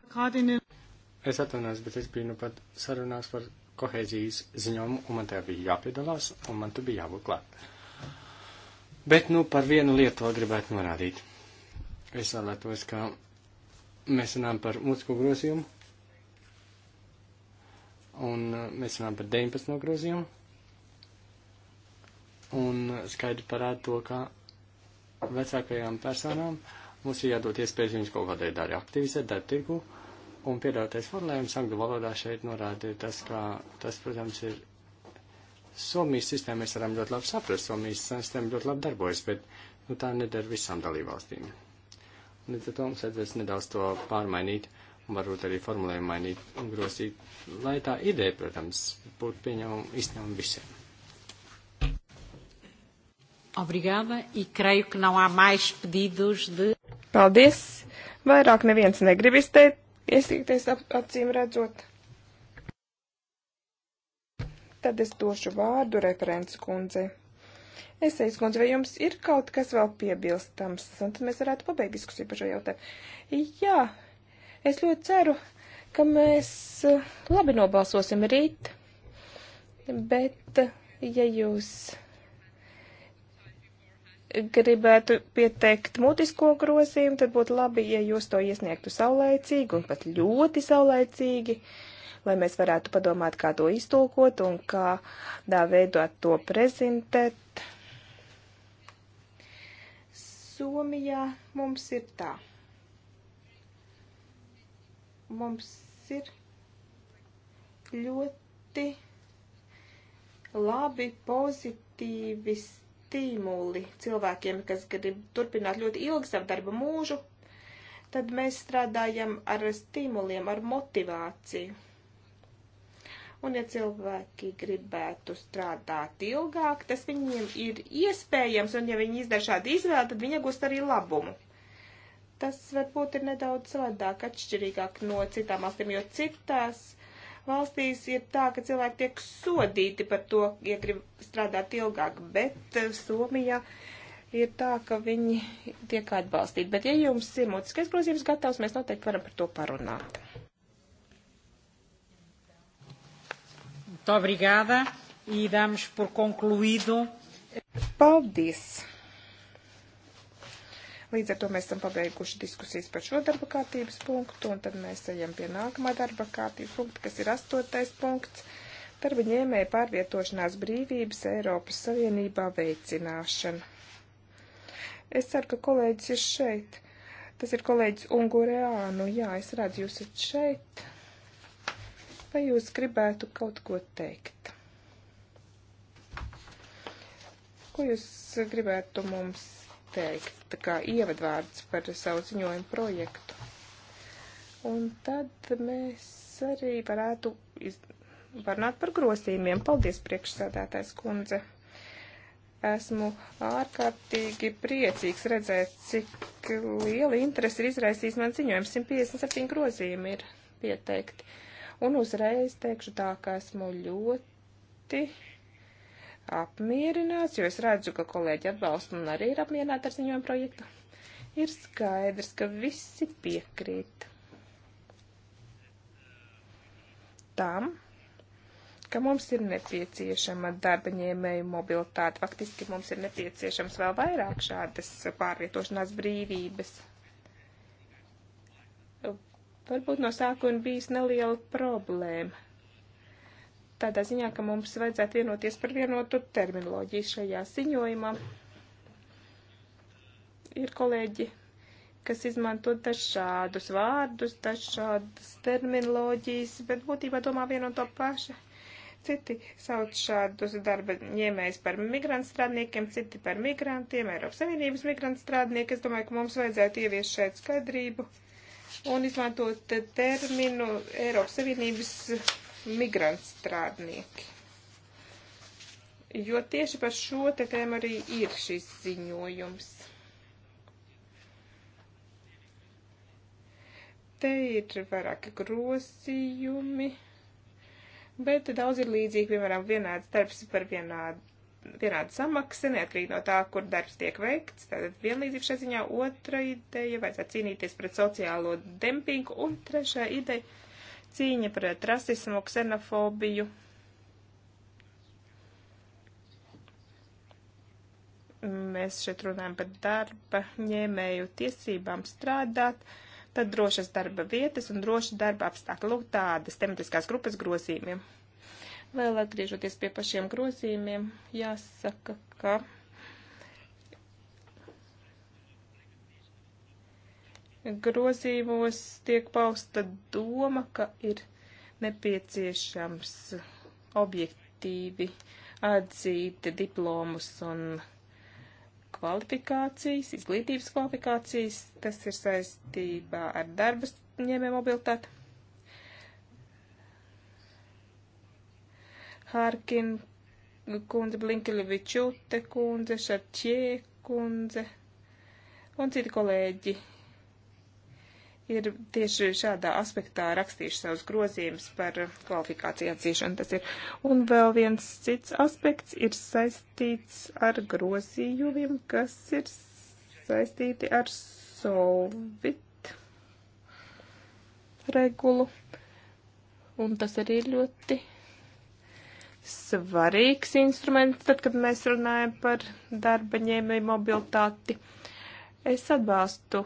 Es atvainojos, bet es biju nu pat sarunās par kohēzijas ziņojumu, un man tajā bija jāpiedalās, un man tu bija jābūt klāt. Bet nu par vienu lietu vēl gribētu norādīt. Es vēlētos, ka mēs runājam par mūziku grozījumu, un uh, mēs runājam par 19 grozījumu, un skaidri parāda to, ka vecākajām personām mums ir jādod iespējas viņus kaut kādai darbā aktivizēt, darba tirgu, un piedāvātais formulējums angļu valodā šeit norāda tas, ka tas, protams, ir Somijas sistēmu mēs varam ļoti labi saprast, Somijas sistēma ļoti labi darbojas, bet nu, tā nedara visām dalībvalstīm. Līdz ar to mums vajadzēs nedaudz to pārmainīt, un varbūt arī formulējumu mainīt un grosīt, lai tā ideja, protams, būtu pieņemama izņemama visiem.
Obrigada e creio que não há mais pedidos de. Paldies!
Vairāk neviens negrib izteikt, izteikties ap, acīm redzot. Tad es došu vārdu referents kundzei. Es teicu, kundze, vai jums ir kaut kas vēl piebilstams, un tad mēs varētu pabeigt diskusiju par šo jautājumu. Jā, es ļoti ceru, ka mēs eh, labi nobalsosim rīt, bet, eh, ja jūs gribētu pieteikt mutisko grozījumu, tad būtu labi, ja jūs to iesniegtu saulēcīgi un pat ļoti saulēcīgi. Uh, lai mēs varētu padomāt, kā to iztulkot un kādā veidā to prezentēt. Somijā mums ir tā. Mums ir ļoti labi, pozitīvi stimuli cilvēkiem, kas grib turpināt ļoti ilgu savu darba mūžu, tad mēs strādājam ar stimuliem, ar motivāciju. Un, ja cilvēki gribētu strādāt ilgāk, tas viņiem ir iespējams, un ja viņi izdara šādu izvēli, tad viņi iegūst arī labumu. Tas varbūt ir nedaudz savādāk, atšķirīgāk no citām valstīm, jo citās valstīs ir tā, ka cilvēki tiek sodīti par to, ja grib strādāt ilgāk, bet eh, Somijā ir tā, ka viņi tiek atbalstīti. Bet, ja jums ir mutiskais
grozījums gatavs, mēs noteikti varam par to parunāt. Muito obrigada e damos por concluído. Paldies! Līdz ar to mēs esam pabeiguši diskusijas
par šo darba kārtības punktu, un tad mēs ejam pie nākamā darba kārtības punkta, kas ir astotais punkts - darba ņēmēja pārvietošanās brīvības Eiropas Savienībā veicināšana. Es ceru, ka kolēģis ir šeit. Tas ir kolēģis Ungureānu. Jā, es redzu, jūs esat šeit. Vai jūs gribētu kaut ko teikt? Ko jūs gribētu mums teikt, tā kā ievadvārds par savu ziņojumu projektu? Un tad mēs arī varētu iz... parunāt par grozījumiem. Paldies, priekšsādātājs kundze. Esmu ārkārtīgi priecīgs redzēt, cik liela interesi ir izraisījis man ziņojums. 157 grozījumi ir pieteikti. Un uzreiz teikšu tā, ka esmu ļoti apmierināts, jo es redzu, ka kolēģi atbalsta un arī ir apmierināti ar ziņojumu projektu. Ir skaidrs, ka visi piekrīt tam, ka mums ir nepieciešama darba ņēmēju mobilitāte. Faktiski mums ir nepieciešams vēl vairāk šādas pārvietošanās brīvības varbūt no sākuma bijis neliela problēma. Tādā ziņā, ka mums vajadzētu vienoties par vienotu terminoloģiju šajā ziņojumā. Ir kolēģi, kas izmanto dažādus vārdus, dažādas terminoloģijas, bet būtībā domā vienu un to pašu. Citi sauc šādus darba ņēmējus par migrantu strādniekiem, citi par migrantiem, Eiropas Savienības migrantu strādnieki. Es domāju, ka mums vajadzētu ievies šeit skaidrību. Uh, un izmantot terminu Eiropas Savienības migrants strādnieki. Jo tieši par šo te tēmu arī ir šis ziņojums. Te ir vairāki grozījumi, bet daudz ir līdzīgi, piemēram, vienāds darbs par vienādu vienāda samaksa, neatkarīgi no tā, kur darbs tiek veikts. Tātad vienlīdzība šajā ziņā, otra ideja, vajadzētu cīnīties pret sociālo dempingu, un trešā ideja - cīņa pret rasismu, ksenofobiju. Mēs šeit runājam par darba ņēmēju tiesībām strādāt, tad drošas darba vietas un droši darba apstākļi. Lūk, tādas tematiskās grupas grozījumiem. Ja? Vēl atgriežoties pie pašiem grozījumiem, jāsaka, ka grozījumos tiek pausta doma, ka ir nepieciešams objektīvi atzīt diplomus un kvalifikācijas, izglītības kvalifikācijas. Tas ir saistībā ar darbas ņēmē mobilitāti. Harkin kundze, Blinkeļevičute kundze, Šarķie kundze un citi kolēģi ir tieši šādā aspektā rakstījuši savus grozījumus par kvalifikāciju atzīšanu. Tas ir. Un vēl viens cits aspekts ir saistīts ar grozījumiem, kas ir saistīti ar solvit regulu. Un tas arī ļoti svarīgs instruments, tad, kad mēs runājam par darba ņēmēju mobilitāti. Es atbalstu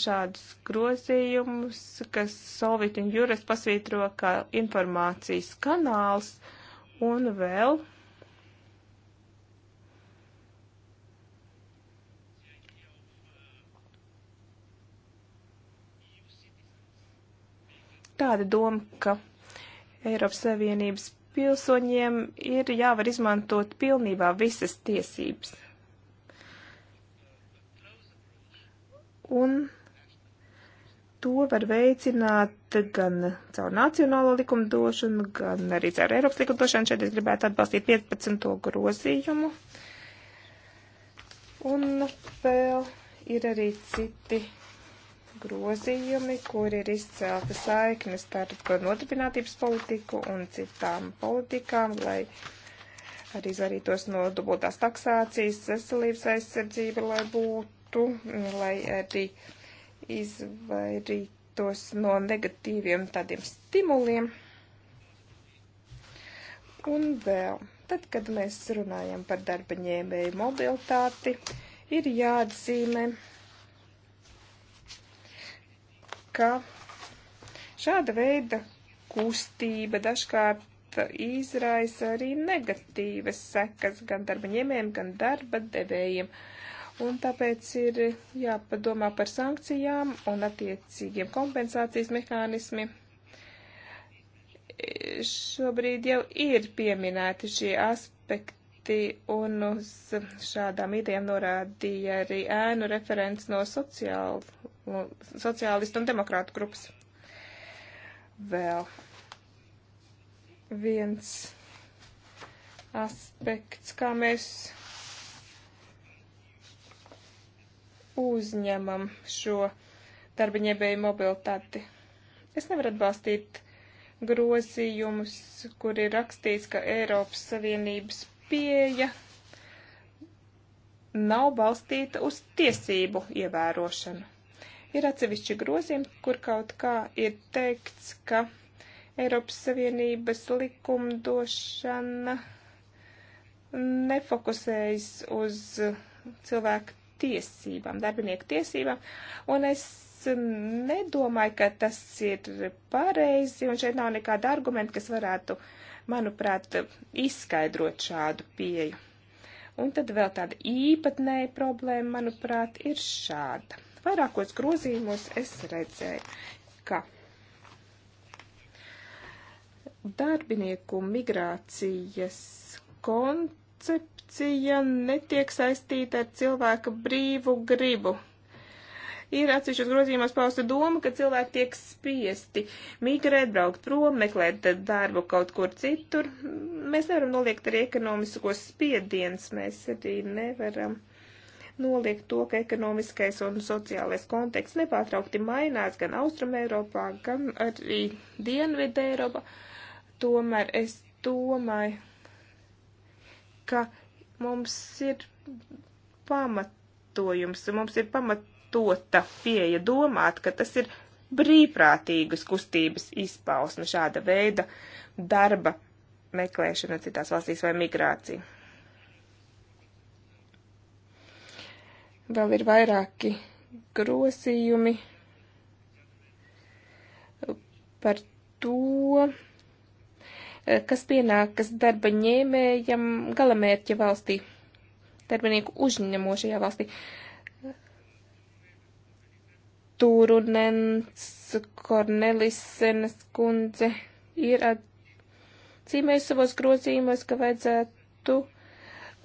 šādus grozījumus, kas Solvit un Jūras pasvītro kā informācijas kanāls un vēl. Tāda doma, ka Eiropas Savienības pilsoņiem ir jāvar izmantot pilnībā visas tiesības. Un to var veicināt gan caur nacionālo likumdošanu, gan arī caur Eiropas likumdošanu. Šeit es gribētu atbalstīt 15. grozījumu. Un vēl ir arī citi grozījumi, kur ir izcelta saikne starp nodarbinātības politiku un citām politikām, lai arī izvairītos no dubultās taksācijas, veselības aizsardzība, lai būtu, lai arī izvairītos no negatīviem tādiem stimuliem. Un vēl, tad, kad mēs runājam par darba ņēmēju mobilitāti, ir jāatzīmē, ka šāda veida kustība dažkārt izraisa arī negatīvas sekas gan darba ņēmējiem, gan darba devējiem. Un tāpēc ir jāpadomā par sankcijām un attiecīgiem kompensācijas mehānismiem. Šobrīd jau ir pieminēti šie aspekti, un uz šādām idejām norādīja arī ēnu referents no sociāla un sociālistu un demokrātu grupas. Vēl viens aspekts, kā mēs uzņemam šo darbiņiebēju mobilitāti. Es nevaru atbalstīt grozījumus, kur ir rakstīts, ka Eiropas Savienības pieeja nav balstīta uz tiesību ievērošanu. Ir atsevišķi grozījumi, kur kaut kā ir teikts, ka Eiropas Savienības likumdošana nefokusējas uz cilvēku tiesībām, darbinieku tiesībām, un es nedomāju, ka tas ir pareizi, un šeit nav nekāda argumenta, kas varētu, manuprāt, izskaidrot šādu pieju. Un tad vēl tāda īpatnēja problēma, manuprāt, ir šāda. Vairākos grozījumos es redzēju, ka darbinieku migrācijas koncepcija netiek saistīta ar cilvēka brīvu gribu ir atsevišķos grozījumos pausta doma, ka cilvēki tiek spiesti migrēt, braukt prom, meklēt darbu kaut kur citur. Mēs nevaram noliegt arī ekonomiskos spiediens, mēs arī nevaram noliek to, ka ekonomiskais un sociālais konteksts nepārtraukti mainās gan Austrum Eiropā, gan arī Dienvidē Eiropā. Tomēr es domāju, ka mums ir pamatojums, mums ir pamatota pieeja domāt, ka tas ir brīvprātīgas kustības izpausme šāda veida darba meklēšana citās valstīs vai migrācija. Vēl ir vairāki grozījumi par to, kas pienākas darba ņēmējam galamērķa valstī, darbinieku uzņemošajā valstī. Turunens Kornelisenes kundze ir atzīmējusi savos grozījumos, ka vajadzētu uh,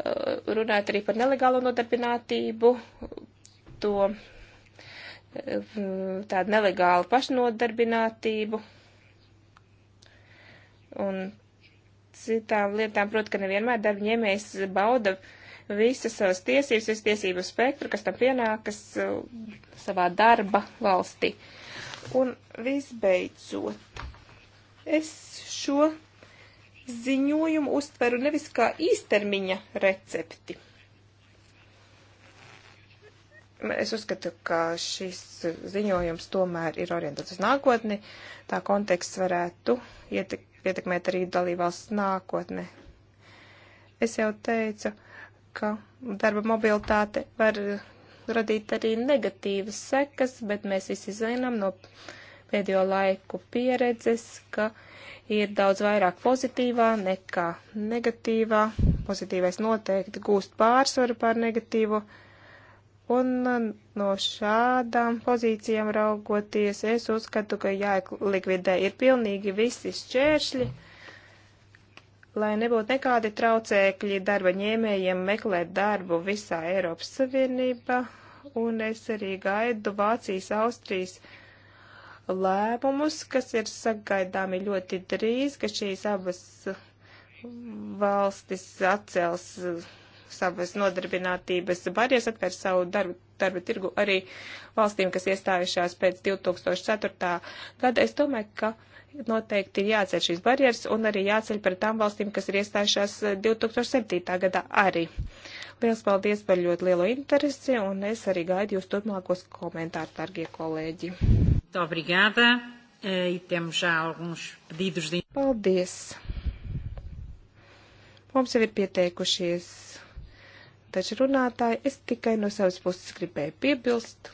runājot arī par nelegālo nodarbinātību, to tādu nelegālu pašnodarbinātību un citām lietām, protams, ka nevienmēr darbņēmējs bauda visas savas tiesības, visu tiesību spektru, kas tam pienākas uh, savā darba valstī. Un visbeidzot, es šo ziņojumu uztveru nevis kā īstermiņa recepti. Es uzskatu, ka šis ziņojums tomēr ir orientēts uz nākotni. Tā konteksts varētu ietekmēt arī dalībvalsts nākotne. Es jau teicu, ka darba mobilitāte var radīt arī negatīvas sekas, bet mēs visi zinām no. Uh, pēdējo laiku pieredzes, ka ir daudz vairāk pozitīvā nekā negatīvā. Pozitīvais noteikti gūst pārsvaru pār negatīvu. Un uh, no šādām pozīcijām raugoties, es uzskatu, ka jālikvidē ir pilnīgi visi šķēršļi, lai nebūtu nekādi traucēkļi darba ņēmējiem meklēt darbu visā Eiropas Savienībā. Un es arī gaidu Vācijas, Austrijas, uh, lēmumus, kas ir sagaidāmi ļoti drīz, ka šīs abas valstis atcels savas nodarbinātības barjeras, atvērs savu darbu, darba tirgu arī valstīm, kas iestājušās pēc 2004. gada. Es domāju, ka noteikti ir jāceļ šīs barjeras un arī jāceļ par tām valstīm, kas ir iestājušās 2007. gadā arī. Liels paldies par ļoti lielo interesi un es arī gaidu jūs turpmākos komentārus, dargie kolēģi.
Obrigada. Eh, e temos já alguns pedidos de. Paldies!
Mums jau ir pieteikušies taču runātāji. Es tikai no savas puses gribēju piebilst.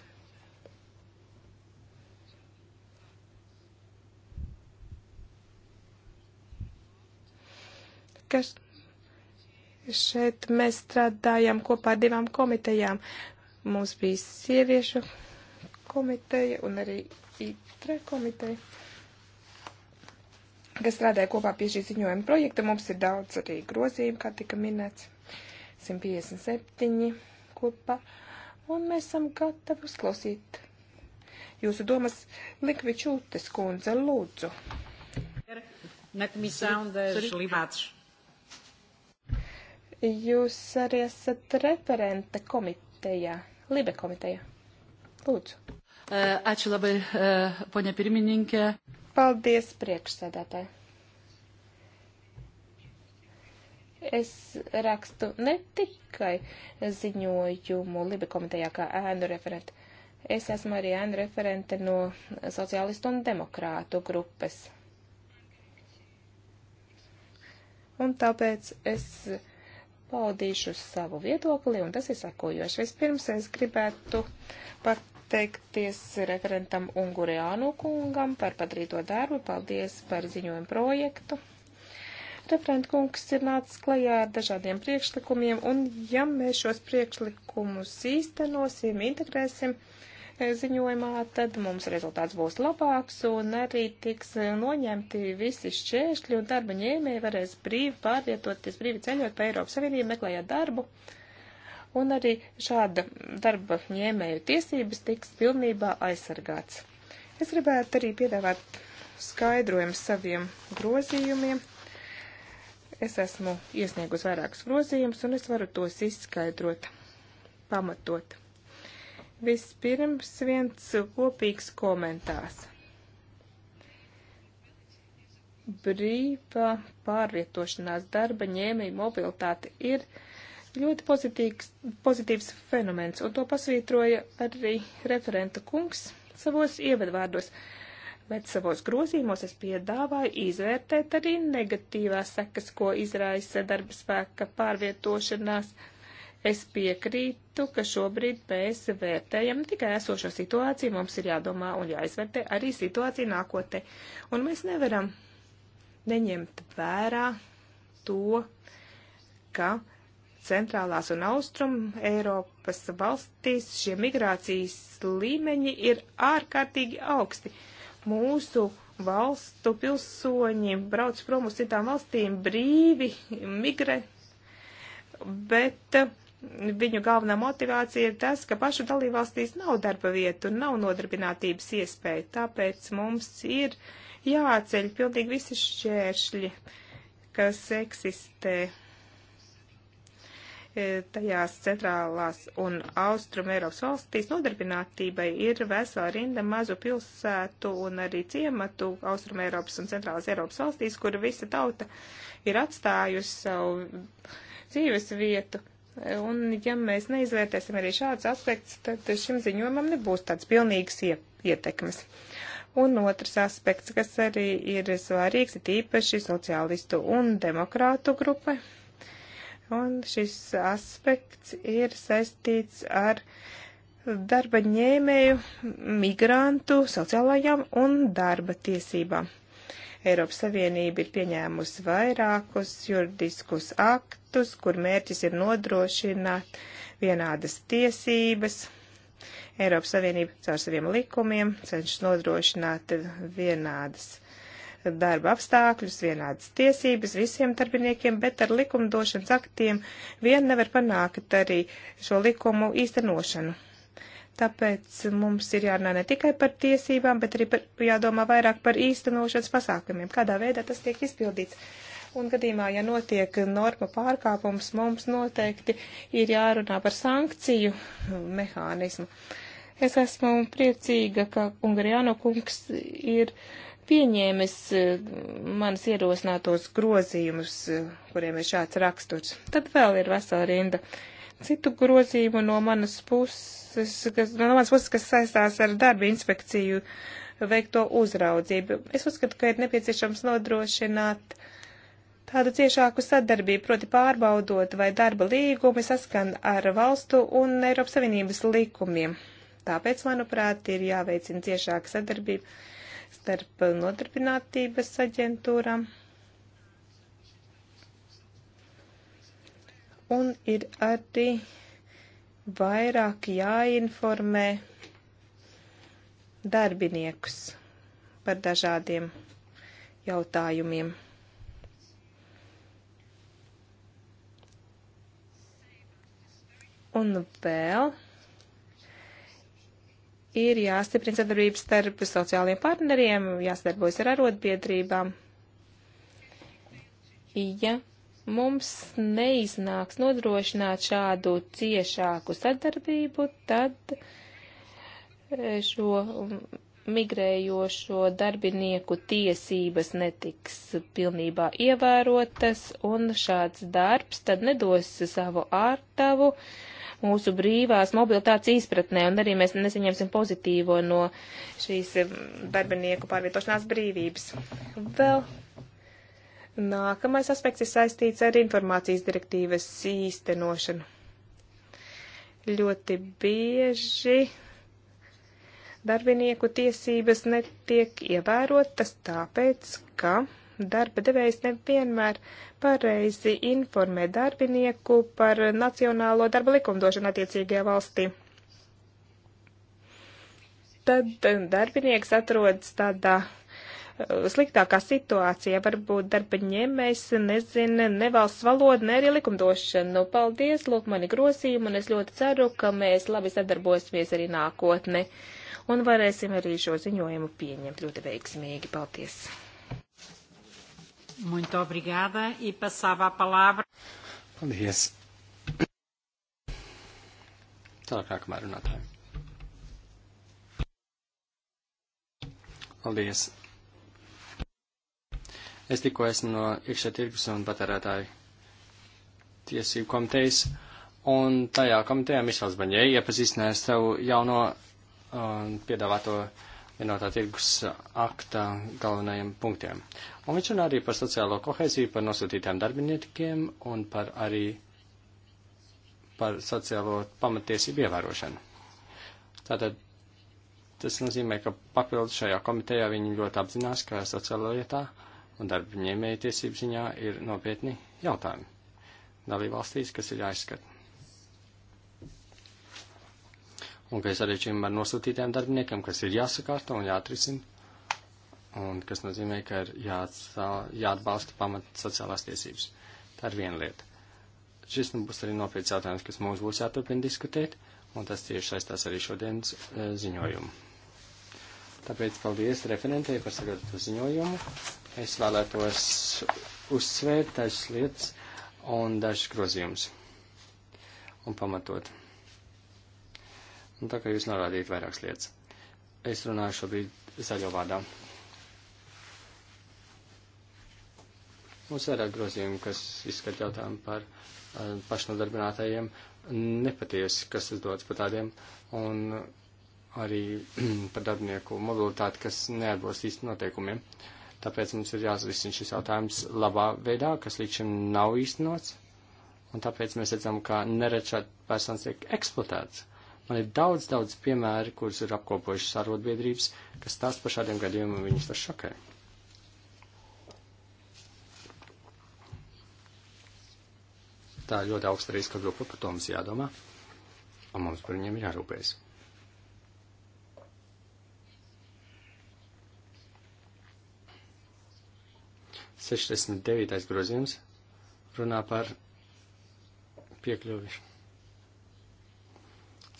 Ka šeit mēs strādājam kopā ar divām komitejām. Mums bija sieviešu komiteja un arī ITRE komiteja, kas strādāja kopā pie šī ziņojuma projekta. Mums ir daudz arī grozījumu, kā tika minēts, 157 kopā, un mēs esam gatavi uzklausīt jūsu domas Likvičūtes kundze, lūdzu.
Na Comissão das Limates.
Jūs arī esat referente komitejā, Libe komitejā. Lūdzu.
Ačiū labai, ponė pirmininkė.
Paldies priekšsēdētē. Es rakstu ne tikai ziņojumu Libi komitejā kā ēnu referente. Es esmu arī ēnu referente no sociālistu un demokrātu grupas. Un tāpēc es paudīšu savu viedokli, un tas ir sakojoši. Vispirms es gribētu pat pateikties referentam Unguriānu kungam par padarīto darbu. Paldies par ziņojumu projektu. Referent kungs ir nācis klajā ar dažādiem priekšlikumiem, un ja mēs šos priekšlikumus īstenosim, integrēsim e, ziņojumā, tad mums rezultāts būs labāks, un arī tiks e, noņemti visi šķēršļi, un darba ņēmēji varēs brīvi pārvietoties, brīvi ceļot pa Eiropas Savienību, meklējot darbu. Uh, un arī šāda darba ņēmēju tiesības tiks pilnībā aizsargāts. Es gribētu arī piedāvāt skaidrojumu saviem grozījumiem. Es esmu iesniegus vairākus grozījumus, un es varu tos izskaidrot, pamatot. Vispirms viens kopīgs komentārs brīva pārvietošanās darba ņēmēja mobilitāte ir ļoti pozitīvs, pozitīvs fenomens, un to pasvītroja arī referenta kungs savos ievadvārdos. Bet savos grozījumos es piedāvāju izvērtēt arī negatīvās sekas, ko izraisa darba spēka pārvietošanās. Es piekrītu, ka šobrīd mēs vērtējam tikai esošo situāciju, mums ir jādomā un jāizvērtē arī situācija nākotnē. Un mēs nevaram neņemt vērā to, ka uh, centrālās un austrum Eiropas valstīs šie migrācijas līmeņi ir ārkārtīgi augsti. Mūsu valstu pilsoņi brauc prom uz citām valstīm brīvi, migre, bet eh, viņu galvenā motivācija ir tas, ka pašu dalībvalstīs nav darba vietu, nav nodarbinātības iespēja, tāpēc mums ir jāceļ pilnīgi visi šķēršļi, kas eksistē E, tajās centrālās un austrum Eiropas valstīs nodarbinātībai ir vesela rinda mazu pilsētu un arī ciematu austrum Eiropas un centrālās Eiropas valstīs, kur visa tauta ir atstājusi savu dzīves vietu. Un ja mēs neizvērtēsim arī šāds aspekts, tad šim ziņojumam nebūs tāds pilnīgs ietekmes. Un otrs aspekts, kas arī ir svarīgs, ir tīpaši sociālistu un demokrātu grupai Un šis aspekts ir saistīts ar darba ņēmēju, migrantu, sociālajām un darba tiesībām. Eiropas Savienība ir pieņēmusi vairākus juridiskus aktus, kur mērķis ir nodrošināt vienādas tiesības. Eiropas Savienība caur saviem likumiem cenšas nodrošināt vienādas darba apstākļus, vienādas tiesības visiem darbiniekiem, bet ar likumdošanas aktiem vien nevar panākt arī šo likumu īstenošanu. Tāpēc mums ir jārunā ne tikai par tiesībām, bet arī par, jādomā vairāk par īstenošanas pasākumiem, kādā veidā tas tiek izpildīts. Un gadījumā, ja notiek norma pārkāpums, mums noteikti ir jārunā par sankciju mehānismu. Es esmu priecīga, ka Ungarijāno kungs ir uh, pieņēmis eh, manas ierosinātos grozījumus, eh, kuriem ir šāds raksturs. Tad vēl ir vesela rinda citu grozījumu no manas puses, kas, no manas puses, kas saistās ar darba inspekciju veikto uzraudzību. Es uzskatu, ka ir nepieciešams nodrošināt tādu ciešāku sadarbību, proti pārbaudot, vai darba līgumi saskan ar valstu un Eiropas Savienības likumiem. Tāpēc, manuprāt, ir jāveicina ciešāka sadarbība starp nodarbinātības aģentūrām. Un ir arī vairāk jāinformē darbiniekus par dažādiem jautājumiem. Un vēl. Well, ir jāstiprina sadarbība starp sociālajiem partneriem, jāsadarbojas ar arotbiedrībām. Ja mums neiznāks nodrošināt šādu ciešāku sadarbību, tad eh, šo mm, migrējošo darbinieku tiesības netiks pilnībā ievērotas, un šāds darbs tad nedos savu ārtavu. Uh, mūsu brīvās mobilitātes izpratnē, un arī mēs nesaņemsim pozitīvo no šīs darbinieku pārvietošanās brīvības. Vēl nākamais aspekts ir saistīts ar informācijas direktīvas īstenošanu. Ļoti bieži darbinieku tiesības netiek ievērotas tāpēc, ka darba devējs nevienmēr pareizi informē darbinieku par nacionālo darba likumdošanu attiecīgajā valstī. Tad darbinieks atrodas tādā uh, sliktākā situācijā. Varbūt darba ņēmējs nezina ne valsts valodu, ne arī likumdošanu. Paldies, lūk, mani grozījumi, un es ļoti ceru, ka mēs labi sadarbosimies arī nākotne un varēsim arī šo
ziņojumu pieņemt ļoti veiksmīgi. Paldies! Muito obrigada e passava a palavra.
Paldies. Tā kā kamēr runātāji. Paldies. Es tikko esmu no iekšē tirgus un patērētāju tiesību komitejas, un tajā komitejā Mišels Baņē iepazīstināja savu jauno um, piedāvāto vienotā tirgus akta galvenajiem punktiem. Un viņš runā arī par sociālo koheziju, par nosūtītām darbiniekiem un par arī par sociālo pamatiesību ievērošanu. Tātad tas nozīmē, ka papildus šajā komitejā viņi ļoti apzinās, ka sociālo lietā un darba ņēmēja tiesību ziņā ir nopietni jautājumi dalībvalstīs, kas ir jāizskata. Un ka es arī šim ar nosūtītiem darbiniekiem, kas ir jāsakārto un jāatrisina, un kas nozīmē, ka ir jāatsā, jāatbalsta pamat sociālās tiesības. Tā ir viena lieta. Šis nu, būs arī nopietns jautājums, kas mums būs jāturpina diskutēt, un tas tieši saistās arī šodienas e, ziņojumu. Tāpēc paldies referentei par sagatavotu ziņojumu. Es vēlētos uzsvērt dažas lietas un dažas grozījumus un pamatot. Un tā kā jūs norādījat vairākas lietas. Es runāju šobrīd zaļo vārdā. Mums vairāk grozījumi, kas izskat jautājumu par uh, pašnodarbinātajiem, nepatiesi, kas uzdodas par tādiem, un arī par darbinieku mobilitāti, kas neatbilst īsti noteikumiem. Tāpēc mums ir jāzvisina šis jautājums labā veidā, kas līdz šim nav īstenots, un tāpēc mēs redzam, ka nerečāt personas tiek eksploatēts. Man ir daudz, daudz piemēri, kurus ir apkopojušas arotbiedrības, kas tās par šādiem gadījumiem viņus tas šokē. Okay. tā ļoti augsta riska grupa, par to mums jādomā, un mums par viņiem jārūpējas. Sešdesmit devītais grozījums runā par piekļuvi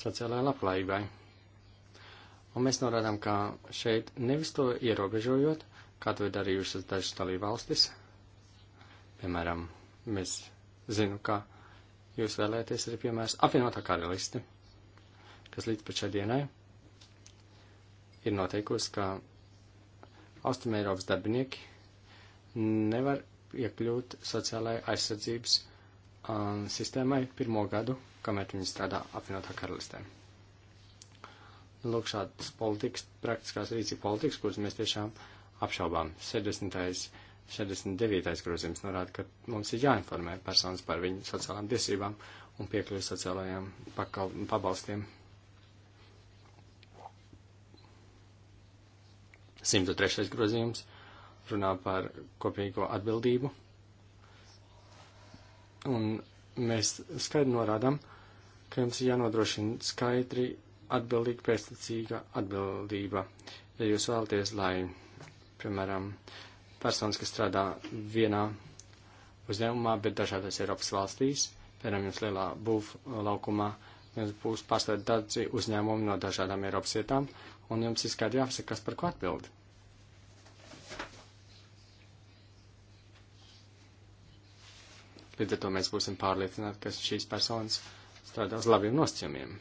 sociālajai labklājībai. Un mēs norādām, ka šeit nevis to ierobežojot, kā to ir darījušas dažas dalībvalstis, piemēram, mēs Zinu, ka jūs vēlēties arī, piemēram, apvienotā karalisti, kas līdz pat šai dienai ir noteikusi, ka Austrum Eiropas darbinieki nevar iekļūt sociālajai aizsardzības um, sistēmai pirmo gadu, kamēr viņi strādā apvienotā karalistē. Lūk, šādas politikas, praktiskās rīcība politikas, kuras mēs tiešām apšaubām. 70. 69. grozījums norāda, ka mums ir jāinformē personas par viņu sociālām tiesībām un piekļuvi sociālajiem pabalstiem. 103. grozījums runā par kopīgo atbildību. Un mēs skaidri norādām, ka jums ir jānodrošina skaidri atbildīga, pēcticīga atbildība. Ja jūs vēlaties, lai, piemēram, uh, personas, kas strādā vienā uzņēmumā, bet dažādās Eiropas valstīs, piemēram, jums lielā būv laukumā, jums būs pārstāvēt daudzi uzņēmumi no dažādām Eiropas vietām, un jums ir skaidri jāpasaka, kas par ko atbild. Līdz ar to mēs būsim pārliecināti, ka šīs personas strādā uz labiem nosacījumiem,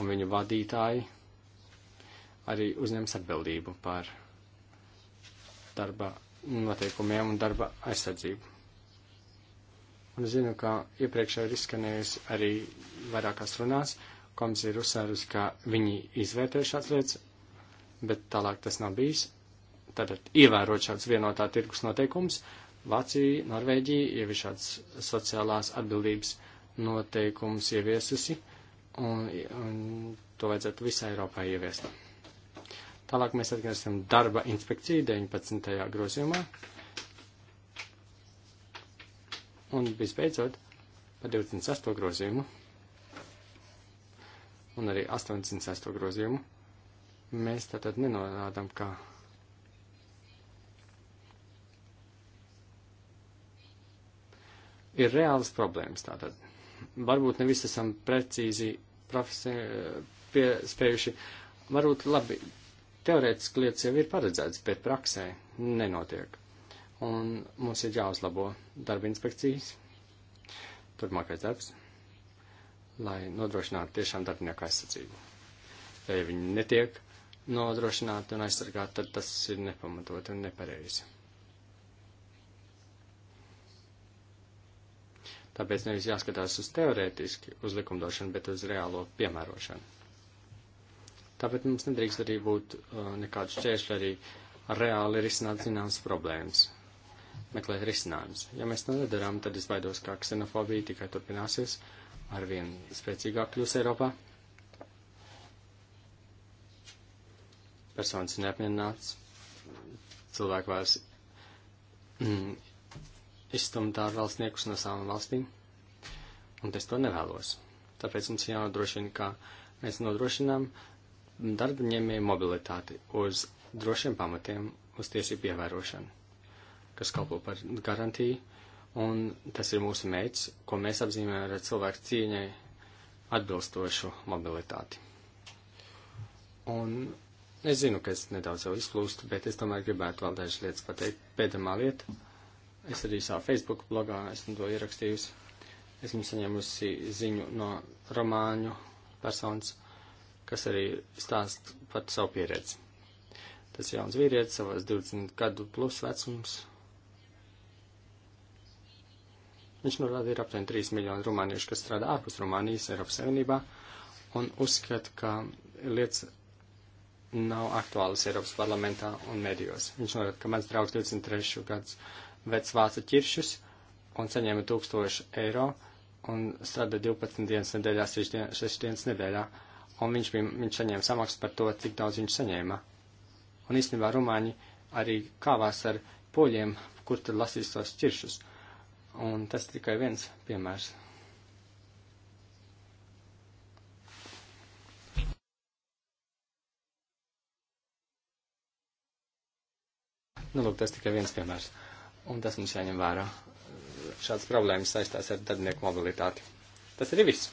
un viņu vadītāji arī uzņems atbildību par darba noteikumiem un darba aizsardzību. Un es zinu, ka iepriekš jau ir izskanējusi arī vairākās runās, komisija ir uzsvērusi, ka viņi izvērtē šāds lietas, bet tālāk tas nav bijis. Tātad ievērot šāds vienotā tirgus noteikums, Vācija, Norvēģija jau ir šāds sociālās atbildības noteikums ieviesusi, un, un to vajadzētu visai Eiropai ieviest. Tālāk mēs atgriezīsim darba inspekciju 19. grozījumā. Un visbeidzot, par 28. grozījumu un arī 86. grozījumu mēs tātad nenorādām, ka ir reālas problēmas tātad. Varbūt nevis esam precīzi profesi, pie, spējuši, varbūt labi Teorētiski lietas jau ir paredzētas, bet praksē nenotiek. Un mums ir jāuzlabo darba inspekcijas, turpmākais darbs, lai nodrošinātu tiešām darbinieku aizsardzību. Ja viņi netiek nodrošināti un aizsargāti, tad tas ir nepamatot un nepareizi. Tāpēc nevis jāskatās uz teorētiski uz likumdošanu, bet uz reālo piemērošanu. Tāpēc mums nedrīkst arī būt uh, nekāds šķēršļi arī reāli risināt zināmas problēmas, meklēt risinājumus. Ja mēs to nedarām, tad es baidos, ka ksenofobija tikai turpināsies ar vien spēcīgāk kļūs Eiropā. Personas neapmierināts, cilvēki vēlas mm, izstumt ārvalstniekus no savām valstīm, un es to nevēlos. Tāpēc mums jānodrošina, ka mēs nodrošinām uh, darbaņēmēju mobilitāti uz drošiem pamatiem, uz tiesību ievērošanu, kas kalpo par garantiju, un tas ir mūsu mērķis, ko mēs apzīmējam ar cilvēku cieņai atbilstošu mobilitāti. Un es zinu, ka es nedaudz jau izplūstu, bet es tomēr gribētu vēl dažas lietas pateikt. Pēdējā lieta, es arī savā Facebook blogā esmu to ierakstījusi, esmu saņēmusi ziņu no romāņu personas kas arī stāst par savu pieredzi. Tas jauns vīrietis, savas 20 gadu plus vecums. Viņš norāda, ir aptuveni 3 miljoni rumāniešu, kas strādā ārpus Rumānijas Eiropas Savienībā un uzskata, ka lietas nav aktuālas Eiropas parlamentā un medijos. Viņš norāda, ka mans draugs 23 gadus vecs vāca ķiršus un saņēma 1000 eiro un strādā 12 dienas nedēļā, 6 dienas, 6 dienas nedēļā. Uh, un viņš, bija, viņš saņēma samaksu par to, cik daudz viņš saņēma. Un īstenībā rumāņi arī kāvās ar poļiem, kur tad lasīs tos šķiršus. Un tas tikai viens piemērs. Nu, lūk, tas tikai viens piemērs. Un tas mums jāņem vērā. Šāds problēmas saistās ar darbinieku mobilitāti. Tas arī viss.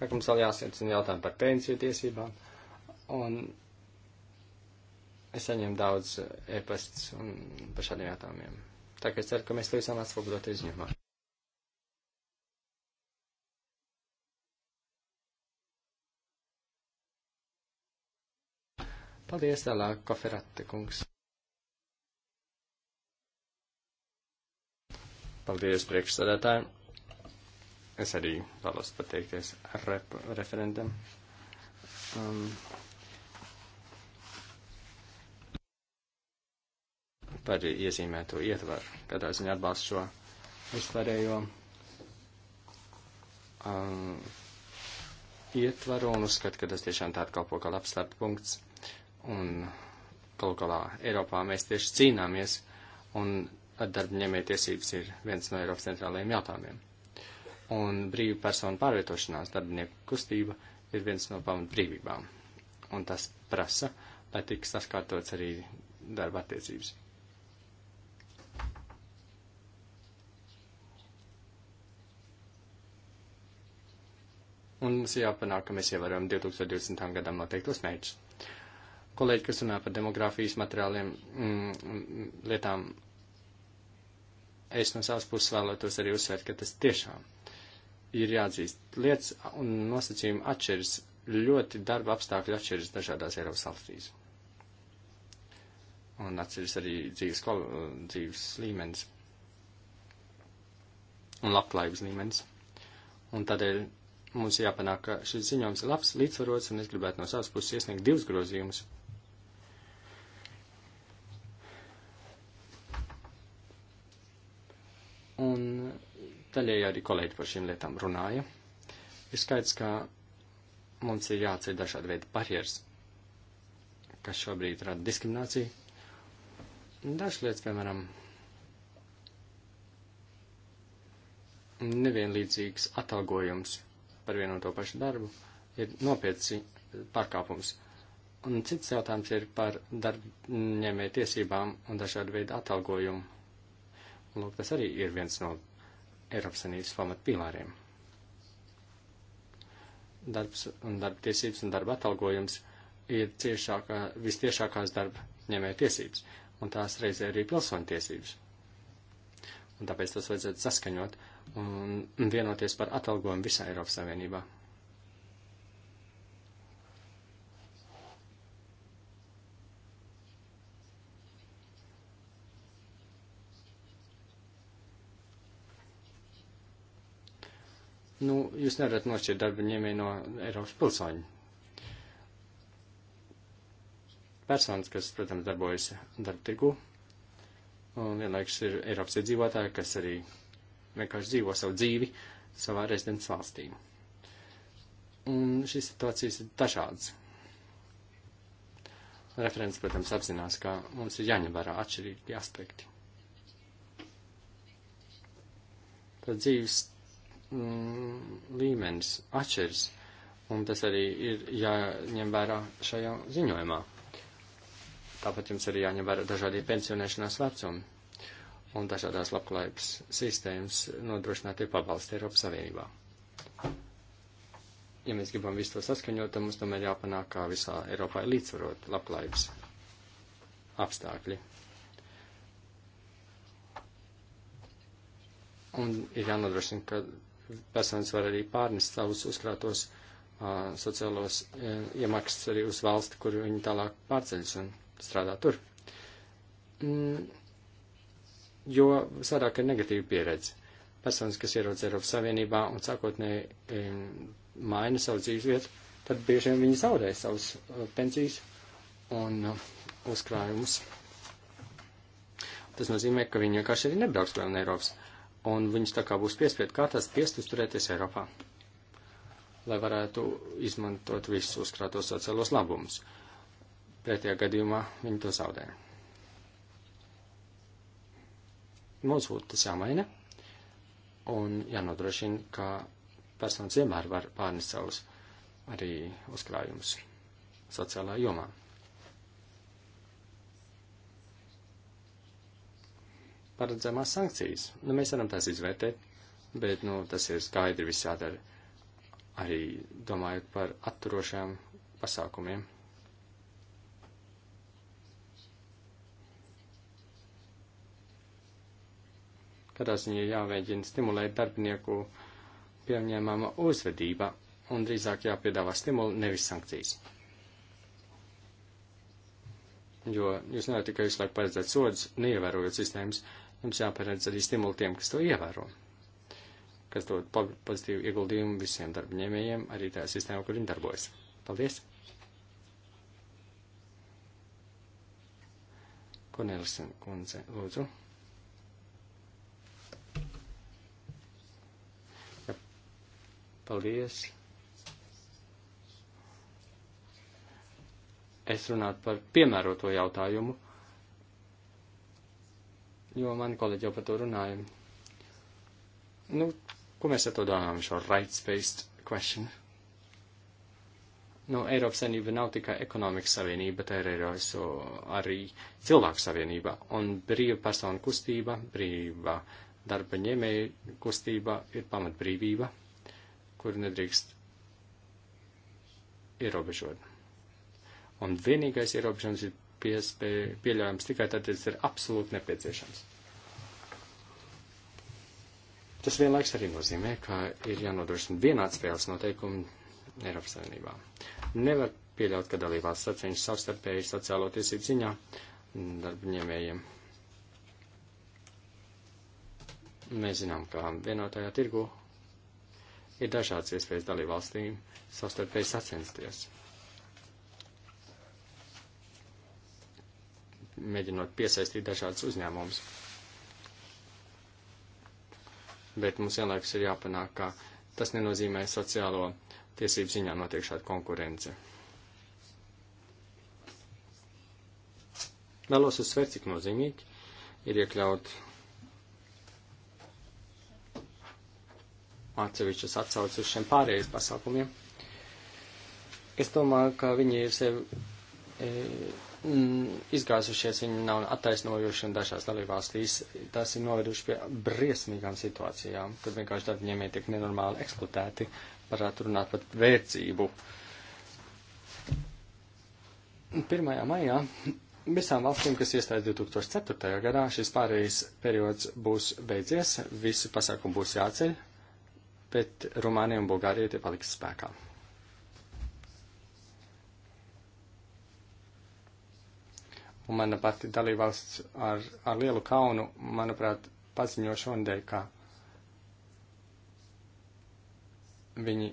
Tā kā mums vēl jāsacina jautājumi par pensiju tiesībām. Un es saņemu daudz e-pasts par šādiem jautājumiem. Tā kā es ceru, ka mēs to visam atspoguļot izņemā. Paldies, tālāk, koferate kungs. Paldies, priekšsēdētāji. Es arī vēlos pateikties rep referendam. Um, par iezīmēto ietvaru. Katrā ziņā atbalstu šo vispārējo um, ietvaru un uzskatu, ka tas tiešām tā atkalpo kā labs starp punkts. Un galu galā Eiropā mēs tieši cīnāmies un atdarbņēmē tiesības ir viens no Eiropas centrālajiem jautājumiem un brīva persona pārvietošanās darbinieku kustība ir viens no pamatbrīvībām, un tas prasa, lai tiks saskārtots arī darba attiecības. Un mums jāpanāk, ka mēs ievaram 2020. gadam noteiktos mērķus. Kolēģi, kas runā par demografijas materiāliem, mm, mm, lietām, es no savas puses vēlētos arī uzsvērt, ka tas tiešām ir jāatzīst lietas un nosacījumi atšķiras, ļoti darba apstākļi atšķiras dažādās Eiropas valstīs. Un atšķiras arī dzīves, dzīves līmenis un labklājības līmenis. Un tādēļ mums jāpanāk, ka šis ziņojums ir labs, līdzsvarots, un es gribētu no savas puses iesniegt divus grozījumus daļēji arī kolēģi par šīm lietām runāja. Ir skaidrs, ka mums ir jāceļ dažādi veidi barjeras, kas šobrīd rada diskrimināciju. Dažas lietas, piemēram, nevienlīdzīgs atalgojums par vienu un to pašu darbu ir nopietns pārkāpums. Un cits jautājums ir par darbņēmēju tiesībām un dažādu veidu atalgojumu. Un, lūk, tas arī ir viens no Eiropas Savienības pamatpilāriem. Darbs un darba tiesības un darba atalgojums ir ciešākā, vistiešākās darba ņemēja tiesības, un tās reizē arī pilsoņu tiesības. Un tāpēc tas vajadzētu saskaņot un vienoties par atalgojumu visā Eiropas Savienībā. Nu, jūs nevarat nošķirt darba ņēmēju no Eiropas pilsoņa. Personas, kas, protams, darbojas darba tirgu, un vienlaikus ir Eiropas iedzīvotāji, kas arī vienkārši dzīvo savu dzīvi savā rezidents valstī. Un šīs situācijas ir dažādas referents, protams, apzinās, ka mums ir jāņem vērā atšķirīgi aspekti. Tad dzīves mm, līmenis atšķiras, un tas arī ir jāņem vērā šajā ziņojumā. Tāpat jums arī jāņem vērā dažādie pensionēšanās vecumi un dažādās labklājības sistēmas nodrošinātie pabalsti Eiropas Savienībā. Ja mēs gribam visu to saskaņot, tad mums tomēr jāpanāk, kā visā Eiropā ir līdzsvarot labklājības apstākļi. Un ir jānodrošina, ka personas var arī pārnest savus uzkrātos uh, sociālos uh, iemaksas arī uz valsti, kur viņi tālāk pārceļas un strādā tur. Mm, jo vairāk ir negatīva pieredze. Personas, kas ierodas Eiropas Savienībā un sākotnēji um, maina savu dzīves vietu, tad bieži vien viņi zaudē savus uh, pensijas un uh, uzkrājumus. Tas nozīmē, ka viņi vienkārši arī nebrauks prom no Eiropas un viņus tā kā būs piespied, kā tas piest uzturēties Eiropā, lai varētu izmantot visus uzkrātos sociālos labumus. Pretējā gadījumā viņi to zaudē. Mums būtu tas jāmaina un jānodrošina, ka personas vienmēr var pārnest savus arī uzkrājumus sociālā jomā. paredzamās sankcijas. Nu, mēs varam tās izvērtēt, bet, nu, tas ir skaidri viss jādara. Arī domājot par atturošajām pasākumiem. Katrā ziņā jāmēģina stimulēt darbinieku pieņēmama uzvedība un drīzāk jāpiedāvā stimuli, nevis sankcijas. Jo jūs nevarat tikai visu laiku paredzēt sodus, neievērojot sistēmas, uh, Mums jāparedz arī stimuli tiem, kas to ievēro, kas dod pozitīvu ieguldījumu visiem darbņēmējiem, arī tajā sistēmā, kur viņi darbojas. Paldies! Kornelisen kundze, lūdzu. Ja, paldies! es runātu par piemēroto jautājumu jo mani kolēģi jau par to runāja. Nu, ko mēs ar to domājam šo rights-based question? Nu, Eiropas Savienība nav tikai ekonomikas savienība, tā ir Eiropas arī cilvēku savienība. Un brīva persona kustība, brīva darba ņēmēja kustība ir pamatbrīvība, kuru nedrīkst ierobežot. Un vienīgais ierobežojums ir piespēj, pieļaujams tikai tad, ja tas ir absolūti nepieciešams. Tas vienlaiks arī nozīmē, ka ir jānodrošina vienāds spēles noteikumi Eiropas Savienībā. Nevar pieļaut, ka dalībās saciņas savstarpēji sociālo tiesību ziņā darbaņēmējiem. Mēs zinām, ka vienotajā tirgu ir dažādas iespējas dalībvalstīm savstarpēji sacensties. mēģinot piesaistīt dažādas uzņēmumus. Bet mums vienlaikus ir jāpanāk, ka tas nenozīmē sociālo tiesību ziņā notiek šāda konkurence. Vēlos uzsvērt, cik nozīmīgi ir iekļaut atsevišķas atsauces uz šiem pārējais pasākumiem. Es domāju, ka viņi ir sevi e, mm, izgāzušies, viņi nav attaisnojuši un dažās dalībvalstīs tas ir noveduši pie briesmīgām situācijām, kad vienkārši darba ņēmēji tiek nenormāli eksploatēti, varētu runāt par vērtību. 1. maijā visām valstīm, kas iestājas 2004. gadā, šis pārējais periods būs beidzies, visi pasākumi būs jāceļ, bet Rumānija un Bulgārija tie paliks spēkā. Un mana pati dalībvalsts ar, ar lielu kaunu, manuprāt, paziņo šonadēļ, ka viņi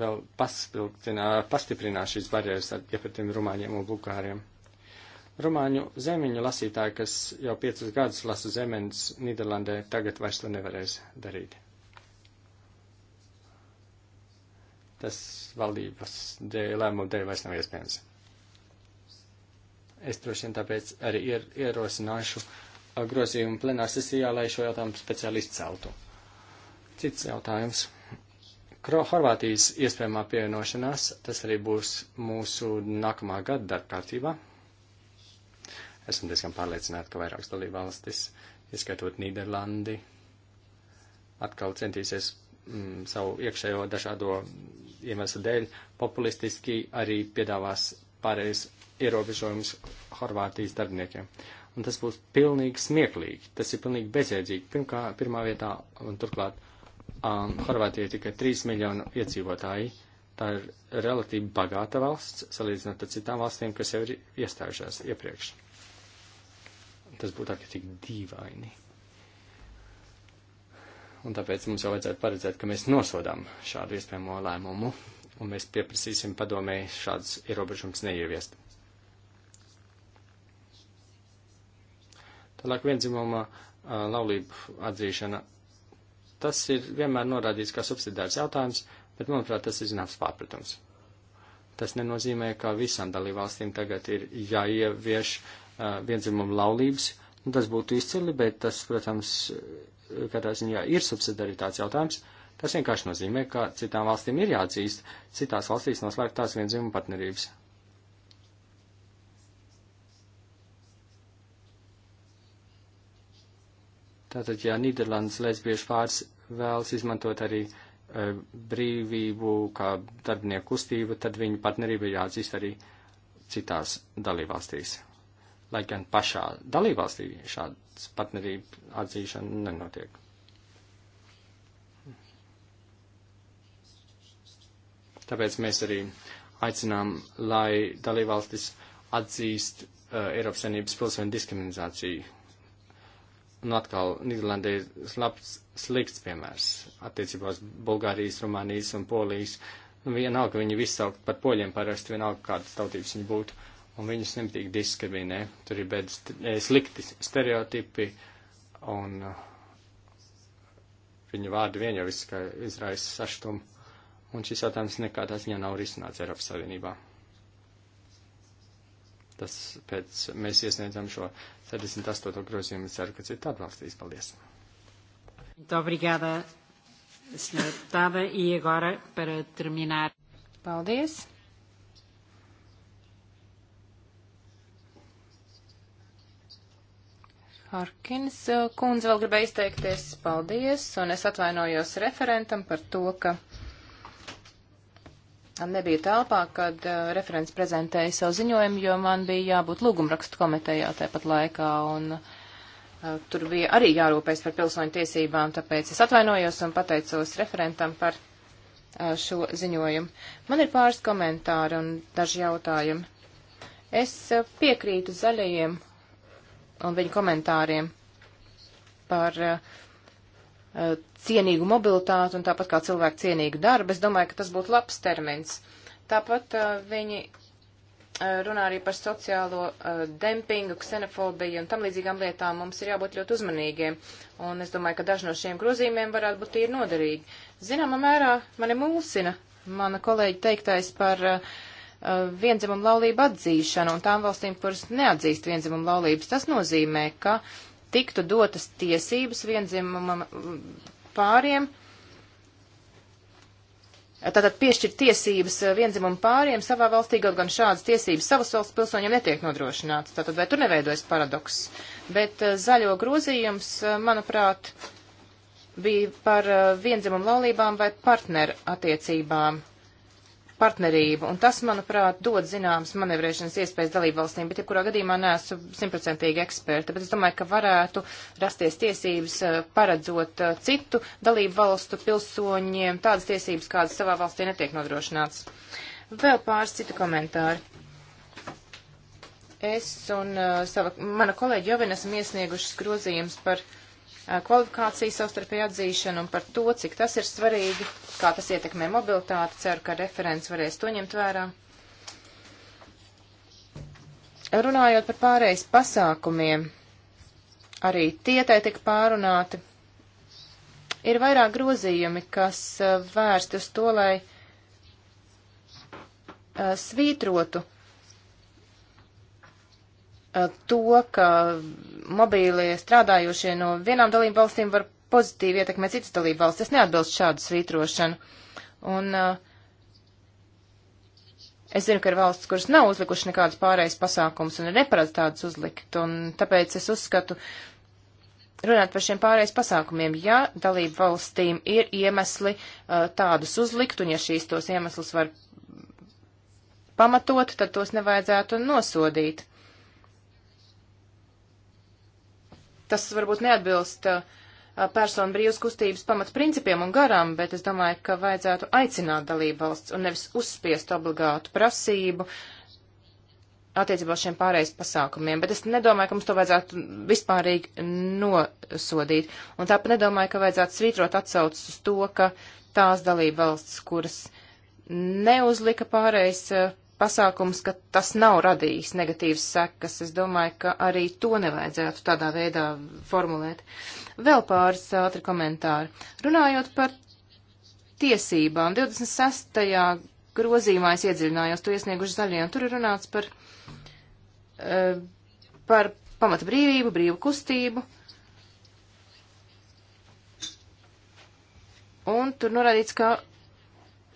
vēl pastiprinās šīs barjeras ar iepratiem rumāņiem un bulgāriem. Rumāņu zemiņu lasītāji, kas jau piecus gadus lasa zemenes Nīderlandē, tagad vairs to nevarēs darīt. Tas valdības dēļ, lēmumu dēļ vairs nav iespējams. Es droši vien tāpēc arī ier, ierosināšu uh, grozījumu plenārsesijā, lai šo jautājumu speciālisti celtu. Cits jautājums. Kro Horvātijas iespējamā pievienošanās, tas arī būs mūsu nākamā gada darbkārtībā. Esmu diezgan pārliecināta, ka vairākas dalībvalstis, ieskaitot Nīderlandi, atkal centīsies mm, savu iekšējo dažādo iemeslu dēļ populistiski arī piedāvās pārējais ierobežojums Horvātijas darbiniekiem. Un tas būs pilnīgi smieklīgi, tas ir pilnīgi bezjēdzīgi. Pirmkā, pirmā vietā, un turklāt um, Horvātija ir tikai 3 miljonu iedzīvotāji. Tā ir relatīvi bagāta valsts, salīdzinot ar citām valstīm, kas jau ir iestājušās iepriekš. Tas būtu ārkārtīgi dīvaini. Un tāpēc mums jau vajadzētu paredzēt, ka mēs nosodām šādu iespējamo lēmumu, un mēs pieprasīsim padomēji šādas ierobežums neieviest. Tālāk vienzimumā laulību atzīšana. Tas ir vienmēr norādīts kā subsidārs jautājums, bet, manuprāt, tas ir zināms pārpratums. Tas nenozīmē, ka visām dalībvalstīm tagad ir jāievieš uh, vienzimumu laulības. Nu, tas būtu izcili, bet tas, protams, katrā ziņā ir subsidaritāts jautājums. Tas vienkārši nozīmē, ka citām valstīm ir jāatzīst citās valstīs noslēgtās vienzimumu partnerības. Tātad, ja Nīderlandes lesbiešu pāris vēlas izmantot arī e, brīvību kā darbinieku kustību, tad viņu partnerība ir jāatzīst arī citās dalībvalstīs. Lai gan pašā dalībvalstī šāds partnerība atzīšana nenotiek. Tāpēc mēs arī aicinām, lai dalībvalstis atzīst uh, Eiropas Savienības pilsoņu diskrimināciju nu, atkal Nīderlandē ir labs, slikts piemērs attiecībās Bulgārijas, Rumānijas un Polijas. Nu, vienalga viņi visu saukt par poļiem parasti, vienalga kādas tautības viņi būtu, un viņus nemitīgi diskriminē. Tur ir bez eh, slikti stereotipi, un eh, viņu vārdi vien jau viss, ka izraisa saštumu. Un šis jautājums nekādā ziņā nav risināts Eiropas Savienībā. Tas pēc mēs iesniedzam šo 78. grozījumu. Ceru, ka citi
atbalstīs. Paldies. Obrigada, senhora deputada. E agora, para terminar. Paldies. Harkins eh,
kundze vēl gribēja izteikties. Paldies, un es atvainojos referentam par to, ka nebija telpā, kad uh, referents prezentēja savu ziņojumu, jo man bija jābūt lūgumrakstu komitejā tāpat laikā, un uh, tur bija arī jārūpēs par pilsoņu tiesībām, tāpēc es atvainojos un pateicos referentam par uh, šo ziņojumu. Man ir pāris komentāri un daži jautājumi. Es uh, piekrītu zaļajiem un viņu komentāriem par uh, cienīgu mobilitāti un tāpat kā cilvēku cienīgu darbu. Es domāju, ka tas būtu labs termins. Tāpat uh, viņi uh, runā arī par sociālo uh, dempingu, ksenofobiju un tam līdzīgām lietām mums ir jābūt ļoti uzmanīgiem. Un es domāju, ka daži no šiem grozījumiem varētu būt tīri noderīgi. Zināmā mērā mani mulsina mana kolēģa teiktais par uh, uh viendzimumu laulību atzīšanu un tām valstīm, kuras neatzīst viendzimumu laulības. Tas nozīmē, ka uh, tiktu dotas tiesības vienzimumam mm, pāriem. Tātad piešķirt tiesības vienzimumu pāriem savā valstī, kaut gan šādas tiesības savas valsts pilsoņiem netiek nodrošinātas. Tātad vai tur neveidojas paradoks? Bet eh, zaļo grozījums, eh, manuprāt, bija par eh, vienzimumu laulībām vai partneru attiecībām partnerību, un tas, manuprāt, dod zināmas manevrēšanas iespējas dalībvalstīm, bet jebkurā gadījumā neesmu simtprocentīgi eksperta, bet es domāju, ka varētu rasties tiesības eh, paredzot eh, citu dalībvalstu pilsoņiem tādas tiesības, kādas savā valstī netiek nodrošināts. Vēl pāris citu komentāru. Es un uh, sava, mana kolēģa Jovina esam iesniegušas grozījums par uh, kvalifikāciju savstarpēju atzīšanu un par to, cik tas ir svarīgi, kā tas ietekmē mobilitāti. Ceru, ka referents varēs to ņemt vērā. Runājot par pārējais pasākumiem, arī tie tai tika pārunāti. Ir vairāk grozījumi, kas vērsti uz to, lai svītrotu Eh, to, ka mobīlie strādājošie no vienām dalību valstīm var pozitīvi ietekmēt citas dalību valsts. Es neatbilstu šādu svītrošanu. Un uh, Es zinu, ka ir valsts, kuras nav uzlikuši nekādas pārējais pasākums un ir neparedz tādas uzlikt, un tāpēc es uzskatu runāt par šiem pārējais pasākumiem. Ja dalību valstīm ir iemesli uh, tādus uzlikt, un ja šīs tos iemeslus var pamatot, tad tos nevajadzētu nosodīt. tas varbūt neatbilst uh, personu brīvas kustības pamatprincipiem un garam, bet es domāju, ka vajadzētu aicināt dalību valsts un nevis uzspiest obligātu prasību attiecībā uz šiem pārējais pasākumiem, bet es nedomāju, ka mums to vajadzētu vispārīgi nosodīt. Un tāpat nedomāju, ka vajadzētu svītrot atsaucas uz to, ka tās dalība valsts, kuras neuzlika pārējais uh, pasākums, ka tas nav radījis negatīvas sekas. Es domāju, ka arī to nevajadzētu tādā veidā formulēt. Vēl pāris ātri komentāri. Runājot par tiesībām, 26. grozījumā es iedziļinājos, to iesnieguši zaļie, un tur ir runāts par, eh, par pamata brīvību, brīvu kustību. Un tur norādīts, ka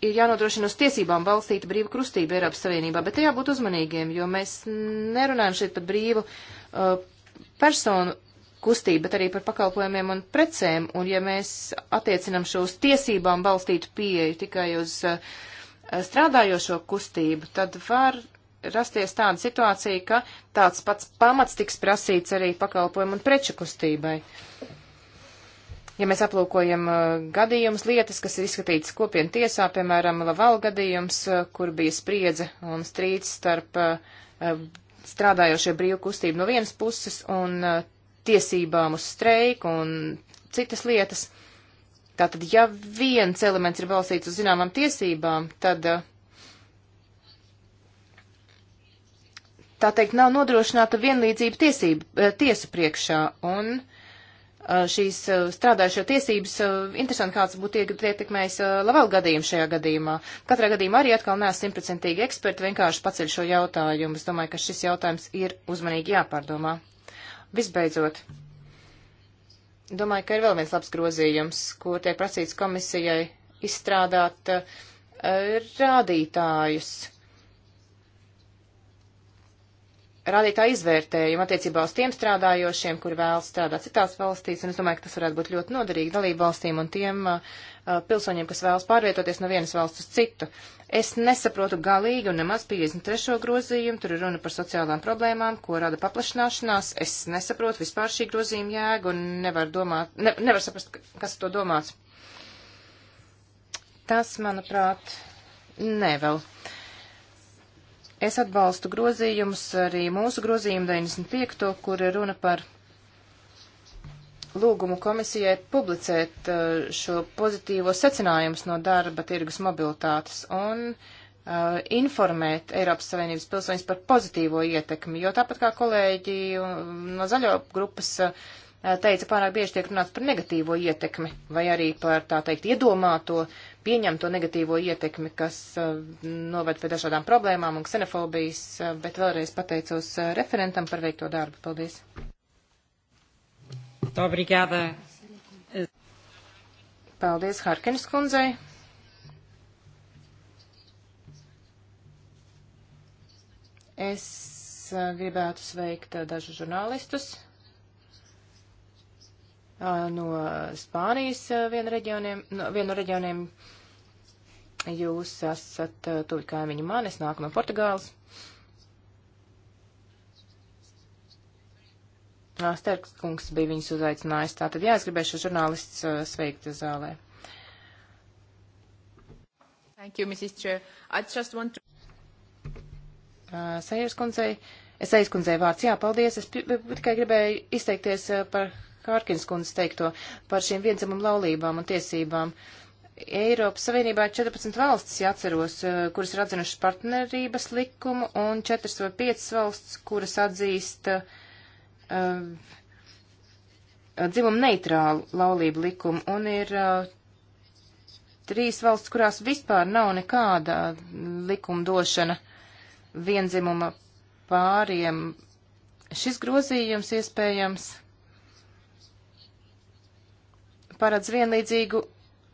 ir jānodrošina uz tiesībām balstīta brīva kustība Eiropas Savienībā, bet te jābūt uzmanīgiem, jo mēs nerunājam šeit par brīvu uh, personu kustību, bet arī par pakalpojumiem un precēm, un ja mēs attiecinam šo uz tiesībām balstītu pieeju tikai uz uh, strādājošo kustību, tad var rasties tāda situācija, ka tāds pats pamats tiks prasīts arī pakalpojumu un preču kustībai. Uh, Ja mēs aplūkojam uh, gadījumus, lietas, kas ir izskatītas kopienu tiesā, piemēram, Laval gadījums, uh, kur bija spriedze un strīds starp uh, strādājošie brīvu kustību no vienas puses un tiesībām uz streiku un citas lietas. Tātad, ja viens elements ir balstīts uz zināmām tiesībām, tad tā teikt nav nodrošināta vienlīdzība tiesību, tiesu priekšā. Un, uh, Eh, šīs eh, strādājušo tiesības, eh, interesanti, kāds būtu ietekmējis Lavela gadījumu šajā gadījumā. Katrā gadījumā arī atkal neesmu simtprocentīgi eksperti, vienkārši paceļ šo jautājumu. Es domāju, ka šis jautājums ir uzmanīgi jāpārdomā. Visbeidzot, domāju, ka ir vēl viens labs grozījums, kur tiek prasīts komisijai izstrādāt uh, rādītājus rādītā izvērtējuma attiecībā uz tiem strādājošiem, kuri vēlas strādāt citās valstīs, un es domāju, ka tas varētu būt ļoti noderīgi dalību valstīm un tiem uh, uh pilsoņiem, kas vēlas pārvietoties no vienas valsts uz citu. Es nesaprotu galīgi un nemaz 53. grozījumu, tur ir runa par sociālām problēmām, ko rada paplašināšanās. Es nesaprotu vispār šī grozījuma jēgu un nevar, domāt, ne, nevar saprast, kas to domāts. Tas, manuprāt, nevēl. Uh, Es atbalstu grozījumus, arī mūsu grozījumu 95, kur ir runa par lūgumu komisijai publicēt uh, šo pozitīvo secinājumus no darba tirgus mobilitātes un uh, informēt Eiropas Savienības pilsoņus par pozitīvo ietekmi, jo tāpat kā kolēģi um, no zaļo grupas uh, teica, pārāk bieži tiek runāts par negatīvo ietekmi vai arī par tā teikt iedomāto uh, pieņemto negatīvo ietekmi, kas eh, noved pie dažādām problēmām un ksenofobijas, eh, bet vēlreiz pateicos eh, referentam par veikto darbu. Paldies! Obrigada. Paldies Harkins kundzei. Es gribētu sveikt dažus žurnālistus no Spānijas viena reģioniem, no, viena no reģioniem. Jūs esat tuvi kaimiņu man, es nāku no Portugāles. Sterks kungs bija viņus uzaicinājis. Tātad, jā, es gribēju šo žurnālistu sveikt zālē. Thank you, Mrs. Chair. I just want to... Uh, Sajers kundzei, es aizkundzei vārds, jā, paldies. Es tikai gribēju izteikties par Hārkins kundze teikto par šīm viendzimumu laulībām un tiesībām. Eiropas Savienībā ir 14 valstis, ja atceros, eh, kuras ir atzinušas partnerības likumu, un 4 vai 5 valstis, kuras atzīst uh, dzimumu neitrālu laulību likumu, un ir uh, trīs valsts, kurās vispār nav nekāda likumdošana vienzimuma pāriem. Šis grozījums iespējams paredz vienlīdzīgu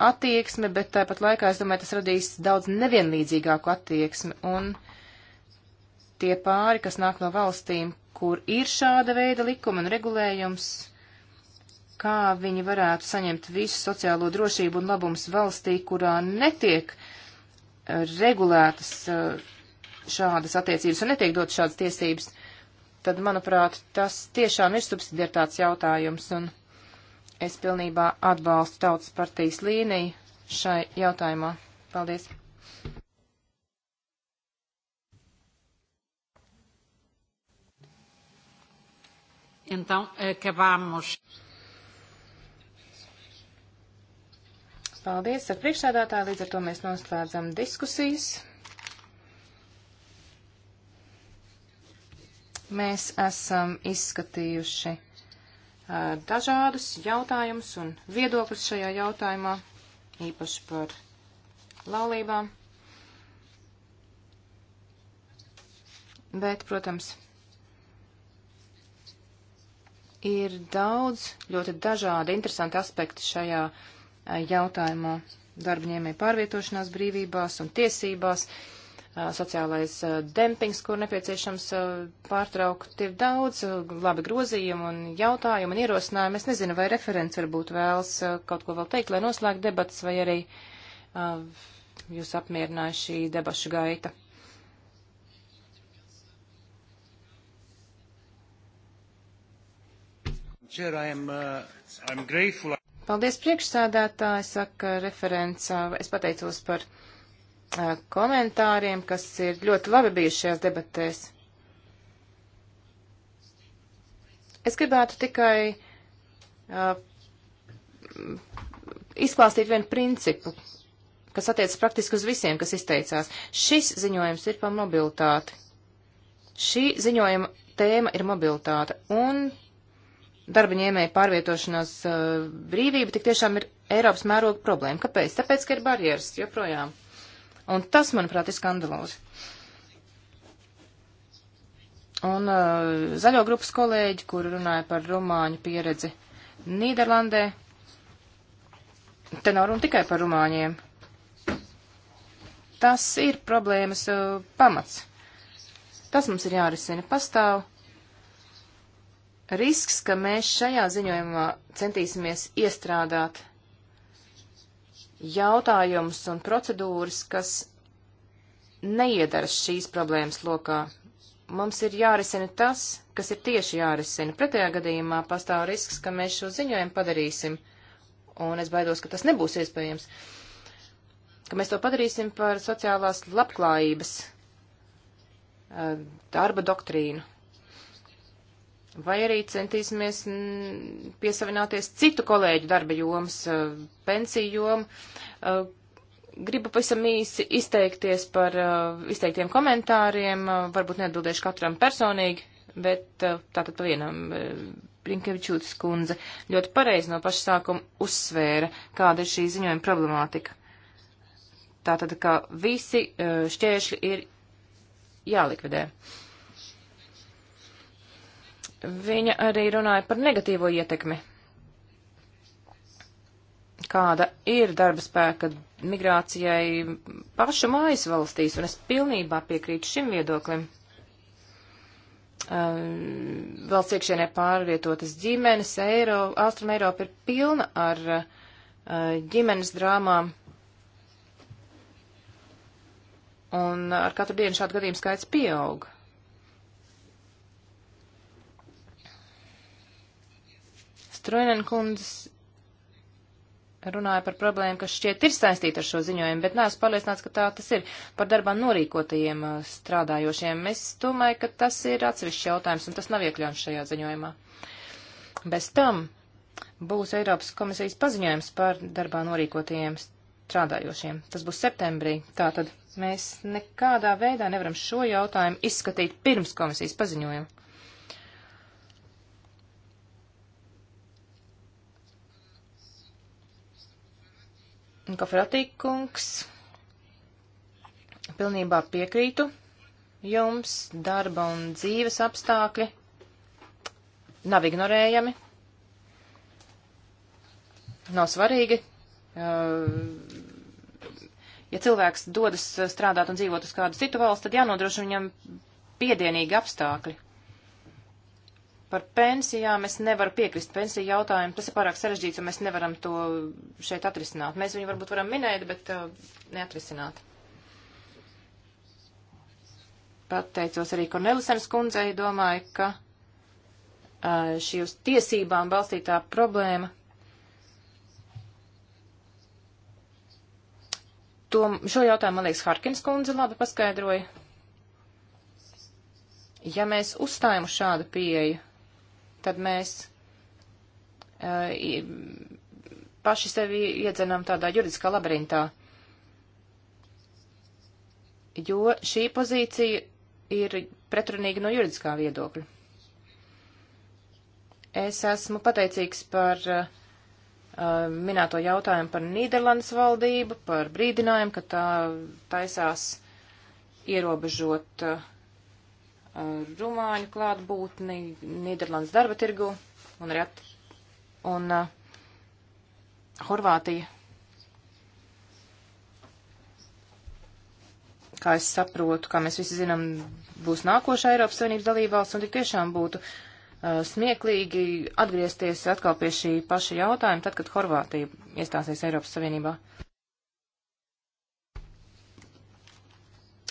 attieksmi, bet tāpat laikā es domāju, tas radīs daudz nevienlīdzīgāku attieksmi. Un tie pāri, kas nāk no valstīm, kur ir šāda veida likuma un regulējums, kā viņi varētu saņemt visu sociālo drošību un labums valstī, kurā netiek eh, regulētas eh, šādas attiecības un netiek dotas šādas tiesības, tad, manuprāt, tas tiešām ir subsidiartāts jautājums. Un Es pilnībā atbalstu Tautas partijas līniju šai jautājumā.
Paldies! Então, eh, acabamos. Paldies ar priekšsēdētāju, līdz ar to mēs
noslēdzam diskusijas. Mēs esam izskatījuši Eh, dažādus jautājumus un viedokļus šajā jautājumā, īpaši par laulībām. Bet, protams, ir daudz ļoti dažādi interesanti aspekti šajā eh, jautājumā darba ņēmēja pārvietošanās brīvībās un tiesībās. Uh, sociālais dempings, kur nepieciešams pārtraukt, ir daudz labi grozījumu un jautājumu un ierosinājumu. Es nezinu, vai referents varbūt vēlas kaut ko vēl teikt, lai noslēgtu debatas, vai arī jūs apmierināja šī debašu gaita. Paldies priekšsādātāji, saka referents. Es pateicos par komentāriem, kas ir ļoti labi bijuši šajās debatēs. Es gribētu tikai uh, izklāstīt vienu principu, kas attiecas praktiski uz visiem, kas izteicās. Šis ziņojums ir par mobilitāti. Šī ziņojuma tēma ir mobilitāte, un darba ņēmēja pārvietošanās uh, brīvība tik tiešām ir Eiropas mēroga problēma. Kāpēc? Tāpēc, ka ir barjeras joprojām. Uh, Un tas, manuprāt, ir skandalozi. Un uh, zaļo grupas kolēģi, kuri runāja par rumāņu pieredzi Nīderlandē, te nav runa tikai par rumāņiem. Tas ir problēmas uh, pamats. Tas mums ir jārisina. Pastāv risks, ka mēs šajā ziņojumā centīsimies iestrādāt jautājumus un procedūras, kas neiedaras šīs problēmas lokā. Mums ir jārisina tas, kas ir tieši jārisina. Pretējā gadījumā pastāv risks, ka mēs šo ziņojumu padarīsim, un es baidos, ka tas nebūs iespējams, ka mēs to padarīsim par sociālās labklājības eh, darba doktrīnu. Vai arī centīsimies mm, piesavināties citu kolēģu darba jomas, eh, pensiju jomu. Eh, gribu pavisam īsi izteikties par eh, izteiktiem komentāriem, varbūt neatbildēšu katram personīgi, bet tātad pa vienam. Brinkevičūtas kundze ļoti pareizi no paša sākuma uzsvēra, kāda ir šī ziņojuma problemātika. Tātad, ka visi šķēršļi ir jālikvidē. Uh, Viņa arī runāja par negatīvo ietekmi. Kāda ir darba spēka migrācijai pašu mājas valstīs, un es pilnībā piekrītu šim viedoklim. Um, valsts iekšienē pārvietotas ģimenes, Eiro, Austrum Eiropa ir pilna ar uh, ģimenes drāmām, un ar katru dienu šādu gadījumu skaits pieauga. Struinen kundzes runāja par problēmu, kas šķiet ir saistīta ar šo ziņojumu, bet neesmu pārliecināts, ka tā tas ir par darbā norīkotajiem uh, strādājošiem. Es domāju, ka tas ir atsevišķs jautājums, un tas nav iekļauts šajā ziņojumā. Bez tam būs Eiropas komisijas paziņojums par darbā norīkotajiem strādājošiem. Tas būs septembrī. Tātad mēs nekādā veidā nevaram šo jautājumu izskatīt pirms komisijas paziņojuma. Koferatīkungs, pilnībā piekrītu jums, darba un dzīves apstākļi nav ignorējami, nav svarīgi. Uh, ja cilvēks dodas strādāt un dzīvot uz kādu citu valstu, tad jānodrošina viņam piedienīgi apstākļi. Par pensijām es nevaru piekrist pensiju jautājumu. Tas ir pārāk sarežģīts, un mēs nevaram to šeit atrisināt. Mēs viņu varbūt varam minēt, bet uh, neatrisināt. Pateicos arī Kornelisens kundzei, domāju, ka uh, šī uz tiesībām balstītā problēma. To, šo jautājumu, man liekas, Harkins kundze labi paskaidroja. Ja mēs uzstājam uz šādu pieeju, tad mēs uh, paši sevi iedzenam tādā juridiskā labirintā. Jo šī pozīcija ir pretrunīga no juridiskā viedokļa. Es esmu pateicīgs par uh, minēto jautājumu par Nīderlandes valdību, par brīdinājumu, ka tā taisās ierobežot uh, rumāņu klātbūtni Nīderlandes darba tirgu un, ret, un uh, Horvātija. Kā es saprotu, kā mēs visi zinām, būs nākošā Eiropas Savienības dalībvalsts, un tik tiešām būtu uh, smieklīgi atgriezties atkal pie šī paša jautājuma, tad, kad Horvātija iestāsies Eiropas Savienībā.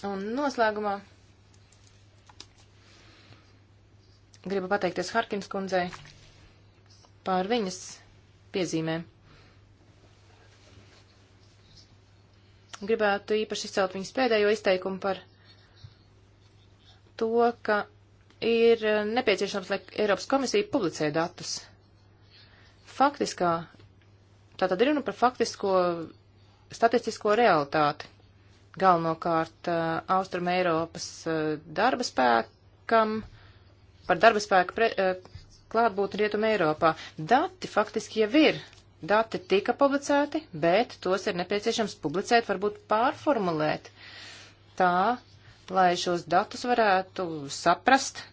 Un noslēgumā Gribu pateikties Harkins kundzei pār viņas piezīmēm. Gribētu īpaši izcelt viņas pēdējo izteikumu par to, ka ir nepieciešams, lai Eiropas komisija publicē datus. Faktiskā, tā tad ir runa par faktisko statistisko realitāti. Galvenokārt uh, Austrum Eiropas uh, darba spēkam par darba spēku pre, eh, klātbūtni Rietuma Eiropā. Dati faktiski jau ir. Dati tika publicēti, bet tos ir nepieciešams publicēt, varbūt pārformulēt tā, lai šos datus varētu saprast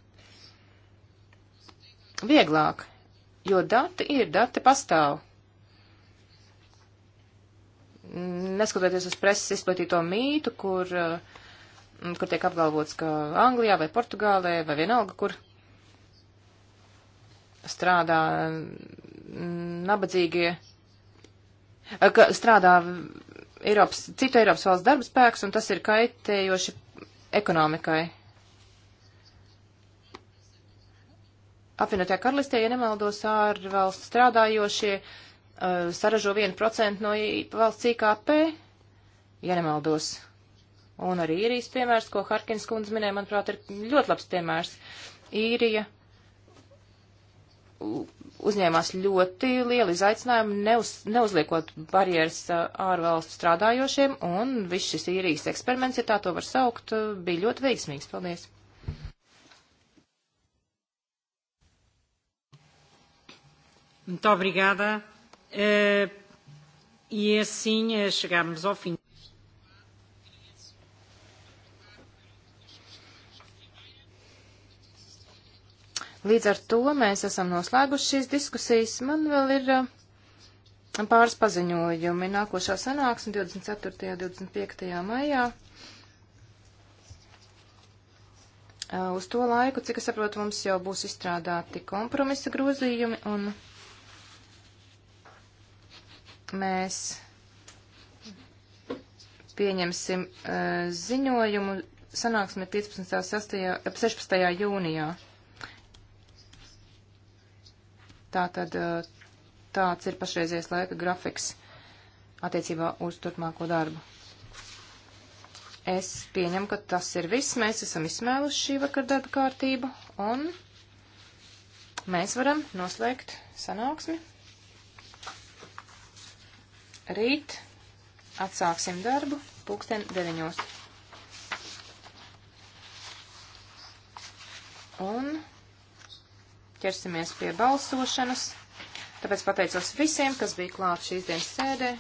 vieglāk, jo dati ir, dati pastāv. Neskatoties uz preses izplatīto mītu, kur, eh, kur tiek apgalvots, ka Anglijā vai Portugālē vai vienalga, kur strādā mm, nabadzīgie, eh, ka strādā Eiropas, citu Eiropas valsts darba spēks, un tas ir kaitējoši ekonomikai. Apvienotajā karalistē, ja nemaldos, ārvalstu strādājošie uh, saražo 1% no valsts IKP, ja nemaldos. Un arī īrijas piemērs, ko Harkins kundze minēja, manuprāt, ir ļoti labs piemērs. Īrija uzņēmās ļoti lielu izaicinājumu, neuz, neuzliekot barjeras uh, ārvalstu strādājošiem, un viss šis īrijas eksperiments, ja tā to var saukt, uh, bija ļoti veiksmīgs. Paldies!
Muito obrigada. Uh, e assim eh, chegamos ao fim.
Līdz ar to mēs esam noslēguši šīs diskusijas. Man vēl ir eh, pāris paziņojumi. Nākošā sanāksme 24. un 25. maijā. Eh, uz to laiku, cik es saprotu, mums jau būs izstrādāti kompromisa grozījumi un mēs pieņemsim uh, ziņojumu sanāksmi 15. 6, 16. jūnijā. Tātad eh, tāds ir pašreizies laika grafiks attiecībā uz turpmāko darbu. Es pieņemu, ka tas ir viss. Mēs esam izsmēluši šī vakar darba kārtību un mēs varam noslēgt sanāksmi. Rīt atsāksim darbu pulksten deviņos. Un ķersimies pie balsošanas. Tāpēc pateicos visiem, kas bija klāt šīs dienas sēdē,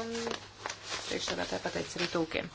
un priekšsēdētāji pateicis arī tūkiem.